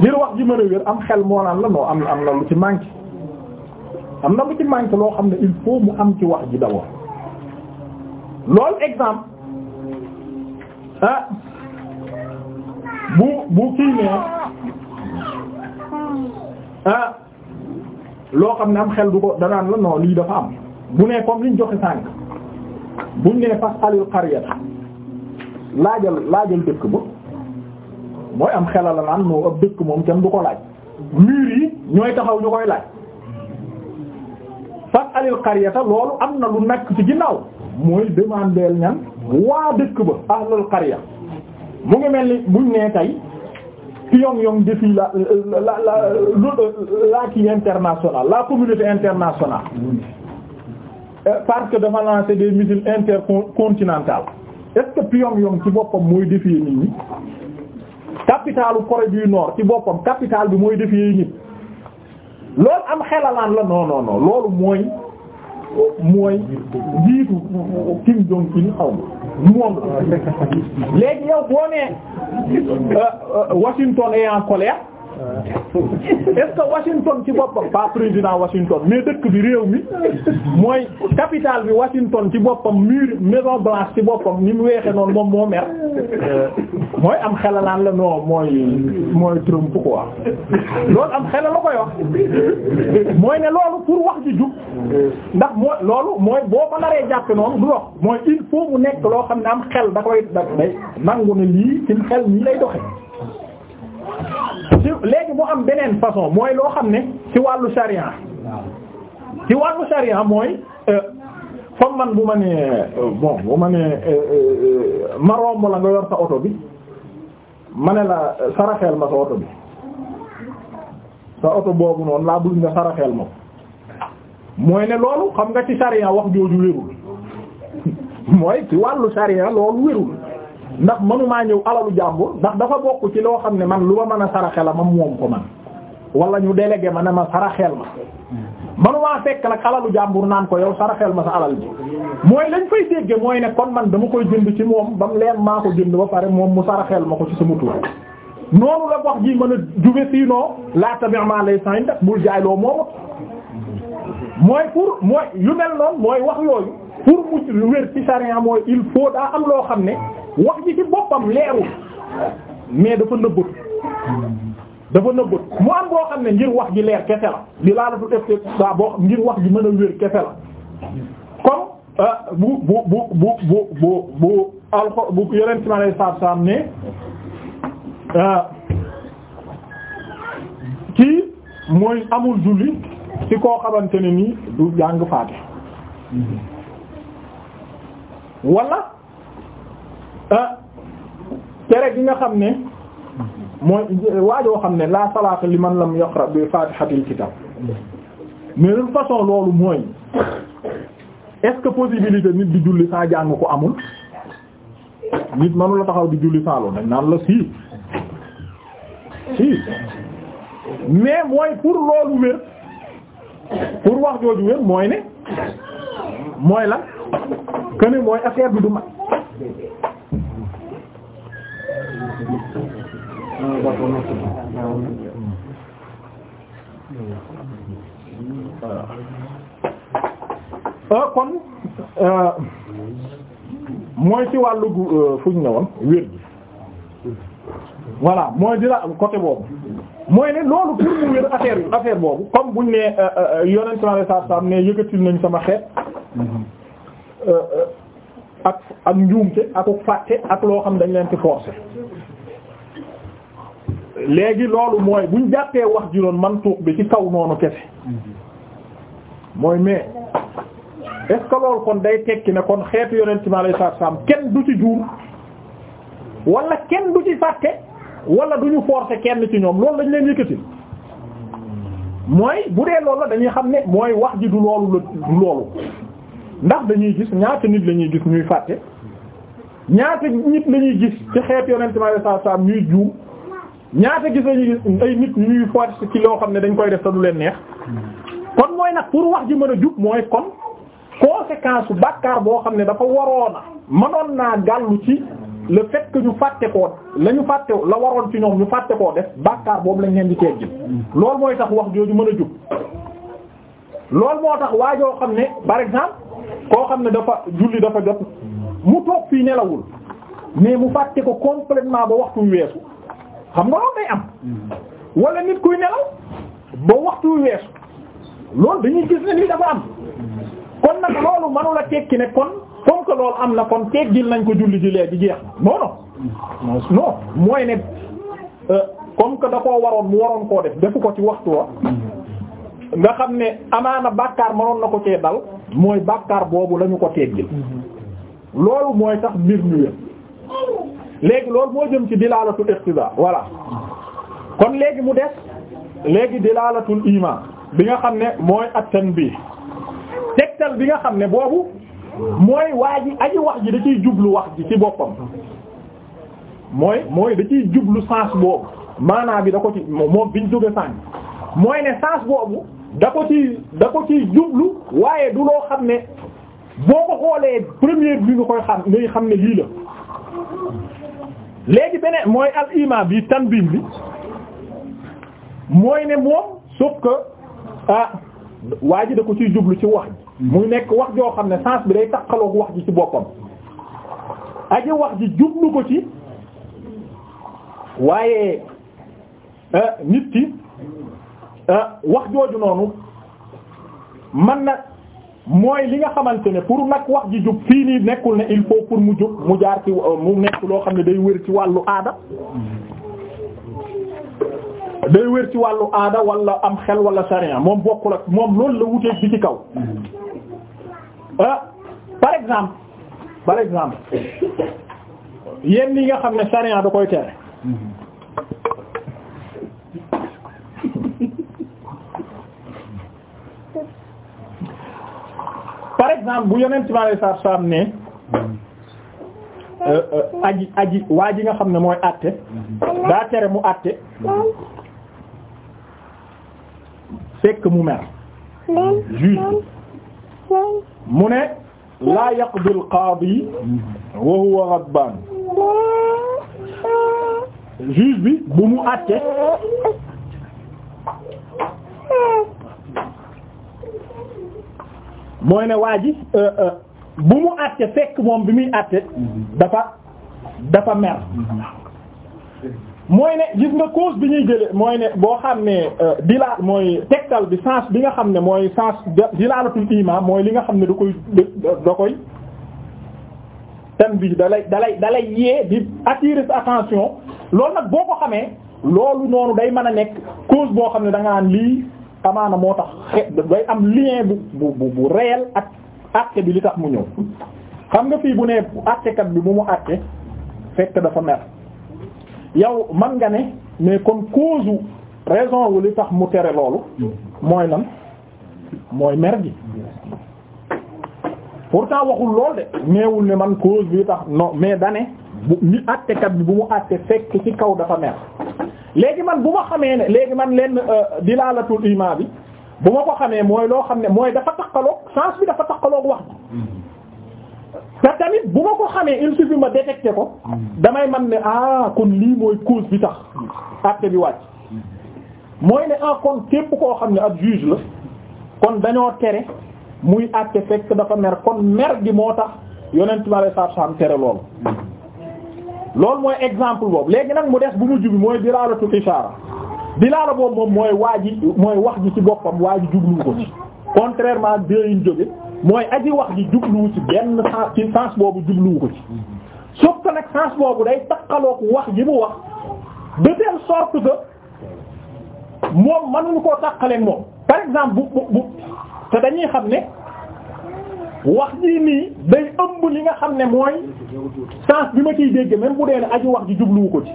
ngir wax ji mën a wér am xel moo naan la noo am am na lu ci manqué am na lu ci manqué loo xam ne il faut mu am ci wax ji d'abord loolu exemple ah bu bu kii nee ah loo xam ne am xel du ko danaan la non lii dafa am bu ne comme liñ joxe sànk buñ ne fas alil qaryata laajal laajal dëkk ba mooy am xelal la naan ab dëkk moom kenn du ko laaj mur yi ñooy taxaw ñu koy laaj fas'alil qaryata loolu am na lu nag ci ginnaaw mooy demandeel ñan waa dëkk ba ahlul qarya mu ngi mel ni buñ nee tey Pyongyang défi la laa la la kii internationale la communauté internationale eh, parce que dafa lancer des missiles intercontinentales est-ce ci boppam mooy défier nit ñi capitalu Corée du Nord ci boppam capitale bi mooy défier nit loolu am xelalaan la non non non loolu mooy mooy Kim Jong Il xaw ma monde léegi yow boo nee euh, euh, Washington est en Euh, est-ce Washington ci boppam pas président Washington mais dëkk bi réew mi mooy capital bi Washington ci boppam mur Maison Blanche ci boppam ni mu weexe noonu moom moo mer euh, mooy am xelalaan la non mooy mooy Trump quoi loolu am xelal la koy wax mooy ne loolu pour wax ji jub ndax mooy loolu mooy boo ko naree jàppe noonu du wax mooy il faut mu nekk loo xam ne am xel da koy da day nangu ne lii ci xel nii lay doxe léegi mu am beneen façon mooy loo xam ne ci wàllu sharia ci wàllu sharia mooy euh, comme man bu ma nee euh, bon bu ma euh, ma romb la nga yor sa oto bi ma ne la saraxeel ma sa oto bi sa oto boobu noonu laa bëgg nga saraxeel ma mooy ne loolu xam nga ci sharia wax jooju wérul mooy ci wàllu sharia loolu wérul ndax manumaa ñëw alalu jàmbur ndax dafa bokk ci loo xam ne man lu ma mën a saraxe la ma moom ko man walla ñu délégué ma ne ma saraxeel ma manumaa fekk nag alalu jàmbur naan ko yow saraxeel ma sa alal ji mooy lañ fay dégge mooy ne kon man dama koy jënd ci moom ba mu leen maa ko jënd ba pare moom mu saraxeel ma ko ci sama tur noonu la wax ji mën a juge siinoo laa tabi' ma laysa indak bul jaay loo moomut mooy pour mooy yu mel noonu mooy wax yooyu pour mu am loo xam ne wax ji ci boppam leerul mais dafa nëbbut dafa nëbbut mu am boo xam ne ngir wax ji leer kese la li laa la du def saa boo ngir wax ji mën a wér kese la comme euh, bu bu bu bu bu bu bu alxo bu yeneen ci ma lay saab ne euh, kii mooy amul julli ci koo xamante ne nii du jàng faate wala ah tere gi nga xam ne mooy waajoo xam ne la salaata li man lam yaqra bi fatihatil kitab mais de toute façon loolu mooy est-ce que possibilité nit di julli saa jàng ko amul nit mënu la taxaw di julli sans loolu dañ naan la si si mais mooy pour loolu wér pour wax jooju wér mooy ne mooy la que ne mooy affaire bi du mat Euh, kon euh, mooy ci wàllu euh, fu ñu ne woon wér gi voilà mooy dina am côté boobu mooy ne loolu pour mu wér affaire affaire boobu comme buñ ne yonent sallallahu alayhi wasallam ne yëkkatil nañ sama xeet mm-hmm. ak ak njuumte ak fàtte ak loo xam dañ leen ci forcer léegi loolu mooy buñ jàppee wax ji doon mantuux bi ci kaw noonu kese mooy mais est kon day tekki ne kon xeetu yonent mi alayhi salaatu kenn du ci juum wala kenn du ci fàtte walla du ñu forcer kenn ci ñoom loolu dañ leen yëkkati mooy bu dee loolu la dañuy xam ne mooy wax ji du loolu la du loolu ndax dañuy gis ñaata nit la ñuy gis ñuy fàtte ñaata nit la ñuy gis ci xeet yonent mi sallallahu alayhi wasallam ñuy juum ñaata gis la ñuy gis ay nit ñuy force ci loo xam ne dañ koy def te du leen neex kon mooy nag pour wax ji mën a jub mooy kon conséquence su bàkkaar boo xam ne dafa waroon a mënoon naa gàllu ci le fait ñu fàtte koo la ñu fàtte la waroon ci ñoom ñu fàtte koo def bàkkaar boobu lañ leen di teggil loolu mooy tax wax jooju mën a jub loolu moo tax waajoo xam ne par exemple koo xam ne dafa julli dafa jot mu toog fii nelawul mais mu fàtte ko complètement ba waxtu weesu xam nga loolu day am wala nit kuy nelaw ba waxtu weesu loolu dañuy gis ne lii dafa am kon nag loolu manula tekki ne kon comme que loolu am na kon teggil nañ ko julli ji léegi jeex non non mooy ne euh, comme que da koo waroon mu waroon koo def defu ko ci waxtu wa nga xam ne amaana bàkkaar mënoon na ko cee dal mooy bàkkaar boobu lañu ko teggil loolu mooy tax mbir mi wér léegi loolu moo jëm ci di dilaalatu iqtida voilà kon léegi mu des léegi di dilaalatul iman bi nga xam ne mooy at-tanbih tegtal bi nga xam ne boobu mooy waa ji aji wax ji da ciy jublu wax ji ci boppam mooy mooy da jublu sens boobu maanaa bi da ko ci moom biñ jóge sànq mooy ne sens boobu da ko ci da ko ci jublu waaye du loo xam ne boo ko xoolee première bi nga koy xam ngay xam ne lii la léegi beneen mooy al imaam bi tanbim bi mooy ne moom sauf ko ah waa ji da ko ciy jublu ci wax hmm. mu muy nekk wax joo xam ne sens bi day taqaloog wax ji ci boppam aji wax ji jublu ko ci waaye eh, nit ki Euh, wax jooju noonu man nag mooy li nga xamante ne pour nag wax ji jub fii nii nekkul ne il faut pour mu jub mu jaar ci euh, mu nekk loo xam ne day wér ci wàllu aada day wér ci wàllu aada walla am xel wala sariya moom bokkul ak moom loolu la wuteeg bi ci kaw ah par exemple par exemple yenn yi nga xam ne sariya da koy tere. par exemple bu yonent bi alayhi salaatu salaam ne euh, euh, aji aji waa ji nga xam ne mooy àtte daa tere mu àtte fekk mu mer juge mu ne laa yaqdi al-qaadi wa huwa ghadbaan juge bi bu mu àtte mooy ne waa ji euh, euh, bu mu àtte fekk moom bi muy àtte dafa dafa mer mooy ne gis nga cause bi ñuy jële mooy ne boo xam ne euh, dilaa mooy tegtal bi sens bi nga xam ne mooy sens dilaalatul iman mooy li nga xam ne da koy da koy tam bi dalay dalay dalay yee di attirer sa attention loolu nag boo ko xamee loolu noonu day mën a nekk cause boo xam ne da nga naan lii amaana moo tax xe day am lien bu bu bu réel ak àtte bi li tax mu ñëw xam nga fii bu ne àttekat bi bu mu àtte fekk dafa mer yow man nga ne mais kon cause u raison wu li tax mu tere loolu mooy lan mooy mer gi pourtant waxul lool de neewul ne man cause bi tax no mais dane bu ñu àttekat bi bu mu àtte fekk ci kaw dafa mer léegi man bu ma xamee ne léegi man leen euh, dilaalatul imaa bi bu ma ko xamee mooy loo xam ne mooy dafa takkaloog sens bi dafa takkaloog wax mm-hmm. te tamit bu ma ko xamee il bi ma détecté ko mm-hmm. damay man ne ah kon lii mooy cause bi tax àtte bi wàcc mm-hmm. mooy ne en ah, kon képp koo xam ne ab juge la kon dañoo tere muy àtte fekk dafa mer kon mer gi moo tax yonent bi sallallahu alayhi wasallam tere loolu loolu mooy exemple boobu léegi nag mu des bu mujj bi mooy dilaalatul ishaara dilaala boobu moom mooy waa ji mooy wax ji ci boppam waa ji jubluwu ko ci contrairement ak deux yiñ jóge mooy aji wax jub jubluwu ci benn sens ci sens boobu jubluwu ko ci sauf que nag sens boobu day taqaloog wax ji mu wax de telle sorte que moom mënuñu koo tàqaleeg moom par exemple bu bu bu te dañuy xam ne wax jii nii day ëmb li nga xam ne mooy sens bi ma ciy dégg même bu dee ne aji wax ji jubluwu ko ci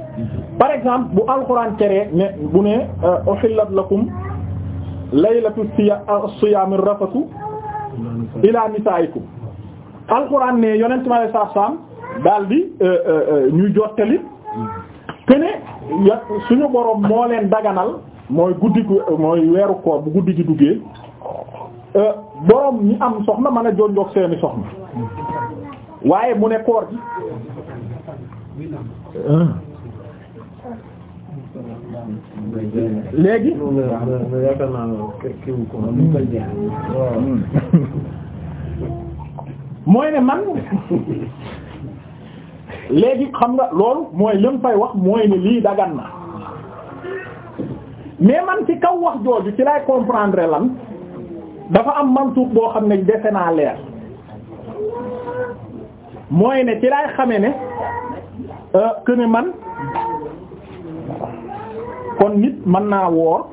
par exemple bu alxuraan teree ne bu ne euh, uhillat lakum laylatu euh, siyaami rafatu ila nisaikum alxuraan ne yonent ma lay saaf saam daal di euh, ñuy jottali que suñu borom moo leen daganal mooy guddi mooy weeru koor bu guddi gi duggee Euh, borom ñi am soxna man a jonjoog seeni soxna waaye mu ne koor gi ah. léegi mooy ne man léegi xam nga loolu mooy lim fay wax mooy ne lii dagan na mais man ci kaw wax jooju ci lay comprendre lan dafa am mansuux boo xam ne dese naa leer mooy ne ci laay xame ne euh, que ne man kon nit mën naa woor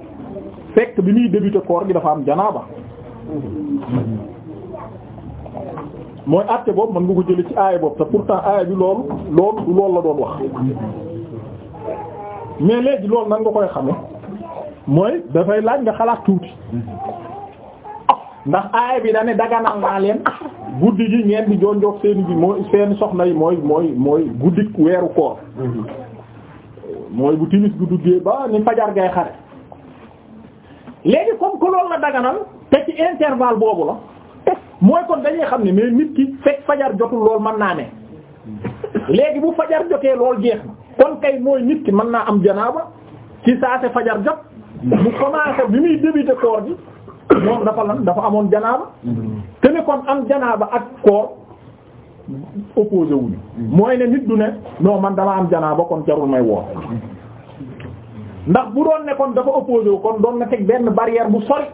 fekk bi muy débuté koor gi dafa am janaa ba mooy àtte boobu mën nga ko jële ci aaya boobu te pourtant aaya bi loolu loolu du la doon wax mais léegi loolu nan nga koy xame mooy dafay laaj nga xalaat tuuti ndax aaya bi da ne daganal naa leen guddi gi ngeen di jonjoog seen bi mooy seen soxna yi mooy mooy mooy guddi weeru koor mooy bu timis bu duggee ba ni fajar gay xare léegi comme que la daganal te ci intervalle boobu la mooy kon dañuy xam ne mais nit ki fekk fajar jotul lool mën naa ne léegi bu fajar jotee lool jeex na kon kay mooy nit ki mën naa am janaaba ci saase fajar jot bu commencé bi muy débuté koor gi moom dafa lan dafa amoon janaaba te ne kon am janaaba ak koor opposé wuñu mooy ne nit du ne non man dama am ba kon jarul may woor ndax bu doon ne kon dafa opposé wu kon doon na teg benn barrière bu sori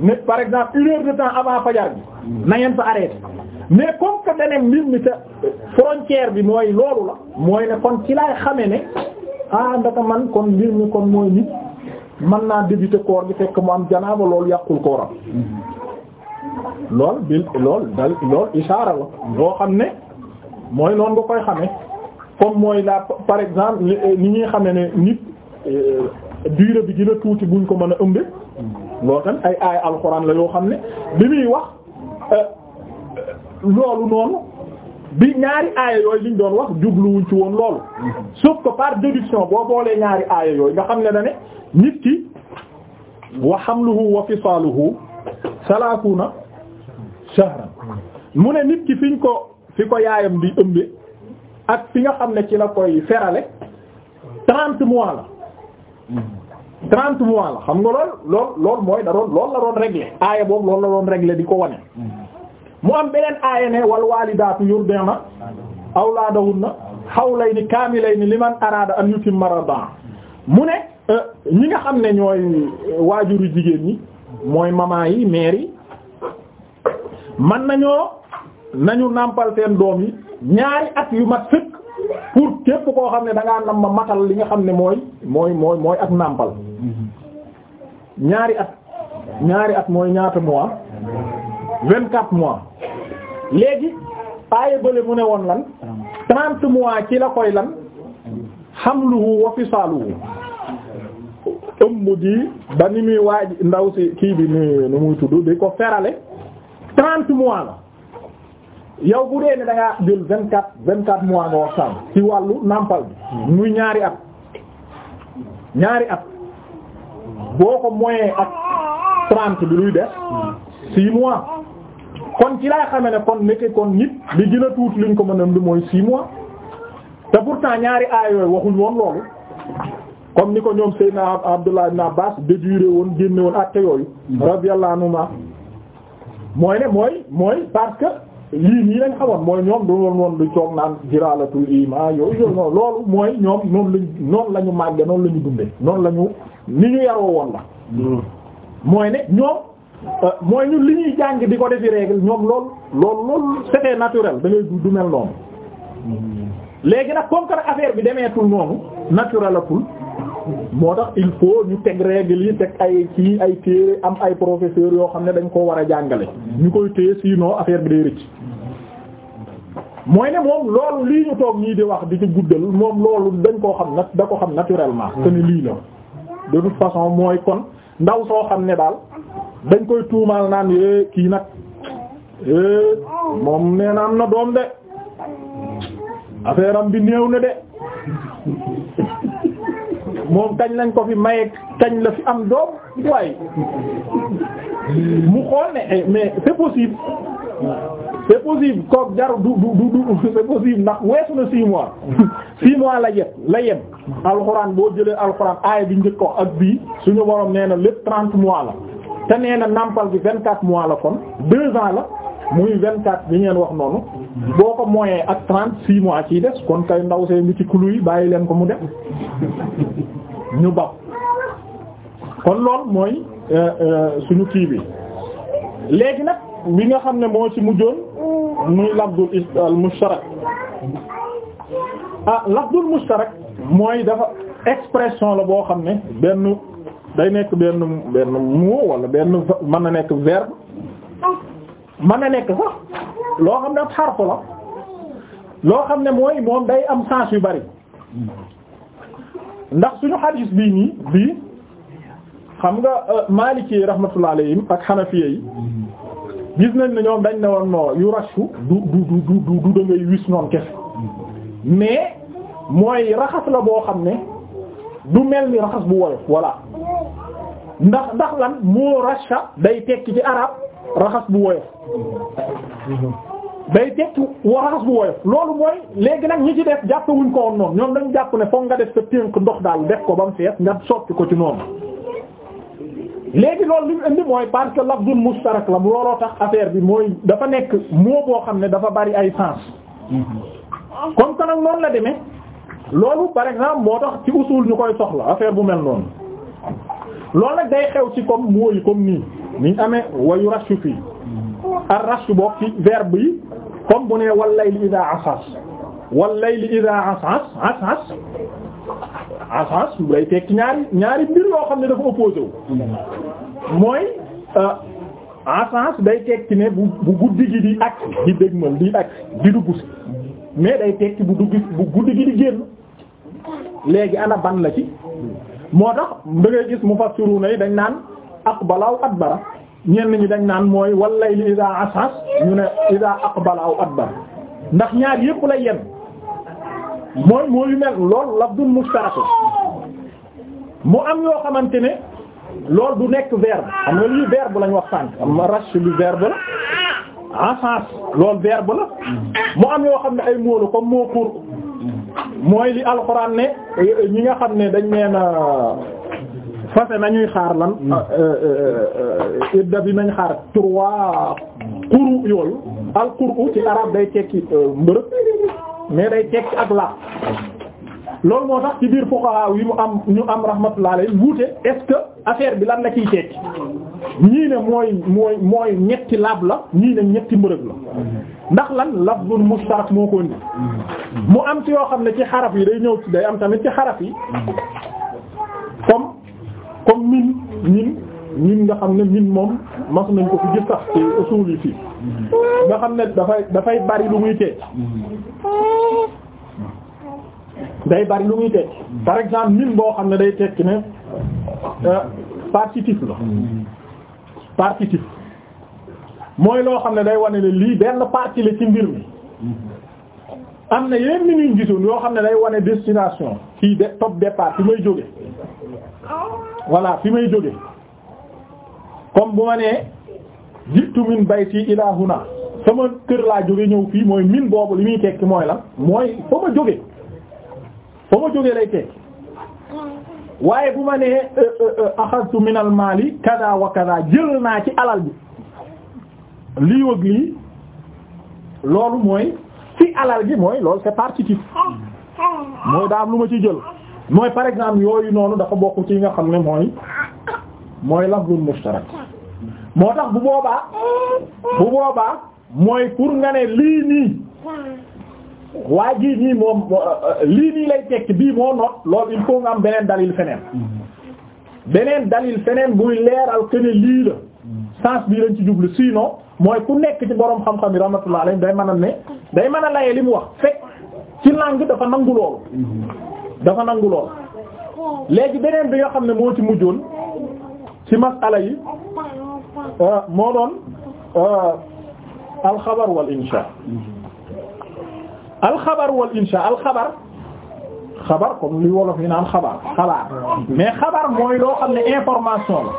ne par exemple une heure de temps avant fajar bi na ngeen fa arrêté mais comme que beneen mbir mi ta frontière bi mooy loolu la mooy ne kon ci laay xame ne ah ndaka man kon mbir mi kon mooy nit man naa débuter koor gi fekk mu am janaaba loolu yàqul kooram lool bil lool dal lool isaara loo xam ne mooy noonu nga koy xamee comme mooy la par exemple ni ñuy xamee ne nit euh, durée bi dina tuuti buñ ko mën a ëmbe loolu tam ay aay alxuraan la yoo xam ne bi muy wax euh, loolu noonu bi ñaari aaya yooyu liñ doon wax jubluwuñ ci woon loolu sauf que par déduction boo boolee ñaari aaya yooyu nga xam ne da ne nit ki wa hamluhu wa fisaaluhu salaasuuna shahran mu ne nit ki fiñ ko fi ko yaayam di ëmbe ak fi nga xam ne ci la koy ferale trente mois la trente mois la xam nga lool lool lool mooy da doon loolu la doon régler aaya boobu loolu la doon régler di ko wane mu am beneen aaya ne wal waalidaatu yurdi'na awlaadahunna hawlayni kaamilayni liman araada an yutimma radaa mu ne Euh, ñi nga xam ne ñooy waajuru jigéen ñi mooy maman yi mère yi man nañoo nañu nàmpal seen doom yi ñaari at yu mat sëkk pour képp koo xam ne da ngaa nam ma matal li nga xam ne mooy mooy mooy mooy ak nàmpal ñaari at ñaari at mooy ñaata mois vingt-quatre mois léegi aaye bële mu ne woon lan trente mois ci la koy lan hamluhu wa fisaluhu ëmb ji ba ni muy waaj ndaw si kii bi ni nu muy tudd li ko ferale trente mois la yow bu dee ne da ngaa jël vingt quatre vingt quatre mois nga wax sànq ci wàllu nàmpal bi muy ñaari at ñaari at boo ko moyen ak trente bi luy def six mois kon ci lay xamee ne kon nekk kon nit li gën a tuuti ko mën a mooy six mois te pourtant ñaari aay yooyu waxuñ woon loolu comme ni ko ñoom Seydina Abdullah ibn Abbas déjuré woon génne woon àtte yooyu radiyallahu anhuma mooy ne mooy mooy parce que lii nii lañ xamoon mooy ñoom duloon woon lu coog naan jiralatul ima yooyu yooyu noonu loolu mooy ñoom noonu lañ noonu la ñu màgge noonu la ñu dunde noonu la ñu ni ñu yaroo woon la mooy ne ñoom euh, mooy ñu li ñuy jàng di ko defi règle ñoom lool loolu loolu c'était naturel da ngay du mel noonu léegi nag comme que affaire bi demee demeetul noonu naturelatul moo tax il faut ñu teg règle yi teg ay ci ay téere am ay professeur yoo xam ne dañ koo war a jàngale ñu koy téye sinon affaire bi day rëcc mooy ne moom loolu lii ñu toog ñii di wax di ci guddal moom loolu dañ koo xam nag da ko xam naturellement que ni lii la de toute façon mooy kon ndaw soo xam ne daal dañ koy tuumaal naan é kii nag moom nee na am na doom de affaire am bi néew na de moom kañ lañ ko fi maye kañ la fi am doom waaye mu xool ne eh, mais c'est possible c'est possible kook jaru du du du c'est possible ndax weesu na six mois six mois la yet la yem alxuraan boo jëlee alxuraan aaya bi njëkk ko ak bii suñu borom nee na lépp trente mois la te nee na nampal bi vingt quatre mois la kon deux ans la muy vingt quatre bi ngeen wax noonu boo ko moyen ak trente six mois ciy des kon kay ndaw see ngi ci kulu yi bàyyi leen ko mu dem ñu bab kon lool mooy euh, euh, suñu kii bi léegi nag bi nga xam ne moo ci mu mujjoon muy lafdul al mushtarak ah lafdul mushtarak mooy dafa expression la boo xam ne benn day nekk benn benn mu walla benn mën na nekk verbe mën na nekk sax loo xam ne ab xarfu la loo xam ne mooy moom day am sens yu bari ndax suñu xadiis bii nii bii xam nga euh, Maliki yi rahmatullah alayhim ak Hanafiya yi gis nañ ne ñoom dañ ne woon no yu rashu du du du du du da noonu kese mais mooy raxas la boo xam ne du mel ni raxas bu woyof voilà ndax ndax lan moo rasha day tekki ci arab raxas bu woyof day tekki waraas bu woyof loolu mooy léegi nag ñi ci def jàppawuñ ko woon noonu ñoom dañu jàpp ne foog nga def sa tënk ndox daal def ko ba mu fees nga sotti ko ci noonu léegi loolu li mu indi mooy parce que lafdul mustarak la looloo tax affaire bi mooy dafa nekk moo boo xam ne dafa bari ay sens comme que nag noonu la demee loolu par exemple moo tax ci usul ñu koy soxla affaire bu mel noonu loolu nag day xew ci comme mooy comme nii niñ amee wayu rashu fii ar-rashu bokk ci verbe yi comme bu ne wal layli idaa asas wal layli idaa asas asas asas lay tekki ñaari ñaari mbir yoo xam ne dafa opposé wu mooy euh, asas day tekki ne bu bu guddi gi di ak di dégmal di ak di dugg si mais day tekki bu guddi gi di génn léegi ana ban la ci moo tax da ngay gis mufassiruna yi dañ naan balaw at adbara ñenn ñi dañ naan mooy wallay li ida asas ñu ne ida aqbala aw adbar ndax ñaar yëpp lay yen mooy moo yu mel lool lafdun mushtarak mu am yoo xamante ne lool du nekk verbe xam nga lii verbe lañ wax sànq ma rash lu verbe la asas lool verbe la mu am yoo xam ne ay moolu comme moo pour mooy li alxuraan ne ñi nga xam ne dañ neena fase nañuy xaar lan mm. ah, euh, euh, euh, idda bi nañ xaar trois quru yooyu al quru ci arab day tekki mbërëb mais day tekki ak la loolu moo tax ci biir fuqaha yi mu am ñu am rahmatullah alayhi wuute est-ce que affaire bi lan la ciy tekki ñii ne mooy mooy mooy ñetti laab la ñii ne ñetti mbërëg la ndax lan lafzul mushtarak moo ko indi mu am ci yoo xam ne ci xarab yi day ñëw day am tamit ci xarab yi comme comme min min min nga xam ne min moom mas nañ ko fi gis sax ci usul yi fii nga xam ne dafay dafay bari lu muy tecc day bari lu muy tecc par exemple min boo xam ne day tecc ne euh, partitif la partitif mooy loo xam ne day wane ne lii benn partie la ci mbir mi am na yeneen min yuñ gisoon yoo xam ne day wane destination kii de top départ fi may jóge voilà fi may jóge comme bu ma nee jittu min bayti ila huna sama kër laa jóge ñëw fii mooy min boobu li muy tekki mooy la mooy fa ma jóge fa ma jóge lay tekki waaye bu ma nee eh, eh, eh, axadtu min al mali kada wa kada jël naa ci alal bi lii wëg lii loolu mooy ci alal gi mooy loolu c'est mooy daam lu ma ci jël mooy par exemple yooyu noonu dafa bokk ci nga xam ne mooy mooy lafzul mushtarak moo tax bu boobaa bu boobaa mooy pour nga ne lii nii waa jii nii moom lii nii lay tekki bii moo not loolu il faut nga am beneen dalil feneen beneen dalil feneen buy leeral que ne lii la sens bii lañ ci si sinon mooy ku nekk ci borom xam-xam yi rahmatullah alayhi day mën a ne day mën a laye li mu wax fe ci langue dafa nangu loolu dafa nangu lool léegi beneen bi nga xam ne moo ci mujjoon ci masala yi euh, moo doon euh, alxabar wal insha alxabar wal insha alxabar xabar comme li wolof yi naan xabar xabaar mais xabar mooy loo xam ne information la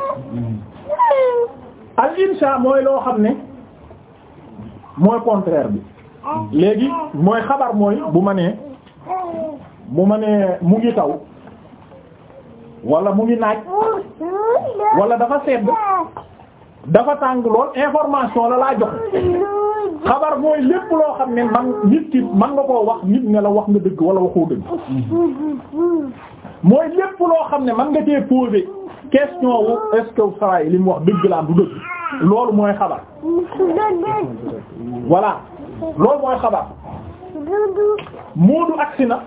al insha mooy loo xam ne mooy contraire bi léegi mooy xabar mooy bu ma nee mu ma nee mu ngi taw wala mu ngi naaj wala dafa sedd dafa tàng lool information la laa joxe xabar mooy lépp loo xam ne man man nga ko wax nit nga la wax nga dëgg wala waxoo dëgg mooy lépp loo xam ne man nga cee poser question wu est-ce li mu wax dëgg laa du dëgg loolu mooy xabar voilà loolu mooy xabar Moodu agsi na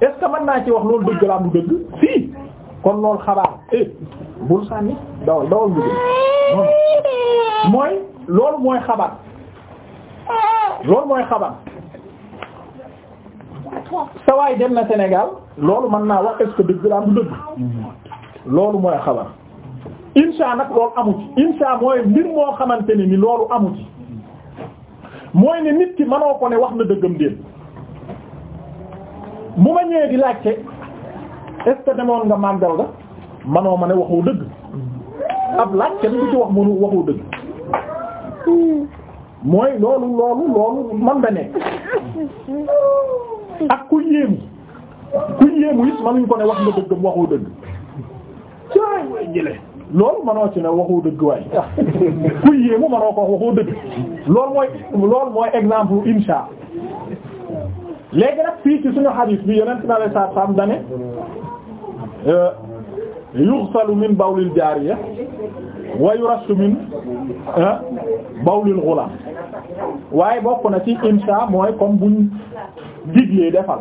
est ce naa ci wax loolu dëgg laa mu dëgg fii kon loolu xabaar eh bul sànni dawal dawal bu dëgg mooy loolu mooy xabaar loolu mooy xabaar sawaay dem na Sénégal loolu mën naa wax est dëgg laa mu dëgg loolu mooy xabaar insha nag loolu amu ci insha mooy mbir moo xamante ni ni loolu amu ci mooy ne nit ki manoo ko ne wax na dëggam déet bu ma ñëwee di laajte est-ce que demoon nga màggal ga manoo ma ne waxoo dëgg ab laaj kenn du ci wax mënu waxoo dëgg mooy loolu loolu loolu man da nekk ak ku yéemu ku yéemu it manuñ ko ne wax nga dëggam waxoo dëgg jële loolu manoo ci ne waxoo dëgg waaye ku yéemu manoo ko wax waxoo dëgg loolu mooy loolu mooy exemple insha léegi nag fii ci suñu hadith bi yonent na la saa saam dane euh, yughsalu min bawlil jaariya wa yurashu min bawlil ghulam waaye bokk na ci insha mooy comme buñ diglee defal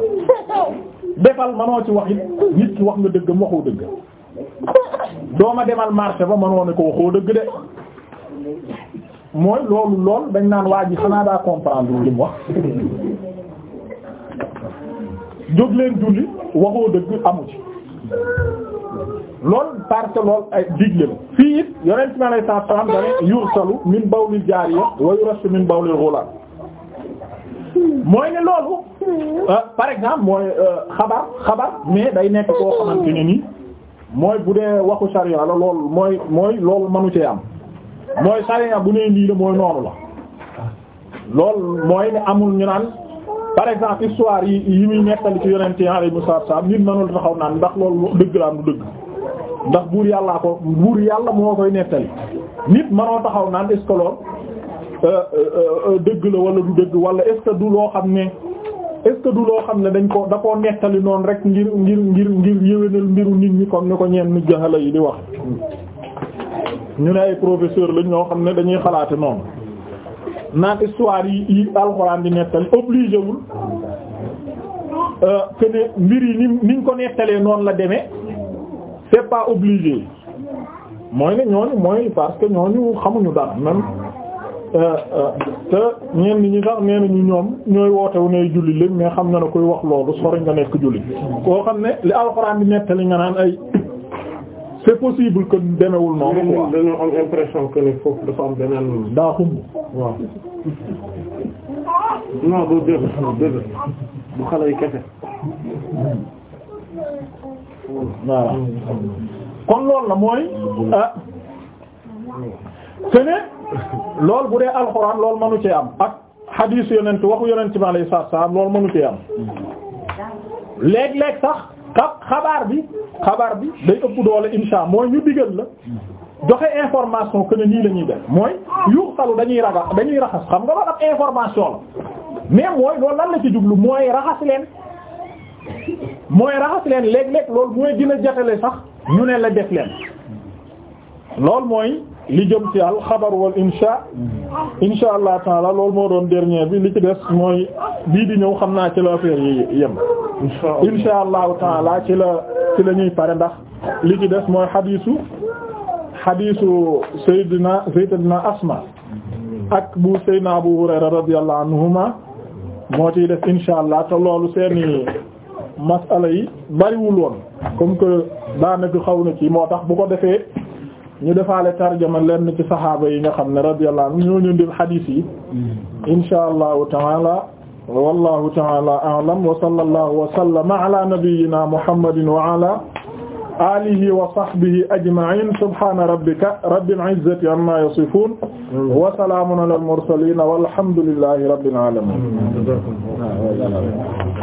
defal manoo ci wax it nit ki wax nga dëggam waxoo dëgg dooma demal marché ba manoon ne ko waxoo dëgg de mooy loolu lool dañ naan waa ji xanaa daa comprendre li mu wax jóg leen julli waxoo dëgg amu ci lool parce que lool ay digle fii it yonent mi alayhi salaatu salaam dane yursalu min bawlil jaariya wa yurashu min bawlil ghulaam mooy ne loolu euh, par exemple mooy euh, xabar xabar mais day nekk koo xamante ne nii mooy bu dee waxu sariya la loolu mooy mooy loolu mënu ci am mooy sariya bu nee nii la mooy noonu la loolu mooy ne amul ñu naan par exemple histoire yi yu muy nettali ci yonent yi alayhimu salaam nit mënul taxaw naan ndax loolu dëgg la am du dëgg ndax buur yàllaa ko buur yàlla moo koy nettali nit mënoo taxaw naan est-ce que loolu euh, euh, euh, dëgg la wala du dëgg wala est-ce que du loo xam ne est du loo xam ne dañ ko da koo nettali noonu rek ngir ngir ngir ngir yéwénal mbiru nit ñi comme ni ko ñeen jaxala yi di wax ñu ne ay professeur lañ ñoo xam ne dañuy xalaate noonu naan histoire yi yi alxuraan di nettali obligé wul euh, que mbir yi ni niñ ko nettalee noonu la demee c'est pas obligé mooy ne ñooñu mooy parce que ñooñu xamuñu dara même euh, euh, te ñenn ñu sax nee nañu ñoom ñooy wootewu ne julli lañ mais xam nga ne kuy wax loolu sori nga nekk julli koo xam ne li alxuraan di nettali nga naan ay c'est possible que demewul noonu quoi dañoo am impression que ne foofu dafa du xale yi kese voilà kon loolu la mooy ah te ne loolu bu dee alxuraan lool mënu cee am ak xadiis yonent waxu yonent bi alayhi salaam loolu mënu cee am léeg-léeg sax xabaar bi xabaar bi day ëpp doole insha mooy ñu digal la joxe information que ne nii la ñuy def mooy yuxtalu dañuy raxas dañuy raxas xam nga loolu ab information la mais mooy loolu lan la ci jublu mooy raxas leen mooy raxas leen léeg-léeg loolu mooy gën a jatale sax ñu ne la def leen loolu mooy li jëm ci al xabar wal insha insha allah taala loolu moo doon dernier bi li ci des mooy bii di ñëw xam naa ci la affaire yi yem insha allahu taala ci la ci la ñuy pare ndax li ci des mooy xadiisu xadiisu sayyidina sayyidina asma ak bu sayyidina abu hurayra radiyallahu anhuma moo ciy def insha allah te loolu seeni masala yi bariwul woon comme que daanaka xaw na ci moo tax bu ko defee ñu defaale tarjama lenn ci saxaaba yi nga xam ne radiyallahu anhu ñoo ñu ndil xadiis yi mm-hmm. insha allahu taala wallahu taala a'lam wa sallallahu wa sallama ala nabiyyina muhammadin wa ala alihi wa sahbihi ajma'in subhana rabbika rabbil izzati amma yasifun mm-hmm. wa salamun ala al mursalin walhamdulillahi rabbil alamin mm-hmm.